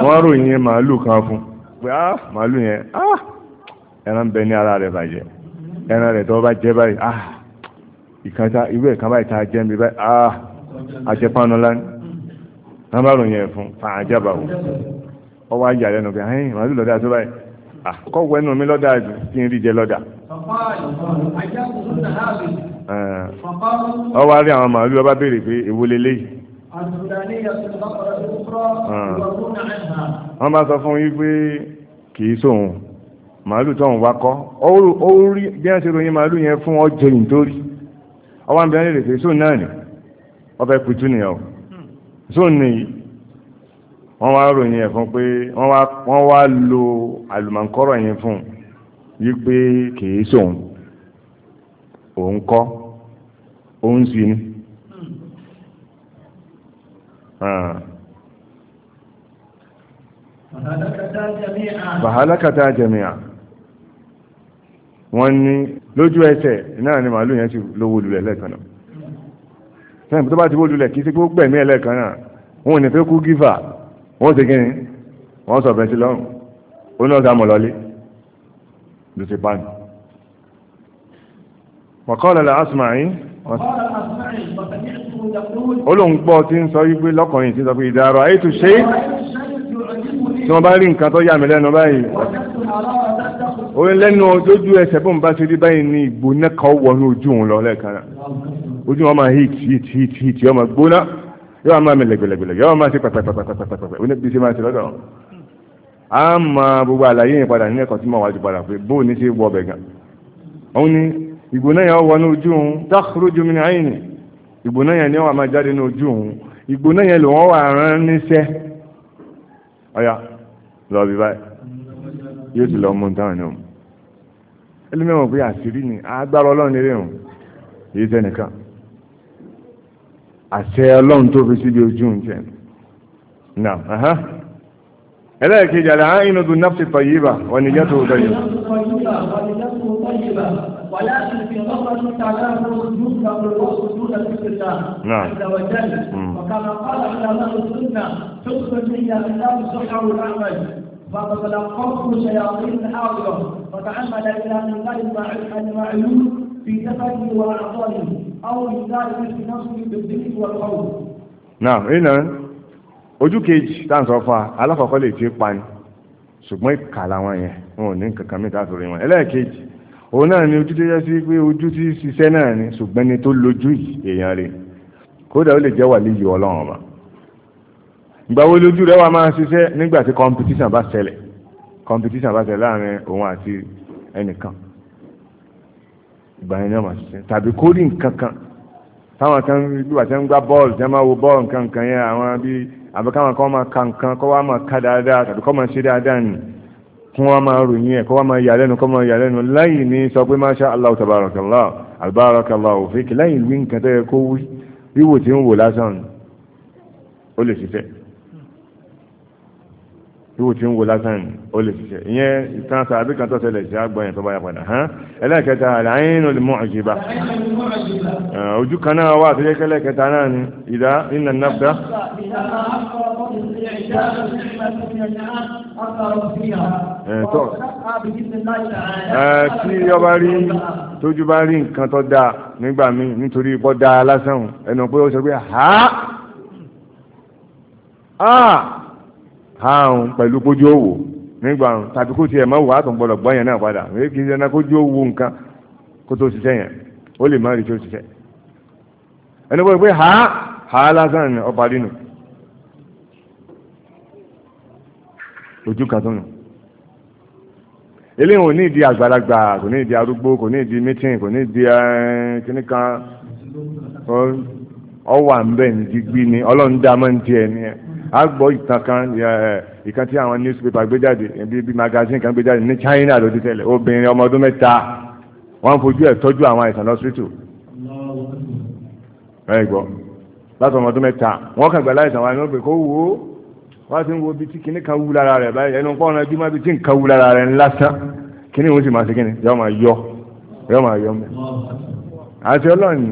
wọ́n ròyìn màálù kan fún pé ah màálù yẹn ah ẹran bẹ ní ara rẹ̀ bàjẹ́ ẹran rẹ̀ tó bá jẹ́ báyìí ah ìkàntà irú ẹ̀kan báyìí tá a jẹ́ mi báyìí ah àjẹpánu lánìí wọ́n bá ròyìn ẹ̀ fún àjábà wò ọ wá yà lẹ́nu pé ẹ̀yìn màálù lọ́dà tó báyìí àkọ́wọ́ ah, ẹnu mi lọ́dà jù kí n rí jẹ lọ́dà. ọ eh, wá rí àwọn màálù ọba béèrè pé èwo leléyìí ah, wọ́n bá sọ fún yín pé kìí sóhun màálù tóun wá kọ́ ó rí bí wọ́n ṣe ròyìn màálù yẹn fún ọjọ́ ìntórí ọwọ́ àbí ẹni lè pè sóun náà ni ọbẹ̀ kutu ni ọ sóun ni wọ́n wá ròyìn ẹ̀ fún pé wọ́n wá lo àlùmọ̀ǹkọ́rọ̀ yẹn fún wípé kìí sóun òun kọ́ òun sì ni ah. bàhálàkàtà jẹ̀míà wọ́n ní lójú ẹsẹ̀ náà ni màálù yẹn ti lówó lulẹ̀ lẹ́ẹ̀kan náà sẹ́yìn tó bá ti wó lulẹ̀ kì í sí pé ó gbẹ̀mí ẹ̀ lẹ́ẹ̀kan náà wọn ò ní fẹ́ kú gífà wọ́n ti kíni wọ́n sọ bẹ́ẹ̀ sí lọ́rùn ó ní ọ̀sán mọ̀lọ́lé ló ti bá nù. wàkọ́ọ̀lẹ̀ la asùmáyín ó lóun gbọ́ tí ń sọ wípé lọ́kùnrin tí ń sọ pé ìdárọ̀ ayé tó ṣe é tí wọ́n bá rí nǹkan tó yà mí lẹ́nu báyìí orí lẹ́nu ojú ẹsẹ̀ bó ń bá ṣe rí báyìí ní ìgbóná kan wọnú ojú òun lọ lẹ́ẹ̀kan náà ojú wọn máa hit hit hit hit yọ máa gbóná yọ máa mẹlẹ gbẹlẹgbẹlẹ yọ máa ṣe pàpàpàpàpàpàpà ó bí ṣe máa ṣe lọ́dọ̀ a máa gbogbo àlàyé yẹn padà nílẹ̀ kan tí mo wájú padà pé bóun ní ṣe wọ ọbẹ̀ gan òun ni ìgbóná yẹn wọnú ojú òun takhruju min ayni ní ojú ìgbóná yẹn lòun yóò ti lọ mú táwọn náà ẹlẹ́mẹ̀wọ̀n pé àṣírí ni agbára ọlọ́run lérè hàn yìí sẹ́nìkan àṣẹ ọlọ́run tó fi síbi ojú ń tẹ̀ náà ẹlẹ́ẹ̀kejì àlàá inú dùn náà ti fà yí bà wọ́n ni jẹ́tò ọ̀dọ́ yìí ولكن في نظر تعلم وجود وسجود ذكر الله عز وجل وكما قال علماء السنه تخرج من كتاب الصحه والاعمال فتلقته شياطين حاضرة فتعمد إلى منقلب المعلوم في سفره وأعطاره أو من ذلك في نفسه بالذكر والخوف نعم هنا ojú kejì tá à ń sọ fún wa alákọ̀ọ́kọ́ lè fi pa ni ṣùgbọ́n ìkà làwọn yẹn wọn ò ní nǹkan kan mìíràn sórí wọn ẹlẹ́ẹ̀kejì òun náà ni ojú tó sí pé ojú tí ṣiṣẹ́ náà ni ṣùgbọ́n ni tó lójú yìí èèyàn rẹ̀ kódà ó lè jẹ́ wà léyìí ọlọ́run ọba gbàwo lójú rẹ wà máa ṣiṣẹ́ nígbà tí competition bá ṣẹlẹ̀ competition bá ṣẹlẹ̀ láàrin òun àti ẹnìkan ìgbà yẹn ni wọ́n máa ṣiṣẹ́ tàbí kó rí nǹkan kan táwọn kan gbígbà tí wọ́n gbá bọ́ọ̀lù tí wọ́n máa wo bọ́ọ̀lù nǹkan nǹkan yẹn àwọn bíi àbí káwọn kan máa ka nǹkan kó wá máa ka dáadáa tàbí kó máa ṣe dáadáa nì kí wọ́n máa ròyìn ẹ̀ kó wá máa yà lẹ́nu máa yà lẹ́nu ní sọ pé masha Allah tabarakallah albarakallahu fiki láyìn wí nǹkan tó yẹ kó wí wíwò tí ń wò lásán ó lè ṣiṣẹ́ tí wò ti ń wo lásán ni ó lè ṣiṣẹ́ ìyẹn ìtàn sàbí kan tó ṣẹlẹ̀ sí àgbọ̀n yẹn tó bá yà padà hàn ẹlẹ́ẹ̀kẹta àlàyínú lè mú àjìbá ojú kan náà wà tó yẹ kẹ́lẹ́ kẹta náà ni ìdá iná nàfẹ́. tí ọba rí tójú bá rí nǹkan tó dáa nígbà míì nítorí bọ́ dáa lásán ẹnu pé ó sọ pé ha àrùn pẹ̀lú kójú òwò nígbà àrùn tàbí kó tiẹ̀ máa wò á tó ń gbọdọ̀ gbọ́ yẹn náà padà èyí kì í ṣe náà kójú òwò nǹkan kó tó ṣiṣẹ́ yẹn ó lè má rí tó ṣiṣẹ́ ẹni wọ́n pé ha ha lásán ni ọba rínú ojú kan tó nù eléyìí ò ní ìdí àgbàlagbà kò ní ìdí arúgbó kò ní ìdí mítìn kò ní ìdí eh, kíní kan ọwà ń bẹ̀ ní gbígbí ni ọlọ́run dá mọ́ ní tiẹ̀ ní ẹ̀ a gbọ́ ìtàn kan ìkan tí àwọn newspaper gbé jáde bí magazine kan gbé jáde ní China ló ti tẹ̀lé obìnrin ọmọ ọdún mẹ́ta wọ́n fojú ẹ̀ tọ́jú àwọn àìsàn lọ́sítù ẹ̀ gbọ́ láti ọmọ ọdún mẹ́ta wọ́n kàn gbà láìsàn wa ní ọgbẹ́ kó wò wọ́n ti ń wo bí tí kinní kan wú lára rẹ̀ báyìí ẹnu pọ́n náà bí má bí tí nǹkan wú lára rẹ̀ lásán kinní òun sì máa ṣe kinní yọ máa yọ yọ máa yọ mẹ́ àti ọlọ́ọ̀ni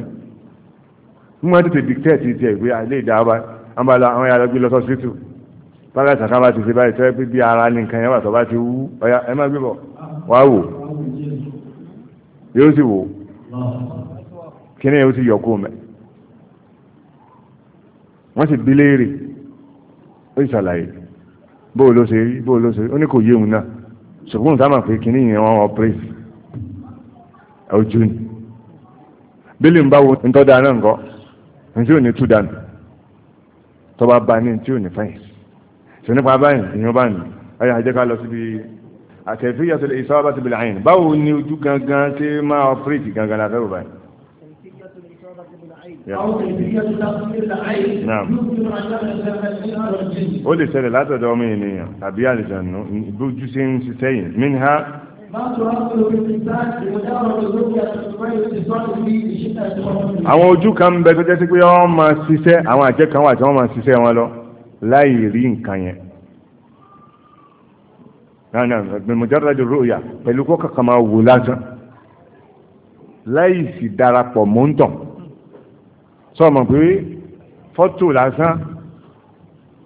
mú wọn tètè dìtẹ́ẹ̀tì tiẹ̀ pé àlè ìdáwà àbálá àwọn yàrá gbé lọ sọ́sítù bára ìsàká bá ti ṣe báyìí tẹ́ pé bí ara ní nǹkan yẹn wà tó bá ti wú ọ̀yá ẹ máa gbé bọ̀ wá wò yóò sì wò kí ni yóò sì yọkú mẹ́ wọ́n sì bí léèrè ó sì ṣàlàyé bóò ló ṣe rí bóò ló ṣe rí ó ní kò yéwu náà ṣùgbọ́n táwọn pé kí ni ìyẹn wọn ọ̀pẹ́rẹ́sì ojú ni bílí bá wo ń tọ́ da náà nǹkan ń sì ò ní tú dànù tó bá ba ní tí ò ní fẹ́yìn tó nípa báyìí ìyẹn bá ní ayé ajẹ́ ká lọ síbi àtẹ̀fí yàtọ̀lẹ̀ ìsáwábà ti bìlà àyìn báwo ni ojú gangan tí máa ọ̀pẹ́rẹ́tì gangan láfẹ́ wò báyìí. ó lè ṣẹlẹ̀ látọ̀dọ̀ ọmọ ènìyàn àbí àlìjànú bí ojú ṣe ń ṣiṣẹ́ yìí àwọn ojú kan bẹ tó jẹ́ sí pé wọ́n máa ṣiṣẹ́ àwọn àjẹ́ kan wà tí wọ́n máa ṣiṣẹ́ wọn lọ láì rí nǹkan yẹn náà mọ̀jọ́dájú róòyà pẹ̀lú kọ́kà kan máa wò lásán láì sì darapọ̀ mọ́ńtàn sọ́ọ̀mọ̀ pé fọ́tò lásán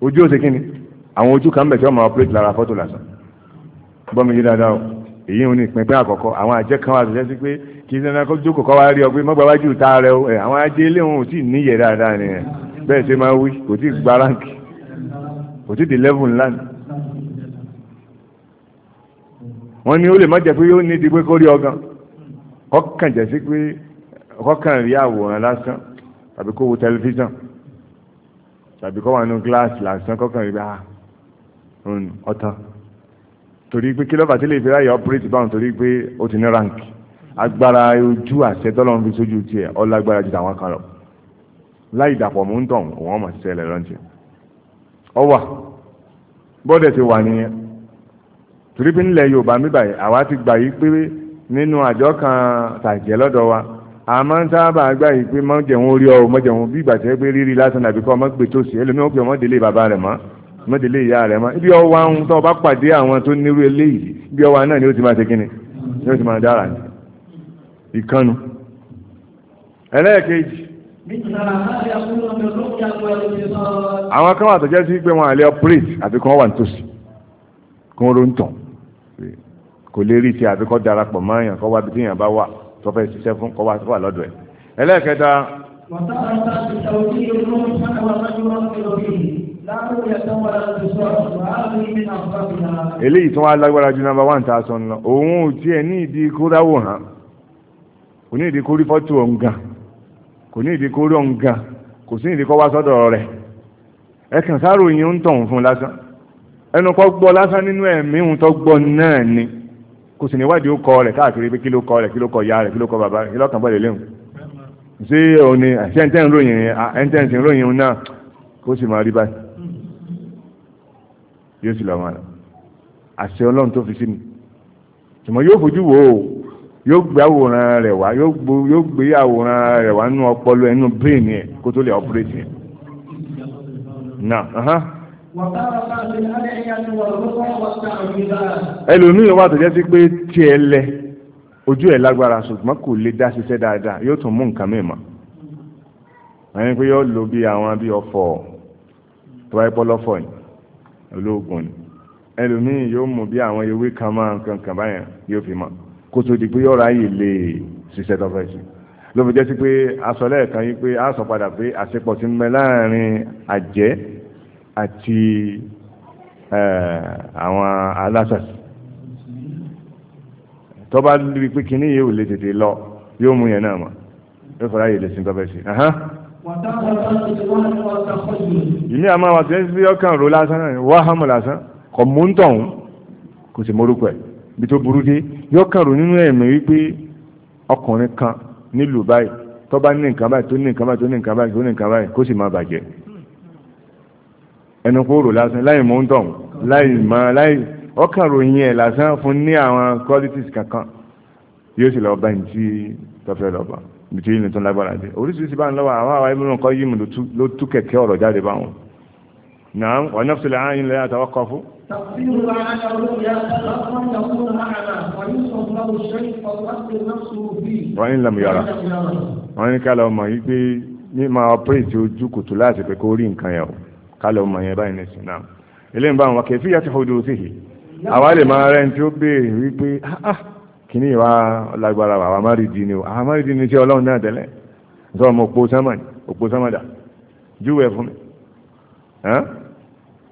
ojú òsèkínni àwọn ojú kan bẹ tí wọ́n máa pírẹ́tì lára fọ́tò lásán gbọ́mi yí dáadáa o èyí ò ní ìpín pé àkọ́kọ́ àwọn àjẹ́ kan wà tó jẹ́ sí pé kí ní ẹnìkan jókòó kọ́ wá rí ọ pé mọ́gbàwájú ta rẹ o àwọn ajé ilé òun ò tí ì níyẹ̀ dáadáa ni ẹ̀ bẹ́ẹ̀ ṣe máa wí kò tí ì gba ráǹkì kò tí ì di level ńlá ni. wọ́n ní ó lè má jẹ́ pé ó ní di pé kó rí ọgán kọ́kàn jẹ́ sí pé kọ́kàn rí àwòrán lásán tàbí kó wo tẹlifíṣàn tàbí kó wà nínú gíláàsì lásán kọ́kàn rí bá ah, ọ̀tán torí pé kí lọ́fà tí lè fi ráyè operate báwọn torí pé ó ti ní rank agbára ojú àṣẹ tọ́lọ́run fi sójú tiẹ̀ ọlágbára ju tàwọn kan lọ láì dàpọ̀ mú ń tàn òun ọmọ ṣiṣẹ́ lẹ̀ lọ́ntì ọ wà bọ́dẹ̀ ti wà nìyẹn torí pé nílẹ̀ Yorùbá mi báyìí àwa ti gbà yí pé nínú àjọ kan tàjẹ́ lọ́dọ̀ wa a máa ń sábà gbà yí pé mọ́jẹ̀wọ̀n orí ọ mọ́jẹ̀wọ̀n bí ìgbà tẹ́ pé rírí lásán àbíkọ́ ọmọ gbé tòsí ẹlòmíràn pé ọmọ délé bàbá rẹ̀ mọ́ mọ́délé ìyá rẹ̀ mọ́ ibi ọwọ́ àwọn tó bá pàdé àwọn tó nírú eléyìí ibi ọwọ́ náà ni ó ti máa ṣe kíni ni ó ti máa dára ní ìkànnù ẹlẹ́ẹ̀kejì àwọn kan wà tó jẹ́ sí pé wọ́n àlẹ́ ọpírẹ́tì àti kan wà nítòsí kan ló ń tàn kò lè rí ti àbí kọ́ darapọ̀ mọ́ èèyàn kọ́ wá bí téèyàn bá wà tó fẹ́ ṣiṣẹ́ fún kọ́ wá tó wà lọ́dọ̀ ẹ̀ ẹlẹ́ẹ̀kẹta eléyìí tó wá lágbára ju nàmbà wán tá a sọ nù lọ òun ò tiẹ̀ ní ìdí kó dáwò hàn kò ní ìdí kó rí fọ́tò ọ̀hún gan kò ní ìdí kó rí ọ̀hún gan kò sí ìdí kó wá sọ́dọ̀ rẹ̀ ẹ kàn sáró yín ń tọ̀hún fún lásán ẹnu kọ́ gbọ́ lásán nínú ẹ̀mí ń tọ́ gbọ́ náà ni kò sì níwádìí ó kọ rẹ̀ káàkiri pé kí ló kọ rẹ̀ kí ló kọ ya rẹ̀ kí ló kọ bàbá rẹ̀ kí lọ́kàn bọ́ọ̀lẹ̀ léwu ṣé òun ni àti ẹ̀ńtẹ́ ń ròyìn ẹ̀ńtẹ́ ń ròyìn náà kó sì máa rí báyìí yóò sì lọ́mọ rẹ̀ àṣẹ ọlọ́run tó fi sí mi tùmọ̀ yóò fojú wò ó yóò gbé àwòrán rẹ̀ wá yóò gbé àwòrán rẹ̀ wá nínú ọpọlọ ẹnu brain yẹn kó tó lè operate yẹn. ẹlòmíì wà tó jẹ́ sí pé tiẹ̀ lẹ ojú ẹ̀ lágbára ṣùgbọ́n kò lè dá ṣiṣẹ́ dáadáa yóò tún mú nǹkan mìíràn ẹni pé yóò lo bí àwọn bí ọ̀fọ̀ tó bá yẹ pọ́ lọ́fọ̀ yìí olóògùn ni ẹlòmíì yóò mú bí àwọn ewé kan máa nǹkan kan báyẹn yóò fi mọ̀ kó tó di pé yóò ráyè lè ṣiṣẹ́ tó fẹ́ sí ló fi jẹ́ sí pé aṣọ lẹ́ẹ̀kan yí pé a sọ padà pé àṣepọ̀ ti mẹ láàrin àjẹ́ àti àwọn alásàsì tó bá lórí pé kíní yìí ò lè tètè lọ yóò mú yẹn náà mọ̀ yóò fọ́ra yìí lè sin tó fẹ́ sí ìmí àmọ́ àwọn àti ẹ̀sìn ọkàn ro lásán náà wàhámù lásán kò mú ń tọ̀hún kò sì morúkọ ẹ̀ bí tó burú dé yọkàn ro nínú ẹ̀mí wípé ọkùnrin kan nílùú báyìí tó bá ní nǹkan báyìí tó ní nǹkan báyìí tó ní nǹkan báyìí tó ní nǹkan báyìí kó sì máa bàjẹ́ ẹnu kó rò lásán láì mú ń tọ̀hún láì mọ láì ọkàn ròyìn ẹ̀ lásán fún ní àwọn qualities kankan yóò sì lọ bá ní tí tọ́fẹ́ lọ bá bìtí ilẹ̀ tó lágbára dé oríṣiríṣi bá ń lọ́wọ́ àwọn àwọn ẹgbẹ́ nǹkan yìí ló tú kẹ̀kẹ́ ọ̀rọ̀ jáde báwọn náà wọ́n náà fìlẹ̀ ààyìn lẹ́yìn àtàwọn kọ fún. wọ́n ní lẹ́mú yàrá wọ́n ní kálọ̀ ọmọ yìí pé ní máa ọpẹ́rẹ́tì ojú kùtù láti pé kó rí nǹkan yẹn o kálọ̀ ọmọ yẹn báyìí nìsín náà ilé ń bá yàtọ̀ fọdù sí i àwa lè máa rẹ́ni tí ó béèrè ah, ah, kìíní ìwà lágbára wà àmárìdì ni àmárìdì ni tí ọlọ́run náà tẹ́lẹ̀ sọ ọmọ òpó sámà ní òpó sámà dà júwẹ̀ fún mi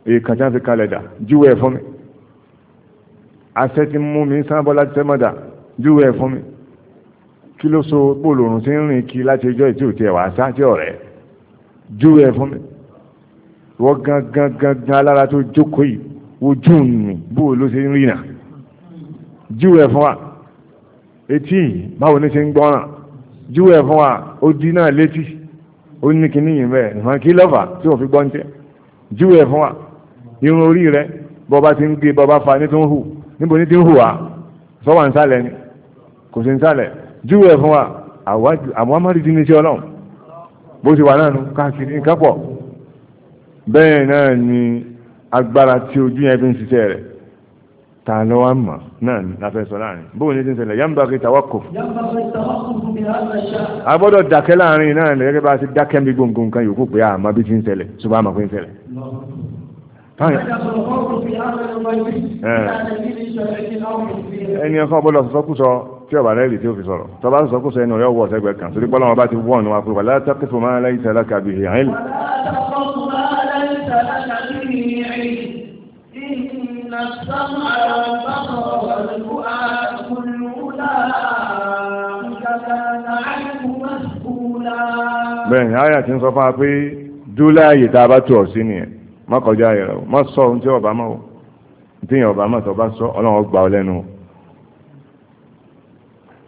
èèkàn tí wọ́n fi kalẹ̀ dà júwẹ̀ fún mi asẹ́ ti mú mi sábọ́ láti sẹ́mọ̀ dà júwẹ̀ fún mi kí ló so pòlòrùn tí ń rìn kí láti ẹjọ́ ìtí òtí ẹ̀wà sá tí ọ̀rẹ́ júwẹ̀ fún mi wọ́n gan gan gan gan alára tó jókòó yìí wojú mi bóòlù ṣe ń rìnà júwẹ̀ fún wa etí yìí báwo ní ṣe ń gbọ́ràn júwẹ̀ fún wa ó di náà létí ó ní kíní yìí bẹ́ẹ̀ nìkan kí lọ́fà tí wọ́n fi gbọ́ ń tẹ́ júwẹ̀ fún wa irun orí rẹ bọba ti ń gbé bọba fa ní tó ń hù níbo ní ti ń hù wá sọ́wọ́ ń sálẹ̀ ni kò sí ń sálẹ̀ júwẹ̀ fún wa àwọn amárí ti ní iṣẹ́ ọlọ́run bó ti wà náà nù káàkiri nǹkan pọ̀ bẹ́ẹ̀ náà ni agbára tí ojú yẹn fi ń ṣiṣẹ́ rẹ̀ ta ló wá mọ̀ náà ni láfẹ́ sọ láàrin bóun ní ti ń ṣẹlẹ̀ yàmbá kí tawakùf a gbọ́dọ̀ dákẹ́ láàrin náà ni gẹ́gẹ́ bá ti dákẹ́ bí gbòǹgbò nǹkan yòókù pé àmọ́ bí ti ń ṣẹlẹ̀ ṣùgbọ́n àmọ́ pé ń ṣẹlẹ̀. Eh. ẹni ọkọ gbọ́dọ̀ sọkúsọ tí ọba rẹ̀ lè tí ó fi sọ̀rọ̀ tọba ẹni ọ̀rẹ́ ọwọ́ ọ̀sẹ̀gbẹ̀ kan torí pọ́lọ́wọ́ bá ti wọ́n wa pé wàlá tákìfù máa láyé tẹ́lá kàbí ìhàn السمع والبصر والفؤاد كل أولئك كان عنه مسؤولا bẹ́ẹ̀ni àyà ti ń sọ fún wa pé dúlá ààyè tá a bá tó ọ sí nìyẹn má kọjá ààyè rẹ o má sọ ohun tí ọba máa wò tí èèyàn ọba máa sọ bá sọ Ọlọ́run gbà ọ lẹ́nu o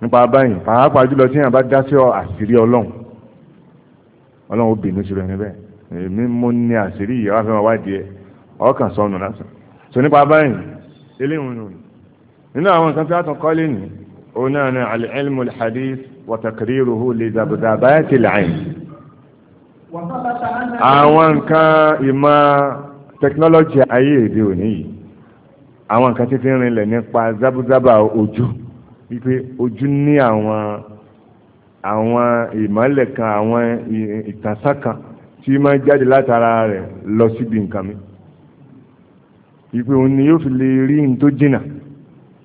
nípa báyìí pàápàá jùlọ tí èèyàn bá dá sí àṣírí Ọlọ́run Ọlọ́run ó bínú sí níbẹ̀ èmi mo ní àṣírí yìí wá fẹ́ máa wádìí ẹ ọkàn sọnù lásán so nípa báyìí eléyìn nù nínú àwọn nǹkan tí a tún kọ́lé ní o náà ní alilmul hadith wa takriruhu li dabdabati al-ayn àwọn nǹkan ìmọ̀ tẹkinọ́lọ́jì ayé èdè òní yìí àwọn nǹkan tí fi rinlẹ̀ nípa zábúzábà ojú wípé ojú ní àwọn àwọn ìmọ̀lẹ̀ kan àwọn ìtànsán kan tí máa jáde látara rẹ̀ lọ síbi nǹkan mi ìpè òun ni yóò fi lè rí ní tó jìnà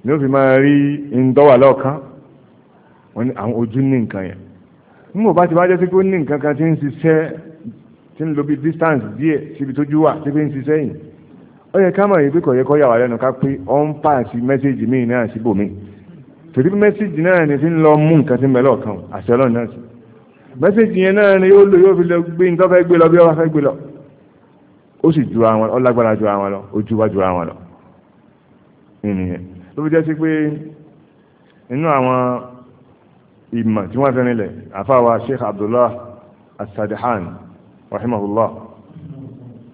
ni yóò fi máa rí ní tó wà lọ́ọ̀kan wọ́n ní àwọn ojú ní nǹkan yẹn nígbà bá ti wá jẹ́ sí pé ó ní nǹkan kan tí ń ṣiṣẹ́ tí ń lo bí distance díẹ̀ síbi tójú wà tí pé ń ṣiṣẹ́ yìí ó yẹ ká mọ̀ yìí pé kò yẹ kó yà wá lẹ́nu ká pé ó ń pàṣẹ mẹ́sẹ́jì míì náà síbòmíì torí mẹ́sẹ́jì náà ni fi ń lọ mú nǹkan tí mẹ́lọ̀ kan àṣẹ ọlọ́run náà sí mẹ́sẹ́jì yẹn náà ni yóò lò yóò fi lọ gbé nǹkan fẹ́ gbé lọ bí ó bá fẹ́ gbé lọ ó sì ju àwọn ó lágbára ju àwọn lọ ó juwá ju àwọn lọ ènìyàn ló fi jẹ́ sí pé inú àwọn ìmọ̀ tí wọ́n fẹ́rin lẹ̀ àfáwà Sheikh Abdullah As-Sadihan rahimahullah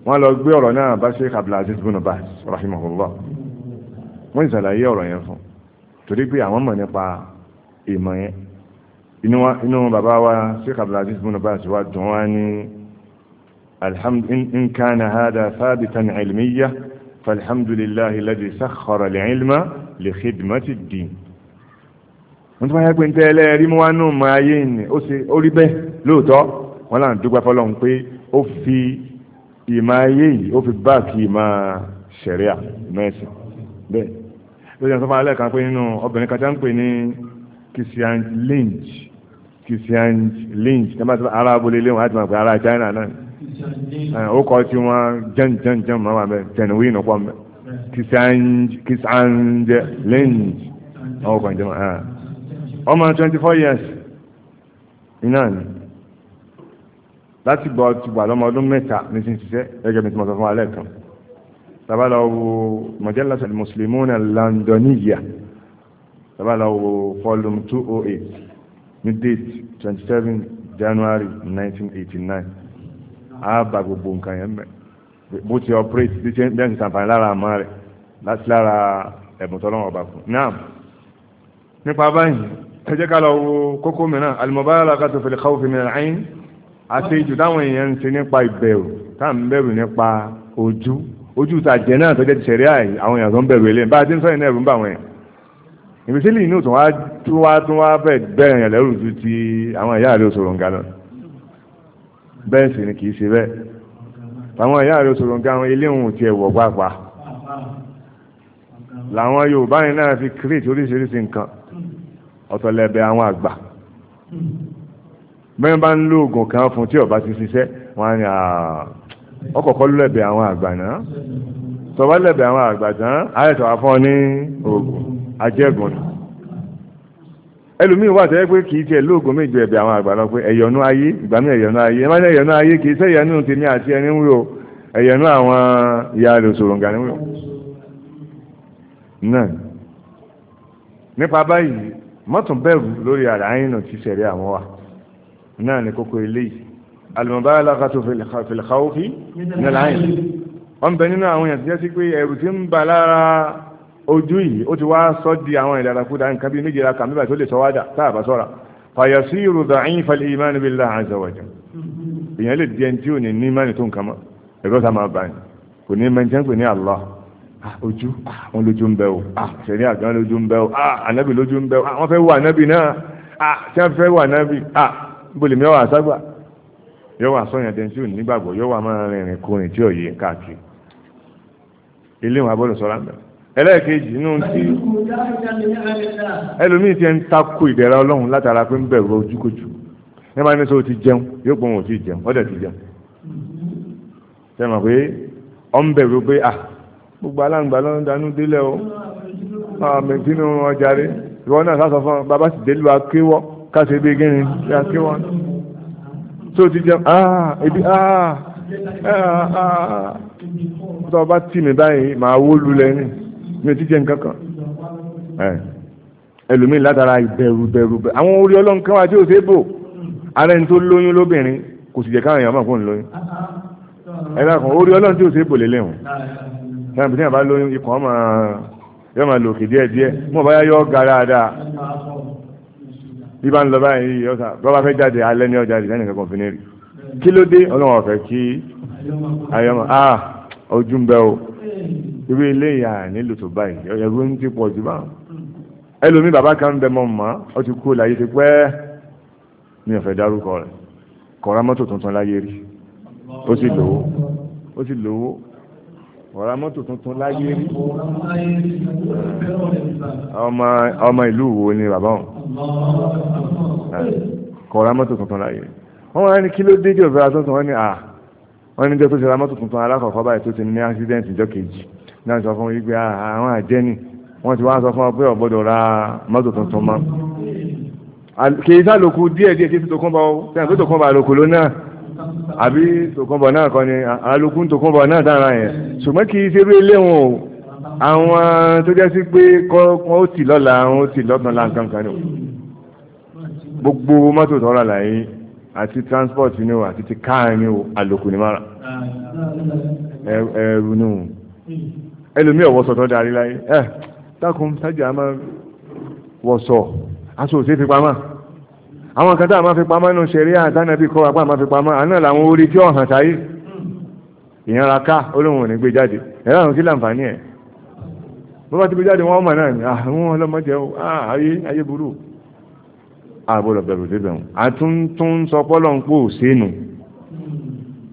wọ́n lọ gbé ọ̀rọ̀ náà bá Sheikh Abdulaziz bin Baz rahimahullah wọ́n ìsàlàyé ọ̀rọ̀ yẹn fún torí pé àwọn mọ̀ nípa ìmọ̀ yẹn inú bàbá wa Sheikh Abdulaziz bin Baz wá dùn wá ní الحمد إن, إن كان هذا ثابتا علمية فالحمد لله الذي سخر العلم لخدمة الدين wọ́n tó máa yẹ pé ní tẹ́lẹ̀ rí mú wá nù mọ́ ayé ni ó ṣe ó rí bẹ́ẹ̀ lóòótọ́ wọ́n là ń dúpẹ́ fọlọ́run pé ó fi ìmọ̀ ayé yìí ó fi báàkì ìmọ̀ ṣẹ̀ríà mẹ́sìn bẹ́ẹ̀ lóòótọ́ tó máa lẹ́ẹ̀kan pé nínú obìnrin kan tí wọ́n ń pè ní Christian Lynch Christian Lynch tí wọ́n bá ti ara abúlé léwọ̀n láti máa pè ara China náà Eh, ókọ̀ tí wọ́n jẹ́njẹ́njẹ́ máa wà bẹ́ẹ̀ tẹ̀nuwí nù pọ̀ mẹ́ kìsànjẹ́ lẹ́yìn ọkọ̀ ìjọba ọmọ 24 years iná ni láti gbọ́ ti wà lọ́mọ ọdún mẹ́ta ní ti ń ṣiṣẹ́ gẹ́gẹ́ bí mo sọ fún alẹ́ kan tàbá lọ wo mọ̀jẹ́lá sọ̀rọ̀ muslimuna londoniya tàbá lọ wo volume 208 ní date 27 January 1989 á ba gbogbo nǹkan yẹn mẹ́ bó ti operate bí ṣe ń sàǹfààní lára àmọ́ rẹ̀ láti lára ẹ̀bùn tọ́lọ́wọ́ ọba fún náà nípa báyìí ẹ jẹ́ ká lọ wo kókó mìíràn al-mubalagatu fil khawfi min al-ayn àti ìjù táwọn èèyàn ń ṣe nípa ìbẹ̀rù táà ń bẹ̀rù nípa ojú ojú ìtàjẹ́ náà tó jẹ́ ti ṣẹ̀rí àyè àwọn èèyàn tó ń bẹ̀rù eléyìí bá a ti ń sọ ìnáà ń bà wọ́n yẹn ìbísílì inú tó wá tó wá tó wá yẹn lẹ́rù ju ti àwọn ìyá rẹ̀ òṣòro ń ga lọ bẹ́ẹ̀ sì ni kìí ṣe bẹ́ẹ̀ àwọn ìyá rẹ̀ sọ̀rọ̀ nǹkan àwọn ilé òun ti ẹ̀wọ̀ pàápàá làwọn Yorùbá yìí náà fi kírètì oríṣiríṣi nǹkan ọ̀tọ̀lẹ̀bẹ̀ àwọn àgbà bẹ́ẹ̀ bá ń lo oògùn kan fún tí ọba ti ṣiṣẹ́ wọn á ní ọkọ̀ọ̀kọ́ lẹ̀bẹ̀ àwọn àgbà náà tọ́ba lẹ̀bẹ̀ àwọn àgbà tán àyẹ̀tọ̀ àfọ́ ní oògùn ajẹ́gùn ni ẹlòmíì wà tẹ́ pé kì í tiẹ̀ lóògùn méjì ẹ̀bẹ̀ àwọn àgbà lọ pé ẹ̀yọ̀nú ayé ìgbà mi ẹ̀yọ̀nú ayé ẹ má ní ẹ̀yọ̀nú ayé kì í sẹ́ ẹ̀yọ̀nú tèmi àti ẹni ń wúro ẹ̀yọ̀nú àwọn ìyá rẹ̀ sòrò nǹkan níwúro. náà nípa báyìí mọ́tún bẹ̀rù lórí ara àyìnà ti sẹ̀rí àwọn wa náà ní kókó eléyìí al-mubalagha fil khawfi min al ojú yìí ó ti wá sọ di àwọn ìdàràkúdà nǹkan bí méjìlá kan bíbà tó lè sọ wádà táàbà sọ́ra fàyàsíru da'ifal iman billahi azza wa jalla èèyàn lè di ẹni tí ò ní ní ìmánì tó nǹkan mọ́ ẹ̀rọ sá máa báyìí kò ní mẹ́ntẹ́ pè ní Allah ojú wọn lójú ń bẹ o ṣẹ̀rí àgbọn lójú ń bẹ o ànábì lójú ń bẹ o wọ́n fẹ́ wọ ànábì náà tí ò nígbàgbọ́ káàkiri ilé wọn abọ́dọ̀ sọ́ra ń ẹlẹ́ẹ̀kejì inú tí ẹlòmíì ti ń takò ìdẹ̀ra ọlọ́run látara pé ń bẹ̀rù ojúkojú ní bá ní sọ ti jẹun yóò pọ̀ wọn ò ti jẹun ọ̀dẹ̀ ti jẹun ṣe mọ̀ pé ọ ń bẹ̀rù pé à ah, gbogbo aláǹgbá ló ń danú délẹ̀ o àmì kínú ọjà rẹ ìwọ náà sá sọ fún ọ bàbá sì délùú akéwọ́ káṣe bí gíní bí akéwọ́ tó ti jẹun ah ebi ah, ah ah ah tó o bá tì mí báyìí màá wó lulẹ̀ ni mi ò ti jẹ nǹkan kan ẹlòmíì látara ìbẹ̀rù bẹ̀rù bẹ̀rù àwọn orí ọlọ́run kan wá tí ò ṣe é bò ara ẹni tó lóyún lóbìnrin kò sì jẹ́ káwọn èèyàn máa kó ń lóyún ẹ̀rọ kan orí ọlọ́run tí ò ṣe é bò lélẹ̀ wọn táwọn ìbílẹ̀ bá lóyún ikọ̀ ọmọ yóò máa lòkè díẹ̀ díẹ̀ mọ̀ bá yọ ga dáadáa bí bá ń lọ báyìí ọ̀sà bọ́bá fẹ́ jáde alẹ́ ní ọjà ìdáni kankan fi ní rí kí ló dé ọlọ́run ọ̀fẹ́ kí ayọ́mọ̀ ah ojú ń bẹ́ o irú eléyà nílò tó báyìí ẹ̀rú ń ti pọ̀ jù bá ẹlòmí bàbá kan ń bẹ mọ́ mọ́ ó ti kú láyé ti pẹ́ mi ò fẹ́ dárúkọ rẹ̀ kọ̀ọ̀rá mọ́tò tuntun láyé rí ó sì lówó ó sì lówó kọ̀ọ̀rá mọ́tò tuntun láyé rí ọmọ ìlú wo ni bàbá òun kọ̀ọ̀rá mọ́tò tuntun láyé rí wọ́n wá ní kí ló dé jọ̀bẹ́ àtọ́tún wọ́n ní à ah, wọ́n ní jẹ́ tó ṣe ra mọ́tò tuntun alákọ̀ọ́kọ́ báyìí tó ti ní accident náà sọ fún wípé ah, àwọn àjẹ́ni wọ́n ti wá sọ fún ọ pé ọ̀gbọ́dọ̀ ra mọ́tò tuntun mọ́ kìí sá lòkù díẹ̀ díẹ̀ kìí sí tòkúnbọ̀ tẹ́yàn tó tòkúnbọ̀ àlòkù ló náà àbí tòkúnbọ̀ náà kọ́ ni àlòkù ń tòkúnbọ̀ náà dára yẹn ṣùgbọ́n kìí ṣe eré léwọn o àwọn tó jẹ́ sí pé kọ́ ó tì lọ́la àwọn ó tì lọ́gbọ̀n láǹkan kan ni o gbogbo mọ́tò tọ́ra làyé àti transport ni o àti ti káà ni o àlòkù ni mara ẹrù ni o ẹlòmí ọ̀wọ́sọ̀ tó darí láyé ẹ̀ dákun tájà máa wọ̀sọ̀ aṣọ òsè fi pamọ́ àwọn kan tá a máa fi pamọ́ nínú ṣẹ̀rí àtànàbí kọ́ apá máa fi pamọ́ àná làwọn orí tí ọ̀hàn táyé ìyẹn ra ká olóhùn ò ní gbé jáde ẹ̀rọ àwọn kí láǹfààní ẹ̀ bó bá ti gbé jáde wọ́n mọ̀ náà ni àwọn ah, ọlọ́mọdé ah, ayé ayé burú àbọ̀lọ̀ bẹ̀rù débẹ̀ wọn àtúntún sọ pọ́lọ̀ ń pò sínú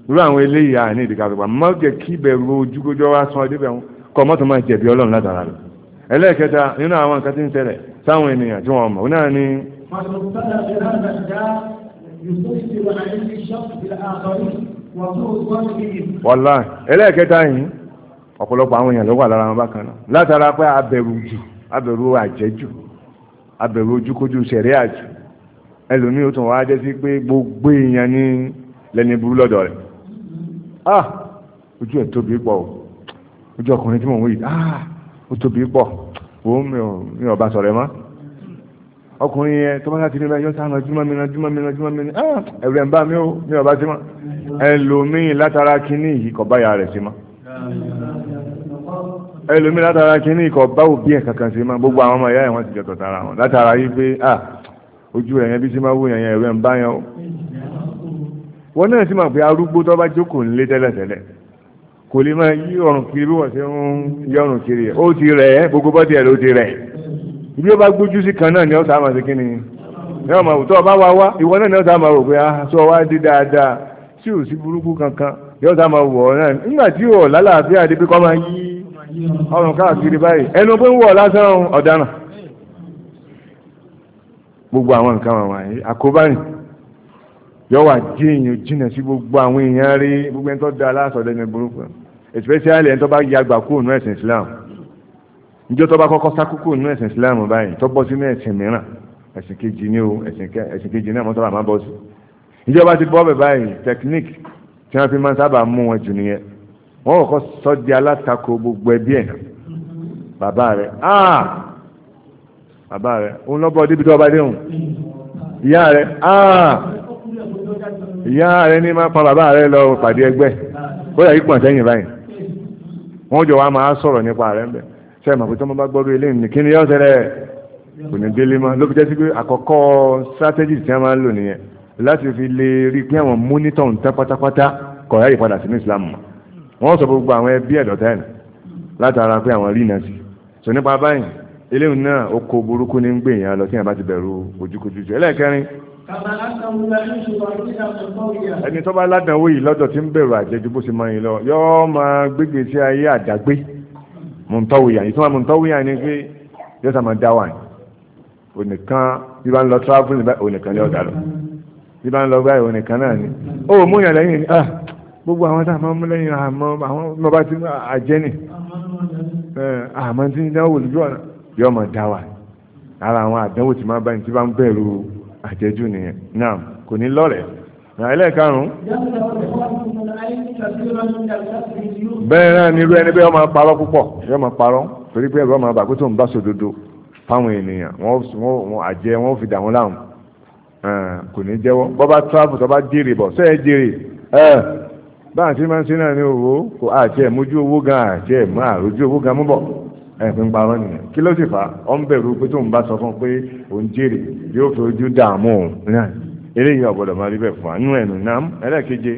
irú àwọn eléyìí àní ìdíkàfẹ́pà mọ́jẹ̀ kí bẹ̀rù ojúkójọ́ wá sọ débẹ̀ wọn kọ́ mọ́tò máa jẹ̀bi ọlọ́run látara rẹ̀ ẹlẹ́ẹ̀kẹta nínú àwọn nǹkan tí ń sáwọn ènìyàn tí wọ́n mọ̀ náà ni. wọ́lá ẹlẹ́ẹ̀kẹta yìí ọ̀pọ̀lọpọ̀ àwọn èèyàn ló wà lára wọn bákan náà látara pé abẹ̀rù jù abẹ̀rù àjẹjù abẹ̀rù ojúkójú àjù ẹlòmíì ó tún wá jẹ́ sí pé gbogbo èèyàn ní lẹ́ni burú lọ́dọ̀ rẹ̀ ah ojú ẹ̀ tóbi pọ̀ ojú ọkùnrin tí mò ń wí ah ó tóbi pọ̀ wo mi ò bá sọ̀rọ̀ ẹ mọ́ ọkùnrin yẹn tó bá láti ní báyìí yọ́ta àwọn júmọ́ mi náà júmọ́ mi náà júmọ́ mi náà ah, ẹ̀rù ẹ̀ ń bá mi ó mi ò bá sí mọ́ ẹlòmíì látara kínní yìí kò báyà rẹ̀ sí mọ́ ẹlòmíì látara kínní kò bá òbí ẹ̀ kankan sí mọ́ gbogbo àwọn ọmọ ìyá ẹ̀ wọ́n ti jọ̀tọ̀ tara wọn látara yìí pé ah ojú ẹ̀ yẹn bí sí máa wú yẹn ẹ̀rù ẹ̀ ń bá yẹn ó wọ́n náà sì mọ̀ pé arúgbó tó bá jókòó ńlé tẹ́lẹ̀tẹ́lẹ̀ kò lè máa yí ọrùn kiri bí wọ́n ṣe ń yọrùn kiri ó ti rẹ gbogbo ti rẹ ibi ó bá gbójú sí kan náà ni ní ọmọ òtọ́ wá ìwọ náà ni ah, dé dáadáa sí burúkú kankan ni ó sáà ọ náà nígbà tí ò lálàáfíà débi kọ́ máa yí ọrùn káàkiri báyìí ẹnu gbogbo àwọn nǹkan àkóbá yọ wà gbogbo àwọn èèyàn gbogbo ẹni especially ẹni tó bá yàgbà kúrò nínú ẹ̀sìn Islam níjọ́ tó bá kọ́kọ́ sá kúrò nínú ẹ̀sìn Islam báyìí tó bọ́ sínú ẹ̀sìn mìíràn ẹ̀sìn kejì ní o ẹ̀sìn kejì náà mọ́tò àmọ́ bọ́ sí níjọ́ bá ti bọ́ bẹ̀ báyìí technique tí wọ́n fi máa sábà mú wọn jù nìyẹn wọ́n kọ́kọ́ sọ di alátakò gbogbo ẹbí ẹ̀ bàbá rẹ̀ ah bàbá rẹ̀ òun lọ́bọ̀ débi tó ọba dé òun ìyá rẹ̀ ah ìyá rẹ̀ ní máa pa bàbá rẹ̀ lọ pàdé ẹgbẹ́ ó yà yí pọ̀ sẹ́yìn báyìí wọ́n jọ wá máa sọ̀rọ̀ nípa rẹ̀ ń bẹ̀ ṣe mọ̀ pé tọ́mọ bá gbọ́rú ilé ní kí ni yọ́ ṣẹlẹ̀ kò ní délé mọ́ ló fi jẹ́ sí pé àkọ́kọ́ strategy tí wọ́n máa ń lò nìyẹn láti fi lè rí pé àwọn monitor ń tẹ́ pátápátá kọ̀ọ̀yà ìpadà sí ní Islam mọ́ wọ́n sọ gbogbo àwọn ẹbí ẹ̀dọ̀ tẹ́ẹ̀nì látara pé àwọn rí náà sí so nípa báyìí eléyìí náà ó kó burúkú ní gbèyàn lọ sí àbá ti bẹ̀rù ojúkojú ẹlẹ́ẹ̀kẹrin ẹni tó bá ládàáwó yìí lọ́dọ̀ tí ń bẹ̀rù àjẹjú bó ṣe máa yìí lọ yọ́ máa gbégbé sí ayé àdágbé mùntọ́wìyà yìí tó máa mùntọ́wìyà ni pé yóò sá máa dá wà ní onìkan bí bá ń lọ travel onìkan lé ọ̀dà lọ bí bá ń lọ báyìí onìkan náà ni ó mú yàn lẹ́yìn ni ah, gbogbo àwọn tá a máa mú lẹ́yìn àmọ́ àwọn ọmọ bá ti àjẹ́ nì àmọ́ tí ń dáwọ́ olùjọ́ yọ́ máa dá wà ní ara àwọn àdánwò tí máa bá àjẹjù nìyẹn náà kò ní lọ́rẹ̀ẹ́ ẹlẹ́ẹ̀karùn-ún bẹ́ẹ̀ náà ni irú ẹni bẹ́ẹ̀ máa parọ́ púpọ̀ yóò máa parọ́ torí pé ẹ̀rọ máa bà pé tó ń bá sòdodo fáwọn ènìyàn wọ́n àjẹ wọ́n fi dà wọ́n láwọn kò ní jẹ́wọ́ bọ́ bá travel tó bá jèrè bọ̀ sẹ́ẹ̀ jèrè báyìí tí máa ń ṣe náà ní owó kò àti ẹ̀ mójú owó gan àti máa rójú owó gan mú bọ̀ ẹ̀fín parọ́ nìyẹn kí ló sì fà ọ́ ń bẹ̀rù pé tó ń bá sọ fún pé òun jèrè yóò fi ojú dààmú òun náà eléyìí ọ̀gbọ́dọ̀ máa rí bẹ́ẹ̀ fún wa nínú ẹ̀nu náà ẹlẹ́ẹ̀keje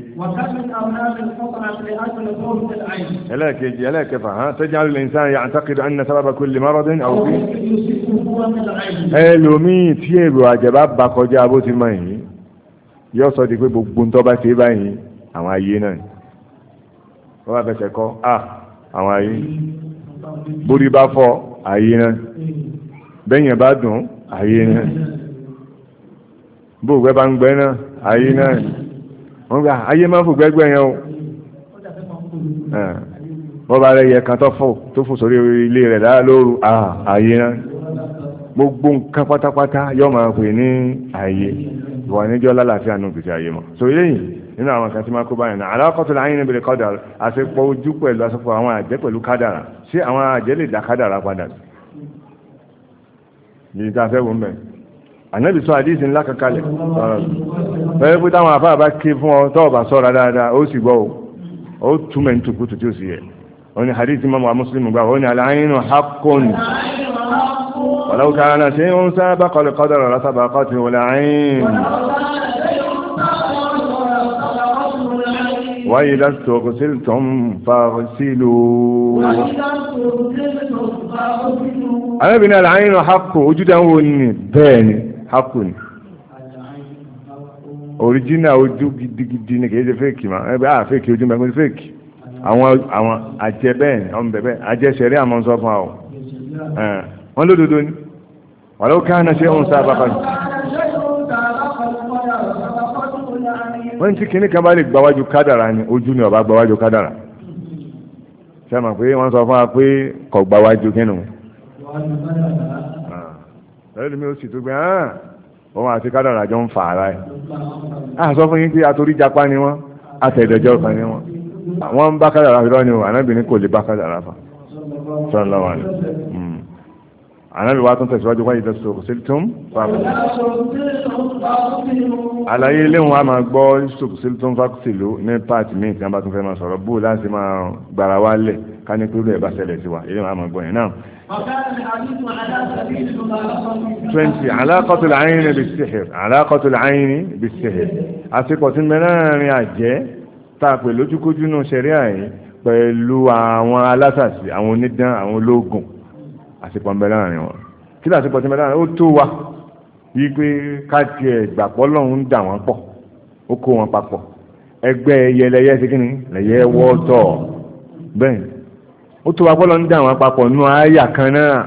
ẹlẹ́ẹ̀keje ẹlẹ́ẹ̀kẹfà hàn tẹ́jà lè ń sáyà àtàkìdọ̀ ẹ̀nà sábàbà kò lè má rọ́dún àwòrán ẹlòmíì tí èrò àjẹbá bá kọjá bó ti máa yìí yóò sọ di pé gbogbo ntọ́ bá ṣe báyìí àwọn ayé náà wọ́n bá fẹsẹ̀ kọ́ ah, àwọn ayé bórí bá fọ́ ààyè náà bẹ́yìn bá dùn ààyè náà bó gbẹ́ bá ń gbẹ́ náà ààyè náà wọ́n gbà ayé máa ń fò gbẹ́gbẹ́ yẹn o wọ́n bá rẹ̀ yẹ kan tó fò tó fò sórí ilé rẹ̀ dára lóru ààyè náà gbogbo nǹkan pátápátá yọ máa pè ní ààyè wà níjọ́ lálàáfíà nù gbèsè ààyè mọ́ so eléyìí nínú àwọn kan tí máa kó báyìí náà alákọ̀tún láyé níbi kádàrà àṣepọ̀ ojú pẹ̀lú àṣepọ̀ àwọn àjẹ́ pẹ̀lú kádàrà sí àwọn àjẹ́ lè dá kádàrà padà yìí tá a fẹ́ wọ́n mẹ́ ànábì sọ àdísì ńlá kankalẹ̀ fẹ́ẹ́ pé táwọn afá bá ké fún ọ tọ́ọ̀bà sọ́ra dáadáa ó sì gbọ́ ó túmẹ̀ nítòkútù tí ó sì yẹ wọ́n ni hadith imam وإذا استغسلتم فاغسلوا أنا بنا العين حق وجودا بين حق original ojú gidigidi ni kìí ṣe fake ma ẹgbẹ́ ah fake ojú mẹ́gbẹ́ fake àwọn àwọn àjẹ bẹ́ẹ̀ ni ọmọ bẹ́ẹ̀ àjẹsẹ̀rí àmọ́ sọ fún ọ wọ́n lódodo ni wàlúù káà náà ṣe ń sábà kan wọ́n ní tí kinní kan bá lè gbáwájú kádàrà ni ojú ni ọba gbáwájú kádàrà ṣe mọ̀ pé wọ́n sọ fún wa pé kọ̀ gbáwájú kínú ah. lẹ́yìn mi ò sì tó gbé hàn ah, òun àti kádàrà jọ ń fà ara ẹ̀ a sọ fún yín pé atorí japa ni wọ́n àtẹ̀dẹ̀jọ́ kan ni wọ́n wọ́n ń bá kádàrà lọ́ni o ànábìnrin kò lè bá kádàrà fa sọ́nà lọ́wọ́ ni ànábì wa tún tẹ̀síwájú wáyé tẹ̀sí òkùsílítùm fàkùsílù àlàyé iléhùn a máa gbọ́ òkùsílítùm fàkùsílù ní pààtì míì tí wọ́n bá tún fẹ́ máa sọ̀rọ̀ bú láti máa gbàrà wá lẹ̀ ká ní pírú ẹ̀ bá ṣẹlẹ̀ sí wa iléhùn a máa gbọ́ yẹn náà. twenty alákọ̀tù làáyín bí sihir alákọ̀tù làáyín bí sihir àsìkò tí mẹ́rin àjẹ́ tá a pè lójúkójú náà ṣẹ̀rí àyín pẹ̀lú àwọn alásàsì àsìpọ̀ ń bẹ láàrin wọn kí ni àsìpọ̀ ti ó tó wa yí pé ká tiẹ̀ gbàgbọ́ lọ́hùn ń dà wọ́n pọ̀ ó kó wọn papọ̀ ẹgbẹ́ yẹlẹyẹ ti kíni lẹ́yẹ wọ́ọ̀tọ̀ bẹ́ẹ̀ ó tó wa gbọ́dọ̀ ń dà wọ́n papọ̀ nú àyà kan náà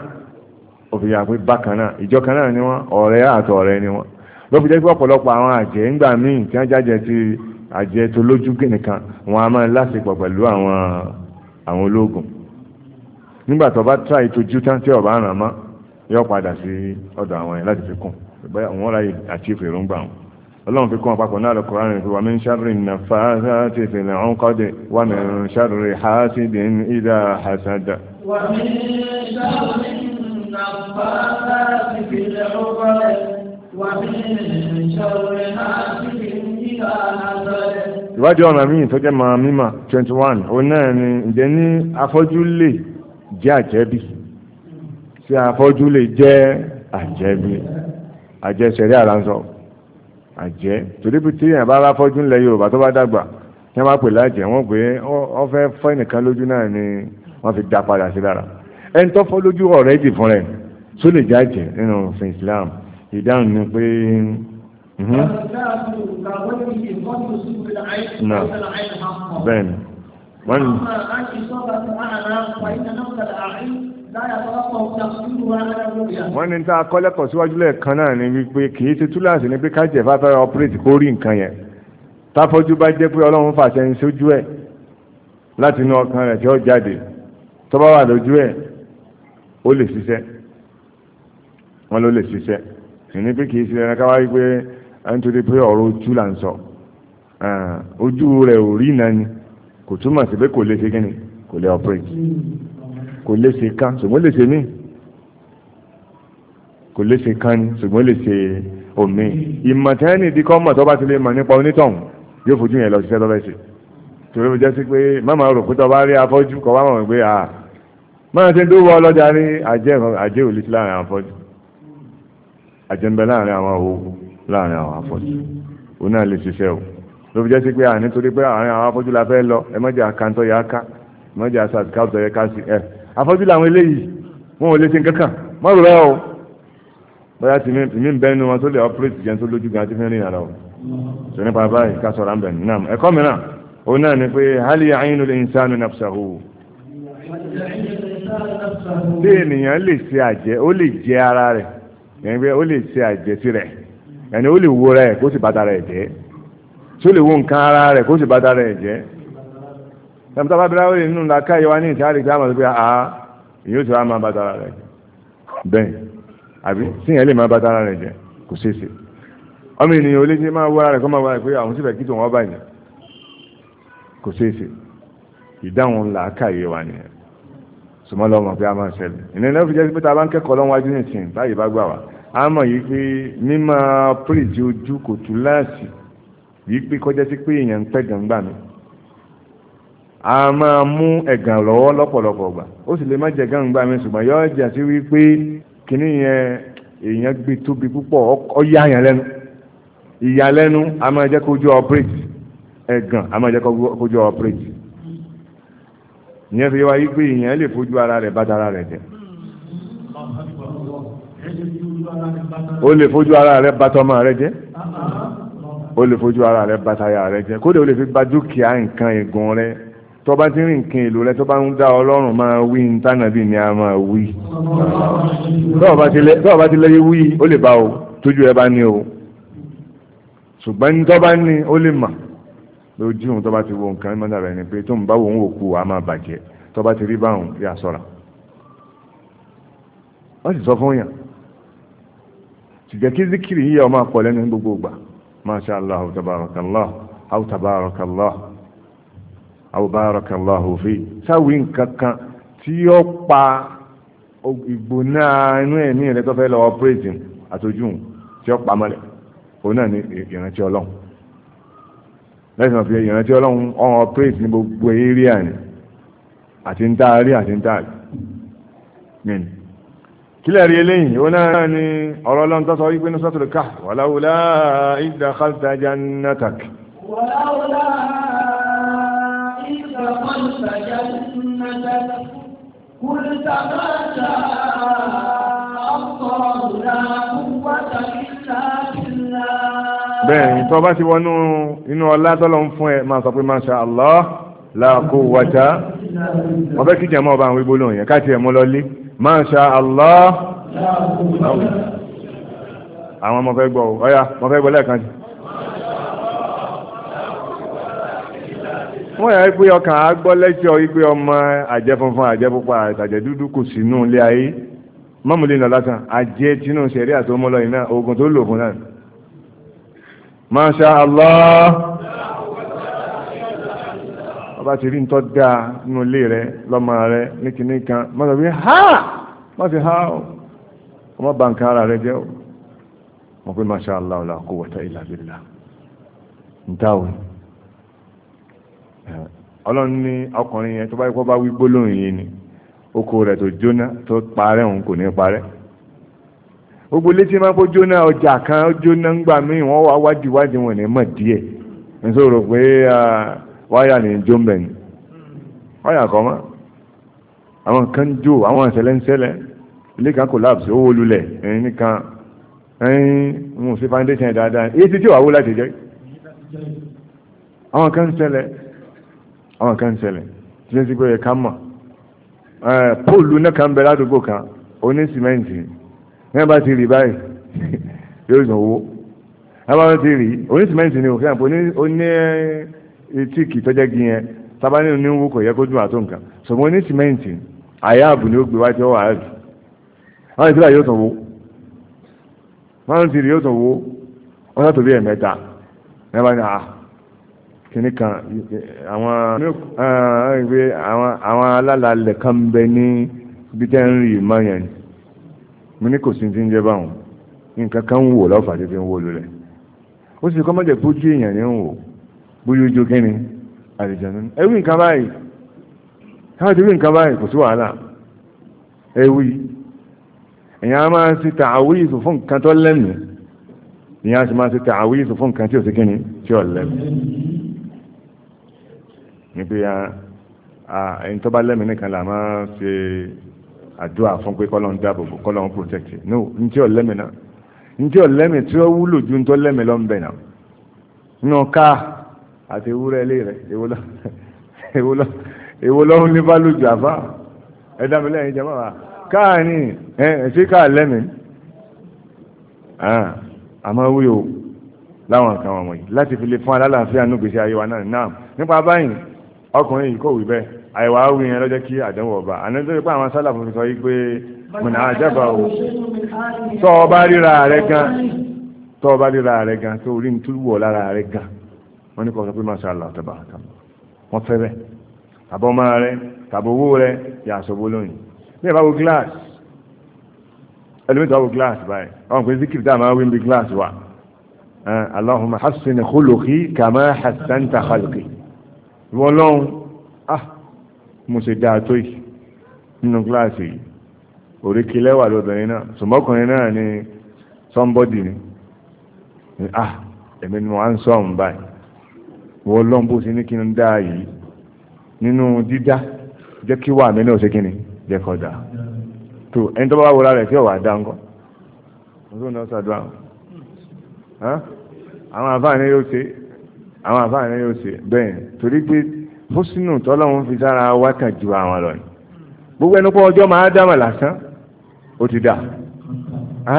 òfin yà pé bákan náà ìjọ kan náà ni wọ́n ọ̀rẹ́ àtọ̀rẹ́ ni wọ́n ló fi jẹ́ pé ọ̀pọ̀lọpọ̀ àwọn àjẹ́ ńgbà míì tí wọ́n jájẹ ti àjẹ́ tó lójú nìkan wọn a máa láṣepọ̀ pẹ̀lú àwọn àwọn nígbà tó bá tíra ètò jú tán tí ọba àràn mọ́ yọ padà sí ọ̀dọ̀ àwọn yẹn láti fi kún bóyá òun ráyè àti ìfèròǹgbà wọn ọlọ́run fi kún àpapọ̀ náà lọ́kùnrin rẹ̀ fi wà min sharri naffathati fil 'uqad wa min sharri hasidin idha hasad. wa min sharri naffathati fil 'uqad wa min sharri hasidin idha hasad. ìwádìí ọ̀nà míì tó jẹ́ máa mímà twenty one òun náà ni ǹjẹ́ ní afọ́jú lè jẹ́ àjẹ́bí tí afọ́jú lè jẹ́ àjẹ́bí àjẹ́ sẹ̀rí àránsọ àjẹ́ torí pé tí èèyàn bá ráfọ́jú ńlẹ̀ Yorùbá tó bá dàgbà tí wọ́n bá pè lájẹ́ wọ́n pé wọ́n fẹ́ fọ́ ẹnìkan lójú náà ni wọ́n fi dá padà sí lára ẹni tó fọ́ lójú ọ̀rẹ́ dì fún rẹ̀ tó lè jájẹ́ nínú òfin Islam ìdáhùn ni pé mhm. bẹ́ẹ̀ni wọ́n ní. wọ́n ní tá a kọ́ lẹ́kọ̀ọ́ síwájú lẹ́ẹ̀kan náà ni wípé kì í ṣe túláàsì ni pé kájẹ̀ fáfẹ́rẹ́ ọpẹ́rẹ́tì kó rí nǹkan yẹn táfọ́jú bá jẹ́ pé ọlọ́run fàṣẹ ń sójú ẹ̀ láti inú ọkàn rẹ̀ tí ó jáde tó bá wà lójú ẹ̀ ó lè ṣiṣẹ́ wọ́n ló lè ṣiṣẹ́ ìní pé kì í ṣe ẹran káwá wípé ẹni tó dé pé ọ̀rọ̀ ojú là ń sọ ojú rẹ̀ ò rí ìnáni kò túmọ̀ sí pé kò lè ṣe kíni kò lè operate kò lè ṣe kan ṣùgbọ́n lè ṣe mí kò lè ṣe kan ni ṣùgbọ́n lè ṣe omi ìmọ̀tẹ́ni di kọ́mọ̀ tó bá ti lè mọ̀ nípa onítọ̀hún yóò fojú yẹn lọ ṣiṣẹ́ tó fẹ́ ṣe torí mo jẹ́ sí pé máma rò pé tó bá rí afọ́jú kọ́ wá mọ̀ pé à máa ṣe dúró ọlọ́jà ní àjẹ́ àjẹ́ òlì sí láàrin afọ́jú àjẹ́ ń bẹ láàrin àwọn owó láàrin àwọn afọ́jú òun náà lè ṣiṣẹ́ o ló fi jẹ́ sí pé à nítorí pé àárín àwọn afọ́jú la fẹ́ lọ ẹ mọ́jà kàńtọ́ yà á ká mọ́jà sàtìkáwù tọ́ yẹ ká sí ẹ afọ́jú làwọn eléyìí wọn ò lè ṣe nǹkan kan mọ́ rẹ̀ o bóyá tìmí ń bẹ́ nínú wọn tó lè ọpúrẹ́tì jẹun tó lójú gan ti fi rìn àrà o sọ nípa báyìí ká sọ̀rọ̀ à ń bẹ̀ nínú ẹ̀kọ́ mìíràn òun náà ni pé hali àyínú lè ń sánú nàfṣàhù tí ènìyàn lè ṣe àjẹ́ ó lè jẹ ara rẹ̀ ẹni pé ó lè ṣe àjẹ́ sí rẹ̀ ẹni ó lè wo rẹ̀ kó sì bàtà rẹ̀ jẹ́ tí ó lè wo nǹkan ara rẹ̀ kó sì bàtà rẹ̀ jẹ́ tẹ̀mítà bá bẹ̀rẹ̀ lórí nínú làákà ìwà ní ìtàrí kí a máa gbé àá èyí ó ti wá máa bàtà rẹ̀ jẹ́ bẹ́ẹ̀ àbí síyẹn lè máa bàtà rẹ̀ jẹ́ kò ṣeé ṣe ọmọ ènìyàn ò lè ṣe máa wọ́ra rẹ̀ kọ́ máa wọ́ra pé àwọn síbẹ̀ kí tòun ọba yẹn kò ṣeé ṣe ìdáhùn làákà ìwà nìyẹn sùmọ́ lọ́mọ pé a máa ṣẹlẹ̀ ìnáyẹn náà fi jẹ́ pé tá bá ń kẹ́kọ̀ọ́ lọ́wọ́ ajínigbìn báyìí bá gbà wá a yìí pé mímọ́ pírìtì ojú kò tú láàsì wípé kọjá sí pé èèyàn ń pẹ́ gàngbà mi a máa mú ẹ̀gàn lọ́wọ́ lọ́pọ̀lọpọ̀ gbà ó sì lè má jẹ gàngbà mi ṣùgbọ́n yọ ọjà sí wípé kíní yẹn èèyàn gbé tóbi púpọ̀ ó yà yàn lẹ́nu ìyàlẹ́nu a máa jẹ́ kójú ọ̀pẹ́rẹ́tì ẹ̀gàn a máa jẹ́ kójú ọ̀pẹ́rẹ́tì ìyẹn fi wá wípé èèyàn lè fojú ara rẹ̀ bá dára rẹ̀ jẹ́ ó lè fojú ara rẹ̀ bá tọmọ rẹ̀ jẹ́ ó lè fojú ara rẹ bàtàyà rẹ jẹ kódà ó lè fi bà dúkìá nǹkan ègùn rẹ tó bá ti rí nǹkan èlò rẹ tó bá ń dá ọlọ́run máa wí ntánàbí ni a máa wí tó bá ti lẹ́yẹ wí ó lè bá o tójú ẹ bá ní o ṣùgbọ́n ní tó bá ní ó lè mà lójú òun tó ti wo nǹkan mọ́tà rẹ ni pé tó ń bá wo òun òkú a máa bàjẹ́ tó ti rí báwọn yà sọ́ra wọ́n sì sọ fún yàn ṣùgbọ́n kí zikiri yíyá ọmọ àpọ̀ lẹ́nu gbogbo ìgbà masha Allah tabarakallah aw tabarakallah aw barakallahu fi sáwí nkankan tí yóò pa ìgbóná pa mọ́lẹ̀ òun náà ni ìrántí ọlọ́run lẹ́sìn ọ̀fẹ́ ìrántí ọlọ́run ọ̀hún ọ́pẹ́rẹ́tì ní gbogbo kílẹ̀ rí eléyìí ó náà ni ọ̀rọ̀ ọlọ́run tó sọ wípé ní sọ́tò ká wàláwùlá ìdá khalta jannatak. wàláwùlá ìdá khalta jannatak kúrìtà máa ta ọkọ̀ ọ̀dà kúwàtà ìlà ìlà. bẹ́ẹ̀ni tó bá ti wọnú inú ọlá tọ́lọ́ ń fún ẹ máa sọ pé masha Allah la quwwata wọ́n fẹ́ kí jẹ́mọ́ ọba àwọn igbó lóhùn yẹn ká lọ lé. ma sha Allah àwọn ọmọ fẹ́ gbọ́ ọ̀yá ma fẹ́ gbọ́ lẹ́ẹ̀kan jù wọ́n yà pé ọkàn á gbọ́ ọ yìí ọmọ àjẹ́ funfun àjẹ́ pupa àtàjẹ́ dúdú kò sínú ilé ayé mọ́mùlẹ́ nà lásán àjẹ́ tinú náà tó lò fún náà ma ọba ti rí nítọ́ dáa nínú ilé rẹ lọ́mọ rẹ ní kìíní kan má sọ ha ti ha o ọmọ ara rẹ jẹ́ o mọ̀ pé masha allah la quwwata illa billah ntáwé ọlọ́run ní ọkùnrin yẹn tó bá yẹ kó bá wí gbólóhùn yìí ni oko tó jóná tó parẹ́ òun kò ní parẹ́ gbogbo létí máa ń kó ọjà kan jóná ńgbà míì wọ́n wá wádìí wọn ní mọ̀ díẹ̀ wáyà ní jó mbẹ̀ ni wáyà kọ́ mọ́ àwọn kan jó àwọn ìṣẹ̀lẹ̀ ń ṣẹlẹ̀ ilé kan collapse ó wó lulẹ̀ ẹ̀yìn nìkan ẹ̀yìn mo ṣe foundation dáadáa èyí ti tí wàá wó láti jẹ́ àwọn kan ṣẹlẹ̀ àwọn kan ṣẹlẹ̀ tí wọ́n ti gbé yẹ ká mọ̀ póòlù náà kan bẹ ládùúgbò kan oní sìmẹ́ǹtì ní bá ti rí báyìí yóò sàn owó wọ́n bá ti rí oní sìmẹ́ǹtì ni òfin àpò oní etí kì tọ́jẹ́ gi yẹn tábà nínú ní wú kò yẹ kó dùn àtó nǹkan ṣùgbọ́n ní sìmẹ́ǹtì àyáàbù ni ó gbé wájú ọwọ́ àyáàbù àwọn ìtura yóò tàn wó márùntìrì yóò tàn wó wọ́n sàtò bí ẹ̀mẹ́ta ẹ̀ bá ní à ah, kìnnì kan àwọn eh, ìwé àwọn alálàálẹ̀ kan bẹ ní bítẹ́ńrì mọ́yẹn mo ní kò sí ti ń jẹ́ báwọn nǹkan kan ń wò lọ́fà tí fi ń wò lulẹ̀ ó sì kọ́ mọ́jẹ̀ pójú èèyàn ní ń wò bóyá ojú kí ni àlìjànú ẹwí nǹkan báyìí káàdì wí nǹkan báyìí kò sí wàhálà ẹwí èyàn á máa ṣe tààwíìsù fún nǹkan tó lẹ́nu èyàn á sì máa ṣe tààwíìsù fún nǹkan tí ò sí kí ni tí ò lẹ́nu níbi ẹni tó bá lẹ́nu nìkan là máa ṣe àdúrà fún pé kọ́lọ́n dáàbòbò kọ́lọ́n protect no ní tí ò lẹ́nu náà ní tí ò lẹ́nu tí ó wúlò ju ní tó lẹ́nu lọ́nbẹ̀ náà nínú káà àti ewúrẹ́ ilé rẹ̀ èwo lọ́hún ní bá lójú àfá ẹ̀dá mi lẹ́yìn jẹ́mọ́ wa káà ní ẹ̀ sí káà lẹ́mìí àmọ́ wí o láwọn nǹkan wọn wọ̀nyí láti fi lè fún alálàáfíà ní gbèsè ayé wa náà náà nípa báyìí ọkùnrin yìí kò wí bẹ́ẹ̀ àìwá wí yẹn lọ́jọ́ kí àdánwò ọba àná tó yẹ pé àwọn sálà fún mi sọ yìí pé mọ̀nà àjábà o tọ́ ọba ríra rẹ̀ gan tọ́ ọba ríra rẹ̀ gan tó rí ní túbọ̀ lára rẹ̀ gan wọ́n ní kọ́ sọ pé masha Allah tabaraka wọ́n fẹ́ bẹ́ẹ̀ tàbọ̀ máa rẹ tàbọ̀ owó rẹ yà sọ́bọ̀ lóyìn bí ẹ bá wo gíláàsì ẹlòmítà wo gíláàsì báyìí ọ̀n pé zikiri tá a máa wí ń bi gíláàsì wa Allahumma hassin khuluqi kàmá hassanta khalqi ìwọ lọ́hùn ah mo ṣe dáa tó yìí nínú gíláàsì yìí òrékè lẹ́wà lóbìnrin náà sọmọkùnrin náà ni somebody ni ah èmi ni mo á ń sọ̀rùn báyìí wọ́n lọ́n bó ṣe ní kí n dá yìí nínú dídá jẹ́ kí wà mí náà ni jẹ́ kọ́ dà tó ẹni tó bá wọlá rẹ̀ tí ọ̀wà dá ńkọ́ ọdún náà ṣàdúrà àwọn àfáàní yóò ṣe àwọn àfáàní yóò ṣe bẹ́ẹ̀ torí pé fúsínù tọ́lọ́run fi sára wákàn ju àwọn lọ ni gbogbo ẹnu pé ọjọ́ máa dá mà lásán ó ti dà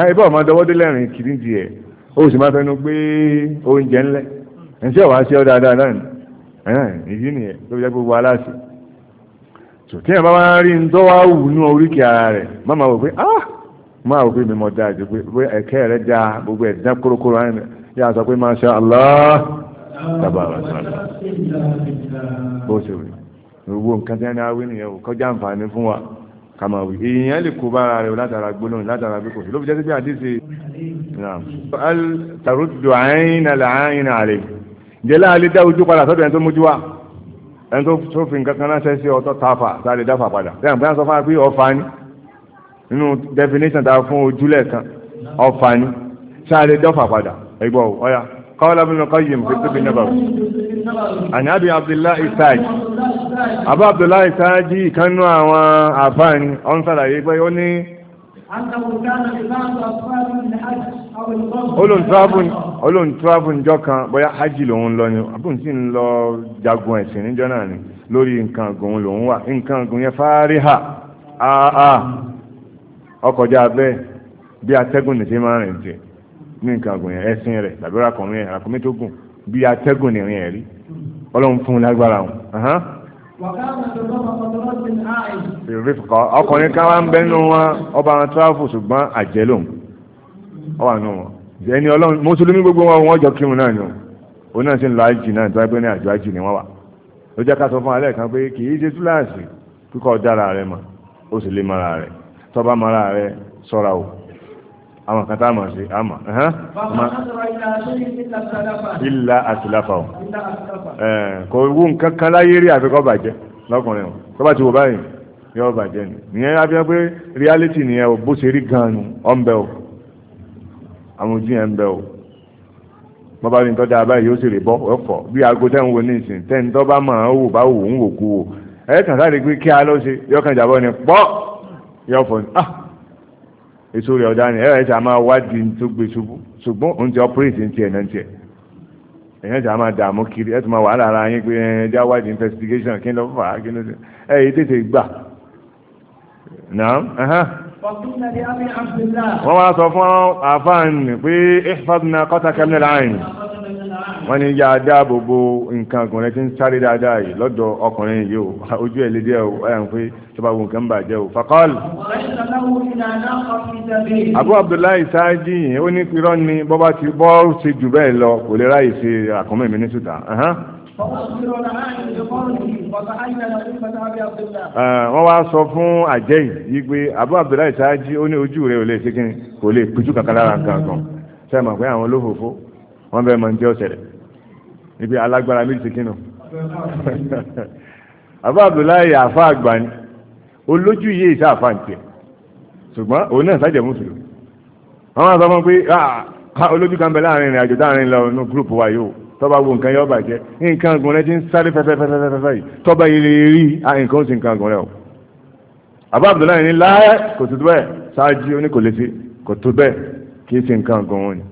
ẹbí ọmọ dọwọ́dé lẹ́rìn kìdí di ẹ̀ ó sì máa fẹnu gbé oúnjẹ ńlẹ̀ ẹni tí ọ̀wá sí ọ dáadáa náà ni ìdí nìyẹn tó jẹ́ gbogbo aláṣẹ tó tí ẹ̀ bá rí ń tọ́wá wù ní ara rẹ̀ má máa wò pé ah máa wò pé mi mọ̀ dáa pé ẹ̀kẹ́ rẹ̀ dáa gbogbo ẹ̀ yà sọ pé bó ṣe wù gbogbo nǹkan tí nìyẹn kọjá àǹfààní fún wa èèyàn lè kó bára látara látara bí kò sí ló fi jẹ́ sí pé al ìjẹ́lá alẹ́ dá ojú padà sọ́dọ̀ ẹni tó mójú wa ẹni tó fi nǹkan kan ránṣẹ́ sí ọtọ́ tààfà tá dáfà padà dẹ́yìn bóyá sọ fún wa ọfà ni nínú definition tá a fún ojúlẹ̀ kan ọfà ni tá a lè dáfà padà ẹgbọ́ ọ̀ya قال ابن القيم في الطب النبوي عن ابي عبد الله الساجي ابو عبد الله الساجي كانوا عفاني انصر عليه بيوني olóńtúwábù níjọ́ kan bóyá hajj lòun lọ ni abúlé sì ń lọ jagun ẹ̀sìn níjọ́ náà ni lórí nǹkan ọ̀gùn lòun wà nǹkan ọ̀gùn yẹn fáríhà àà ah, ọkọjá ah. abẹ́ bí atẹ́gùn nìṣe máa rìn tì ní nǹkan ọ̀gùn yẹn ẹ̀sìn rẹ̀ tàbí ọ̀rọ̀ akọ̀mí tó gùn bí atẹ́gùn nìrìn ẹ̀rí ọlọ́run fún un lágbára wọn ìrìfìkọ́ ọkùnrin kan wá ń bẹ́ nínú wọn ọba àwọn tíráfù ṣùgbọ́n àjẹ́ lòun ọwà nù wọn ẹni ọlọ́run mùsùlùmí gbogbo wọn wọn jọ kírun náà ni o òun náà sì ń lọ àjì náà tó ẹgbẹ́ ní àjọ àjì ni wọ́n wà ló jẹ́ ká sọ fún alẹ́ kan pé kì í ṣe túláàsì kíkọ́ dára rẹ mọ̀ ó sì lè mara rẹ tọ́ba mara rẹ sọ́ra o àwọn kan tá a mọ̀ sí àmà ilà àtìláfà ọ̀ kò wú nǹkan kan láyé rí àfikọ́ bàjẹ́ lọ́kùnrin ọ̀ tó bá ti wò báyìí yóò bàjẹ́ ni nìyẹn á pé reality nìyẹn ò bó ṣe rí gan-an nù ọ̀ ń bẹ o àwọn ojú yẹn ń bẹ o bọ́ bá ní tọ́ da báyìí yóò sì rè bọ́ ọ̀fọ̀ bí aago tẹ́ ń wo ní ìsìn tẹ́ ń bá máa wò bá wò ń wò kú wò ẹ̀ sáré pé kí a lọ́ ṣe yọkàn ni pọ́ yọ̀ ah èso rẹ̀ ọ̀dá ni ẹ̀rọ ẹ̀ṣà máa wádìí tó gbé ṣubú ṣùgbọ́n òun ti ọ́pẹ́rẹ́tì ń tiẹ̀ náà tiẹ̀ èyàn ti máa dààmú kiri ẹ̀ tó máa wàhálà ara yín pé ẹja wádìí investigation kí ló fà á kí ló ṣe ẹ̀ yìí tètè gbà. wọ́n wá sọ fún àfáàní pé ìfàdùnà kọ́tà kẹ́mílẹ̀ láàyè wọ́n ní yá dáàbò bo nǹkan ọkùnrin tí ń sáré dáadáa yìí lọ́dọ̀ ọkùnrin yìí o ojú ẹ̀ lédè o ẹ̀ ń pé tó bá wo nǹkan bàjẹ́ o fakọ́l. Abu Abdullahi sáájì yìí ó ní irọ́ ni bọ́bá ti bọ́ ṣe jù bẹ́ẹ̀ lọ kò lè ráyè ṣe àkọ́mọ̀ mi ní sùtà wọ́n wá sọ fún àjẹ́ yìí pé Abu Abdullahi sáájí ó ní ojú rẹ̀ ò lè ṣe kí ni kò lè pìtú kankan lára nǹkan wọ́n bẹ́ẹ̀ mọ̀ ní tí ó níbi alágbára méjì ti kínú àbá Abdullahi àfa àgbà ni olójú yìí ìṣe àfa ń tiẹ̀ ṣùgbọ́n òun náà sájẹ̀ mùsùlùmí àwọn àbá wọn pé ah, olójú kan bẹ láàrin ìrìn àjò dáàrin lọ inú gúrùpù wa yóò tọ́ba wo nǹkan yọ bàjẹ́ nǹkan gùn rẹ ti ń sáré fẹ́fẹ́fẹ́fẹ́fẹ́ yìí tọ́ba ilé rí nǹkan ó nǹkan gùn rẹ o àbá Abdullahi ní láyé kò tó bẹ́ẹ̀ ṣáájú ó kò tó bẹ́ẹ̀ kì í ṣe nǹkan gùn òun ni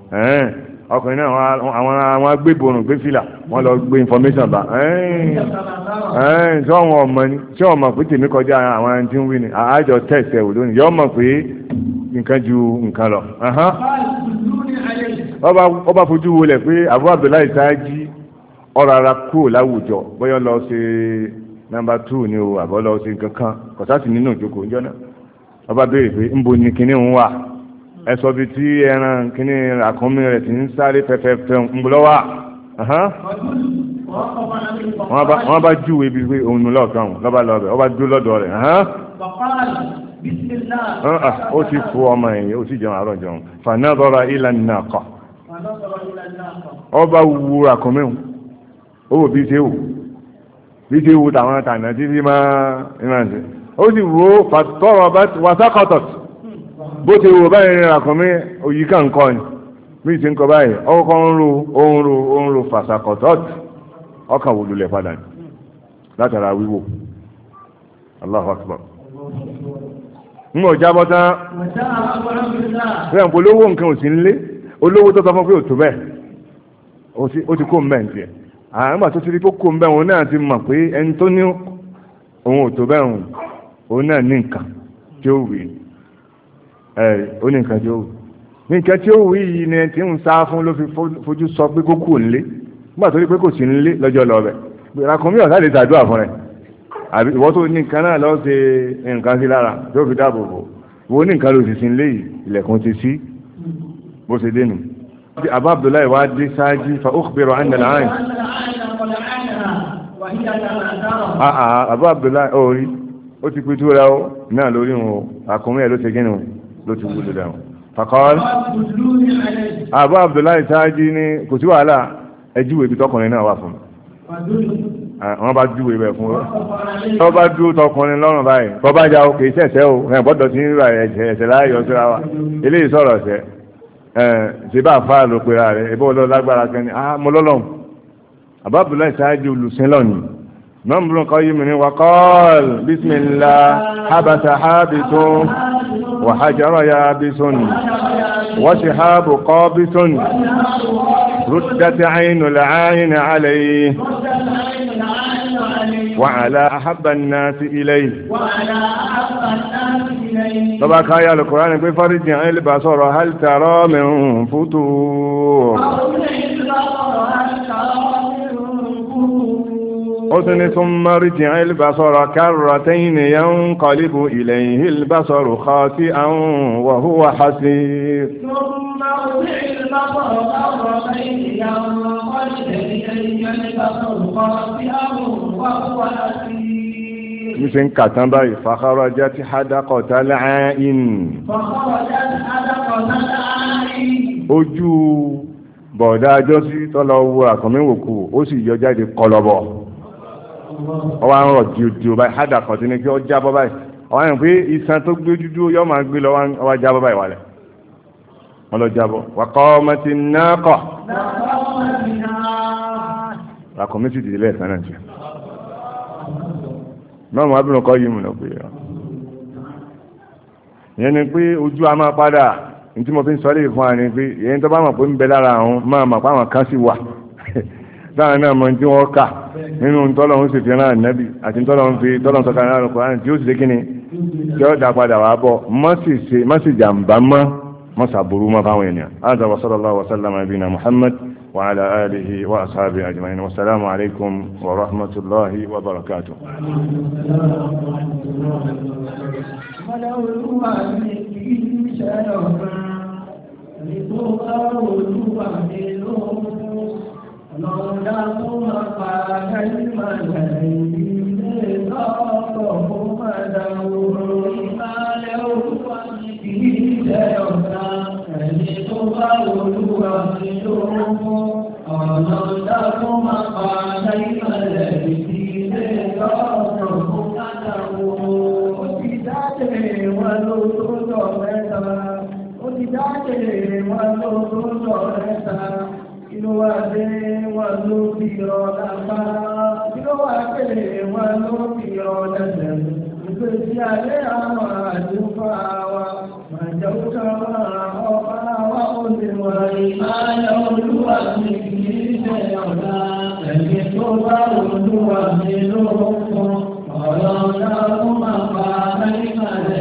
ọkùnrin náà àwọn àwọn agbébọrùn gbé fìlà wọn lọ gbé information bá ẹ̀ẹ́n tí wọn ọmọ ni tí wọn mọ̀ pé tèmi kọjá àwọn ẹni tí ń wí ni àájọ test ẹ wò lónìí yọọ mọ̀ pé nǹkan ju nǹkan lọ. ọba fojú wo lẹ pé àbúrò Abdullahi sáájì ọ̀rọ̀ ara kúrò láwùjọ bóyá lọ ṣe nọ́mbà two ni o àbọ̀ lọ ṣe nǹkan kan kọ̀sátì nínú ìjókòó ìjọ náà ọba béèrè pé ńbo ni kinní ń wà ẹ̀sọ́ bíi tí ẹran kìíní àkọ́mí rẹ̀ ti ń sáré pẹ́pẹ́pẹ́ ńgbọ́lọ́wà wọ́n bá júwe bíi pé òun lọ́ọ̀kan lọ́ba lọ́ọ̀bẹ̀ ọba dúró lọ́dọ̀ rẹ̀ ó ti fò ọmọ ẹ̀yìn ó sì jẹun àárọ̀ jẹun fanadara ila naqa ọba wu àkọ́mí ó wò bíi tí ó bíi tí ó wò tàwọn tànà tí máa ń rántí ó sì wò fatarabat wa saqatat bó ti wò báyìí rìn àkànmí òyìká nǹkan ni bí ti ń kọ báyìí ọkọ̀ ń ro òun ro òun ro fàṣàkọ̀tọ́ọ̀tì ọkàn wò lulẹ̀ padà ní látara wíwò Allahu Akbar ń bọ̀ jábọ́ tán fẹ́ràn pé olówó nǹkan ò sí nílé olówó tó sọ fún pé ò tó bẹ́ẹ̀ ó ti kó mbẹ́ nìyẹn àgbà tó ti rí kó kó mbẹ́ òun náà ti mọ̀ pé ẹni tó ní òun ò tó bẹ́ẹ̀ òun náà ní nǹkan tí ó wù í ó ní nǹkan tí ó wù ní nǹkan tí ó wù yìí ni tí ń sá fún ló fi fojú sọ pé kó kù nílé nígbà tó rí pé kò sí nílé lọ́jọ́ lọ bẹ̀ ìràkùnmí ọ̀sá lè ṣàdúrà fún rẹ̀ àbí ìwọ́n tó ní nǹkan náà lọ́ọ́ ṣe nǹkan sí lára tó fi dáàbò bò wo ní nǹkan ló sì sí nílé yìí ilẹ̀kùn ti sí bó ṣe dénú. àbá Abdullahi wa dé ṣáájú fa ó bèrò àndàlá àìn. àbá Abdullahi ó rí ó ti pitú ra ó náà lórí wọn àkùnrin ẹ̀ ló ṣe gínú ló ti wúlò lẹ́wọ̀n fàkọ́ọ́lì àbú Abdullahi táájí ní kò sí wàhálà ẹjúwe ibi tọkùnrin náà wà fún mi ah, wọ́n bá júwe bẹ̀ fún ọ tọ́ bá dúró tọkùnrin lọ́rùn báyìí tọ́ bá ja òkè iṣẹ́ ẹ̀sẹ̀ o ẹ̀ gbọ́dọ̀ sí nígbà ẹ̀sẹ̀ láyọ̀ síra wa eléyìí sọ̀rọ̀ ọ̀sẹ̀ eh, ṣe bá fa ló pe ra rẹ̀ ẹ̀bọ́ lọ lágbára kan ní ah mo lọ́lọ́hùn àbú Abdullahi táájí olùsìn lọ́nìí mọ́mùlùkọ́ yìí mi ní wakọ́ọ̀lù bísímìlá habasa وحجر يابس وشهاب قابس ردت عين العين عليه وعلى أحب الناس إليه طبعا كايا القرآن بفرج البصر هل ترى من فتور ó tún ní tún mọ́rí jìn ilbásọ́rọ̀ kárọ̀ tẹ́yìn yà ń kọlíbù ilẹ̀yìn ilbásọ́rọ̀ kọ́ sí àwọn wàhúwà ha sí Níṣe ń kàtán báyìí, fàkọ́rọ̀ jẹ́ ti hádàkọ̀ tálàá in. Ojú bọ̀dá ajọ́sí tọ́lọ wo àkànmíwòkú, ó sì yọ jáde kọlọbọ̀. ọwọ́ àwọn ọ̀rọ̀ báyìí hádà kí ọ jábọ́ báyìí ọwọ́ isan pé tó gbé dúdú yọ máa gbé lọ ọwọ́ jábọ́ báyìí wálẹ̀ wọ́n lọ ọmọ ti náà kọ̀ wàkọ́ méjì dìde náà náà yìí lọ a máa padà ní tí mo fi ń sọ lè fún wa ni pé ìyẹn tó bá mọ̀ pé ń bẹ lára àwọn táwọn náà mọ̀ tí wọ́n kà nínú tọ́lọ́hún sì fi rán ànábì àti tọ́lọ́hún fi tọ́lọ́hún sọ̀kà náà lọ́kọ̀ láti tí ó sì dé kíni tí ó dá padà wá bọ̀ má sì jàǹbá mọ́ má sàbúrú mọ́ fáwọn ènìyàn. azza wa sallallahu wa sallama nabina muhammad wa ala alihi wa ashabi ajma'in wa salamu alaikum wa rahmatullahi wa barakatuh. Ìgbó bá olúwa mi lóhùn. مولاكم قال الملايين صاروا مدعوه ما لو وجدي جرنا لتغلوا وجدوه مولاكم قال الملايين صاروا مدعوه وجداته ولوطه مدعوه وجداته ولوطه مدعوه kí ló wá dé wọn ló fi rọ lápá kí ló wá dé wọn ló fi rọ lẹ́sẹ̀ ìgbésí ayé àwọn àdúrà wa màjọ̀ká ọba wa ó lè wà ìmáyà olúwa mi kì í ṣe ọ̀la ẹ̀yìn tó bá olúwa mi ló ń fún ọ̀rọ̀ náà ó máa pa mẹ́rin màdé.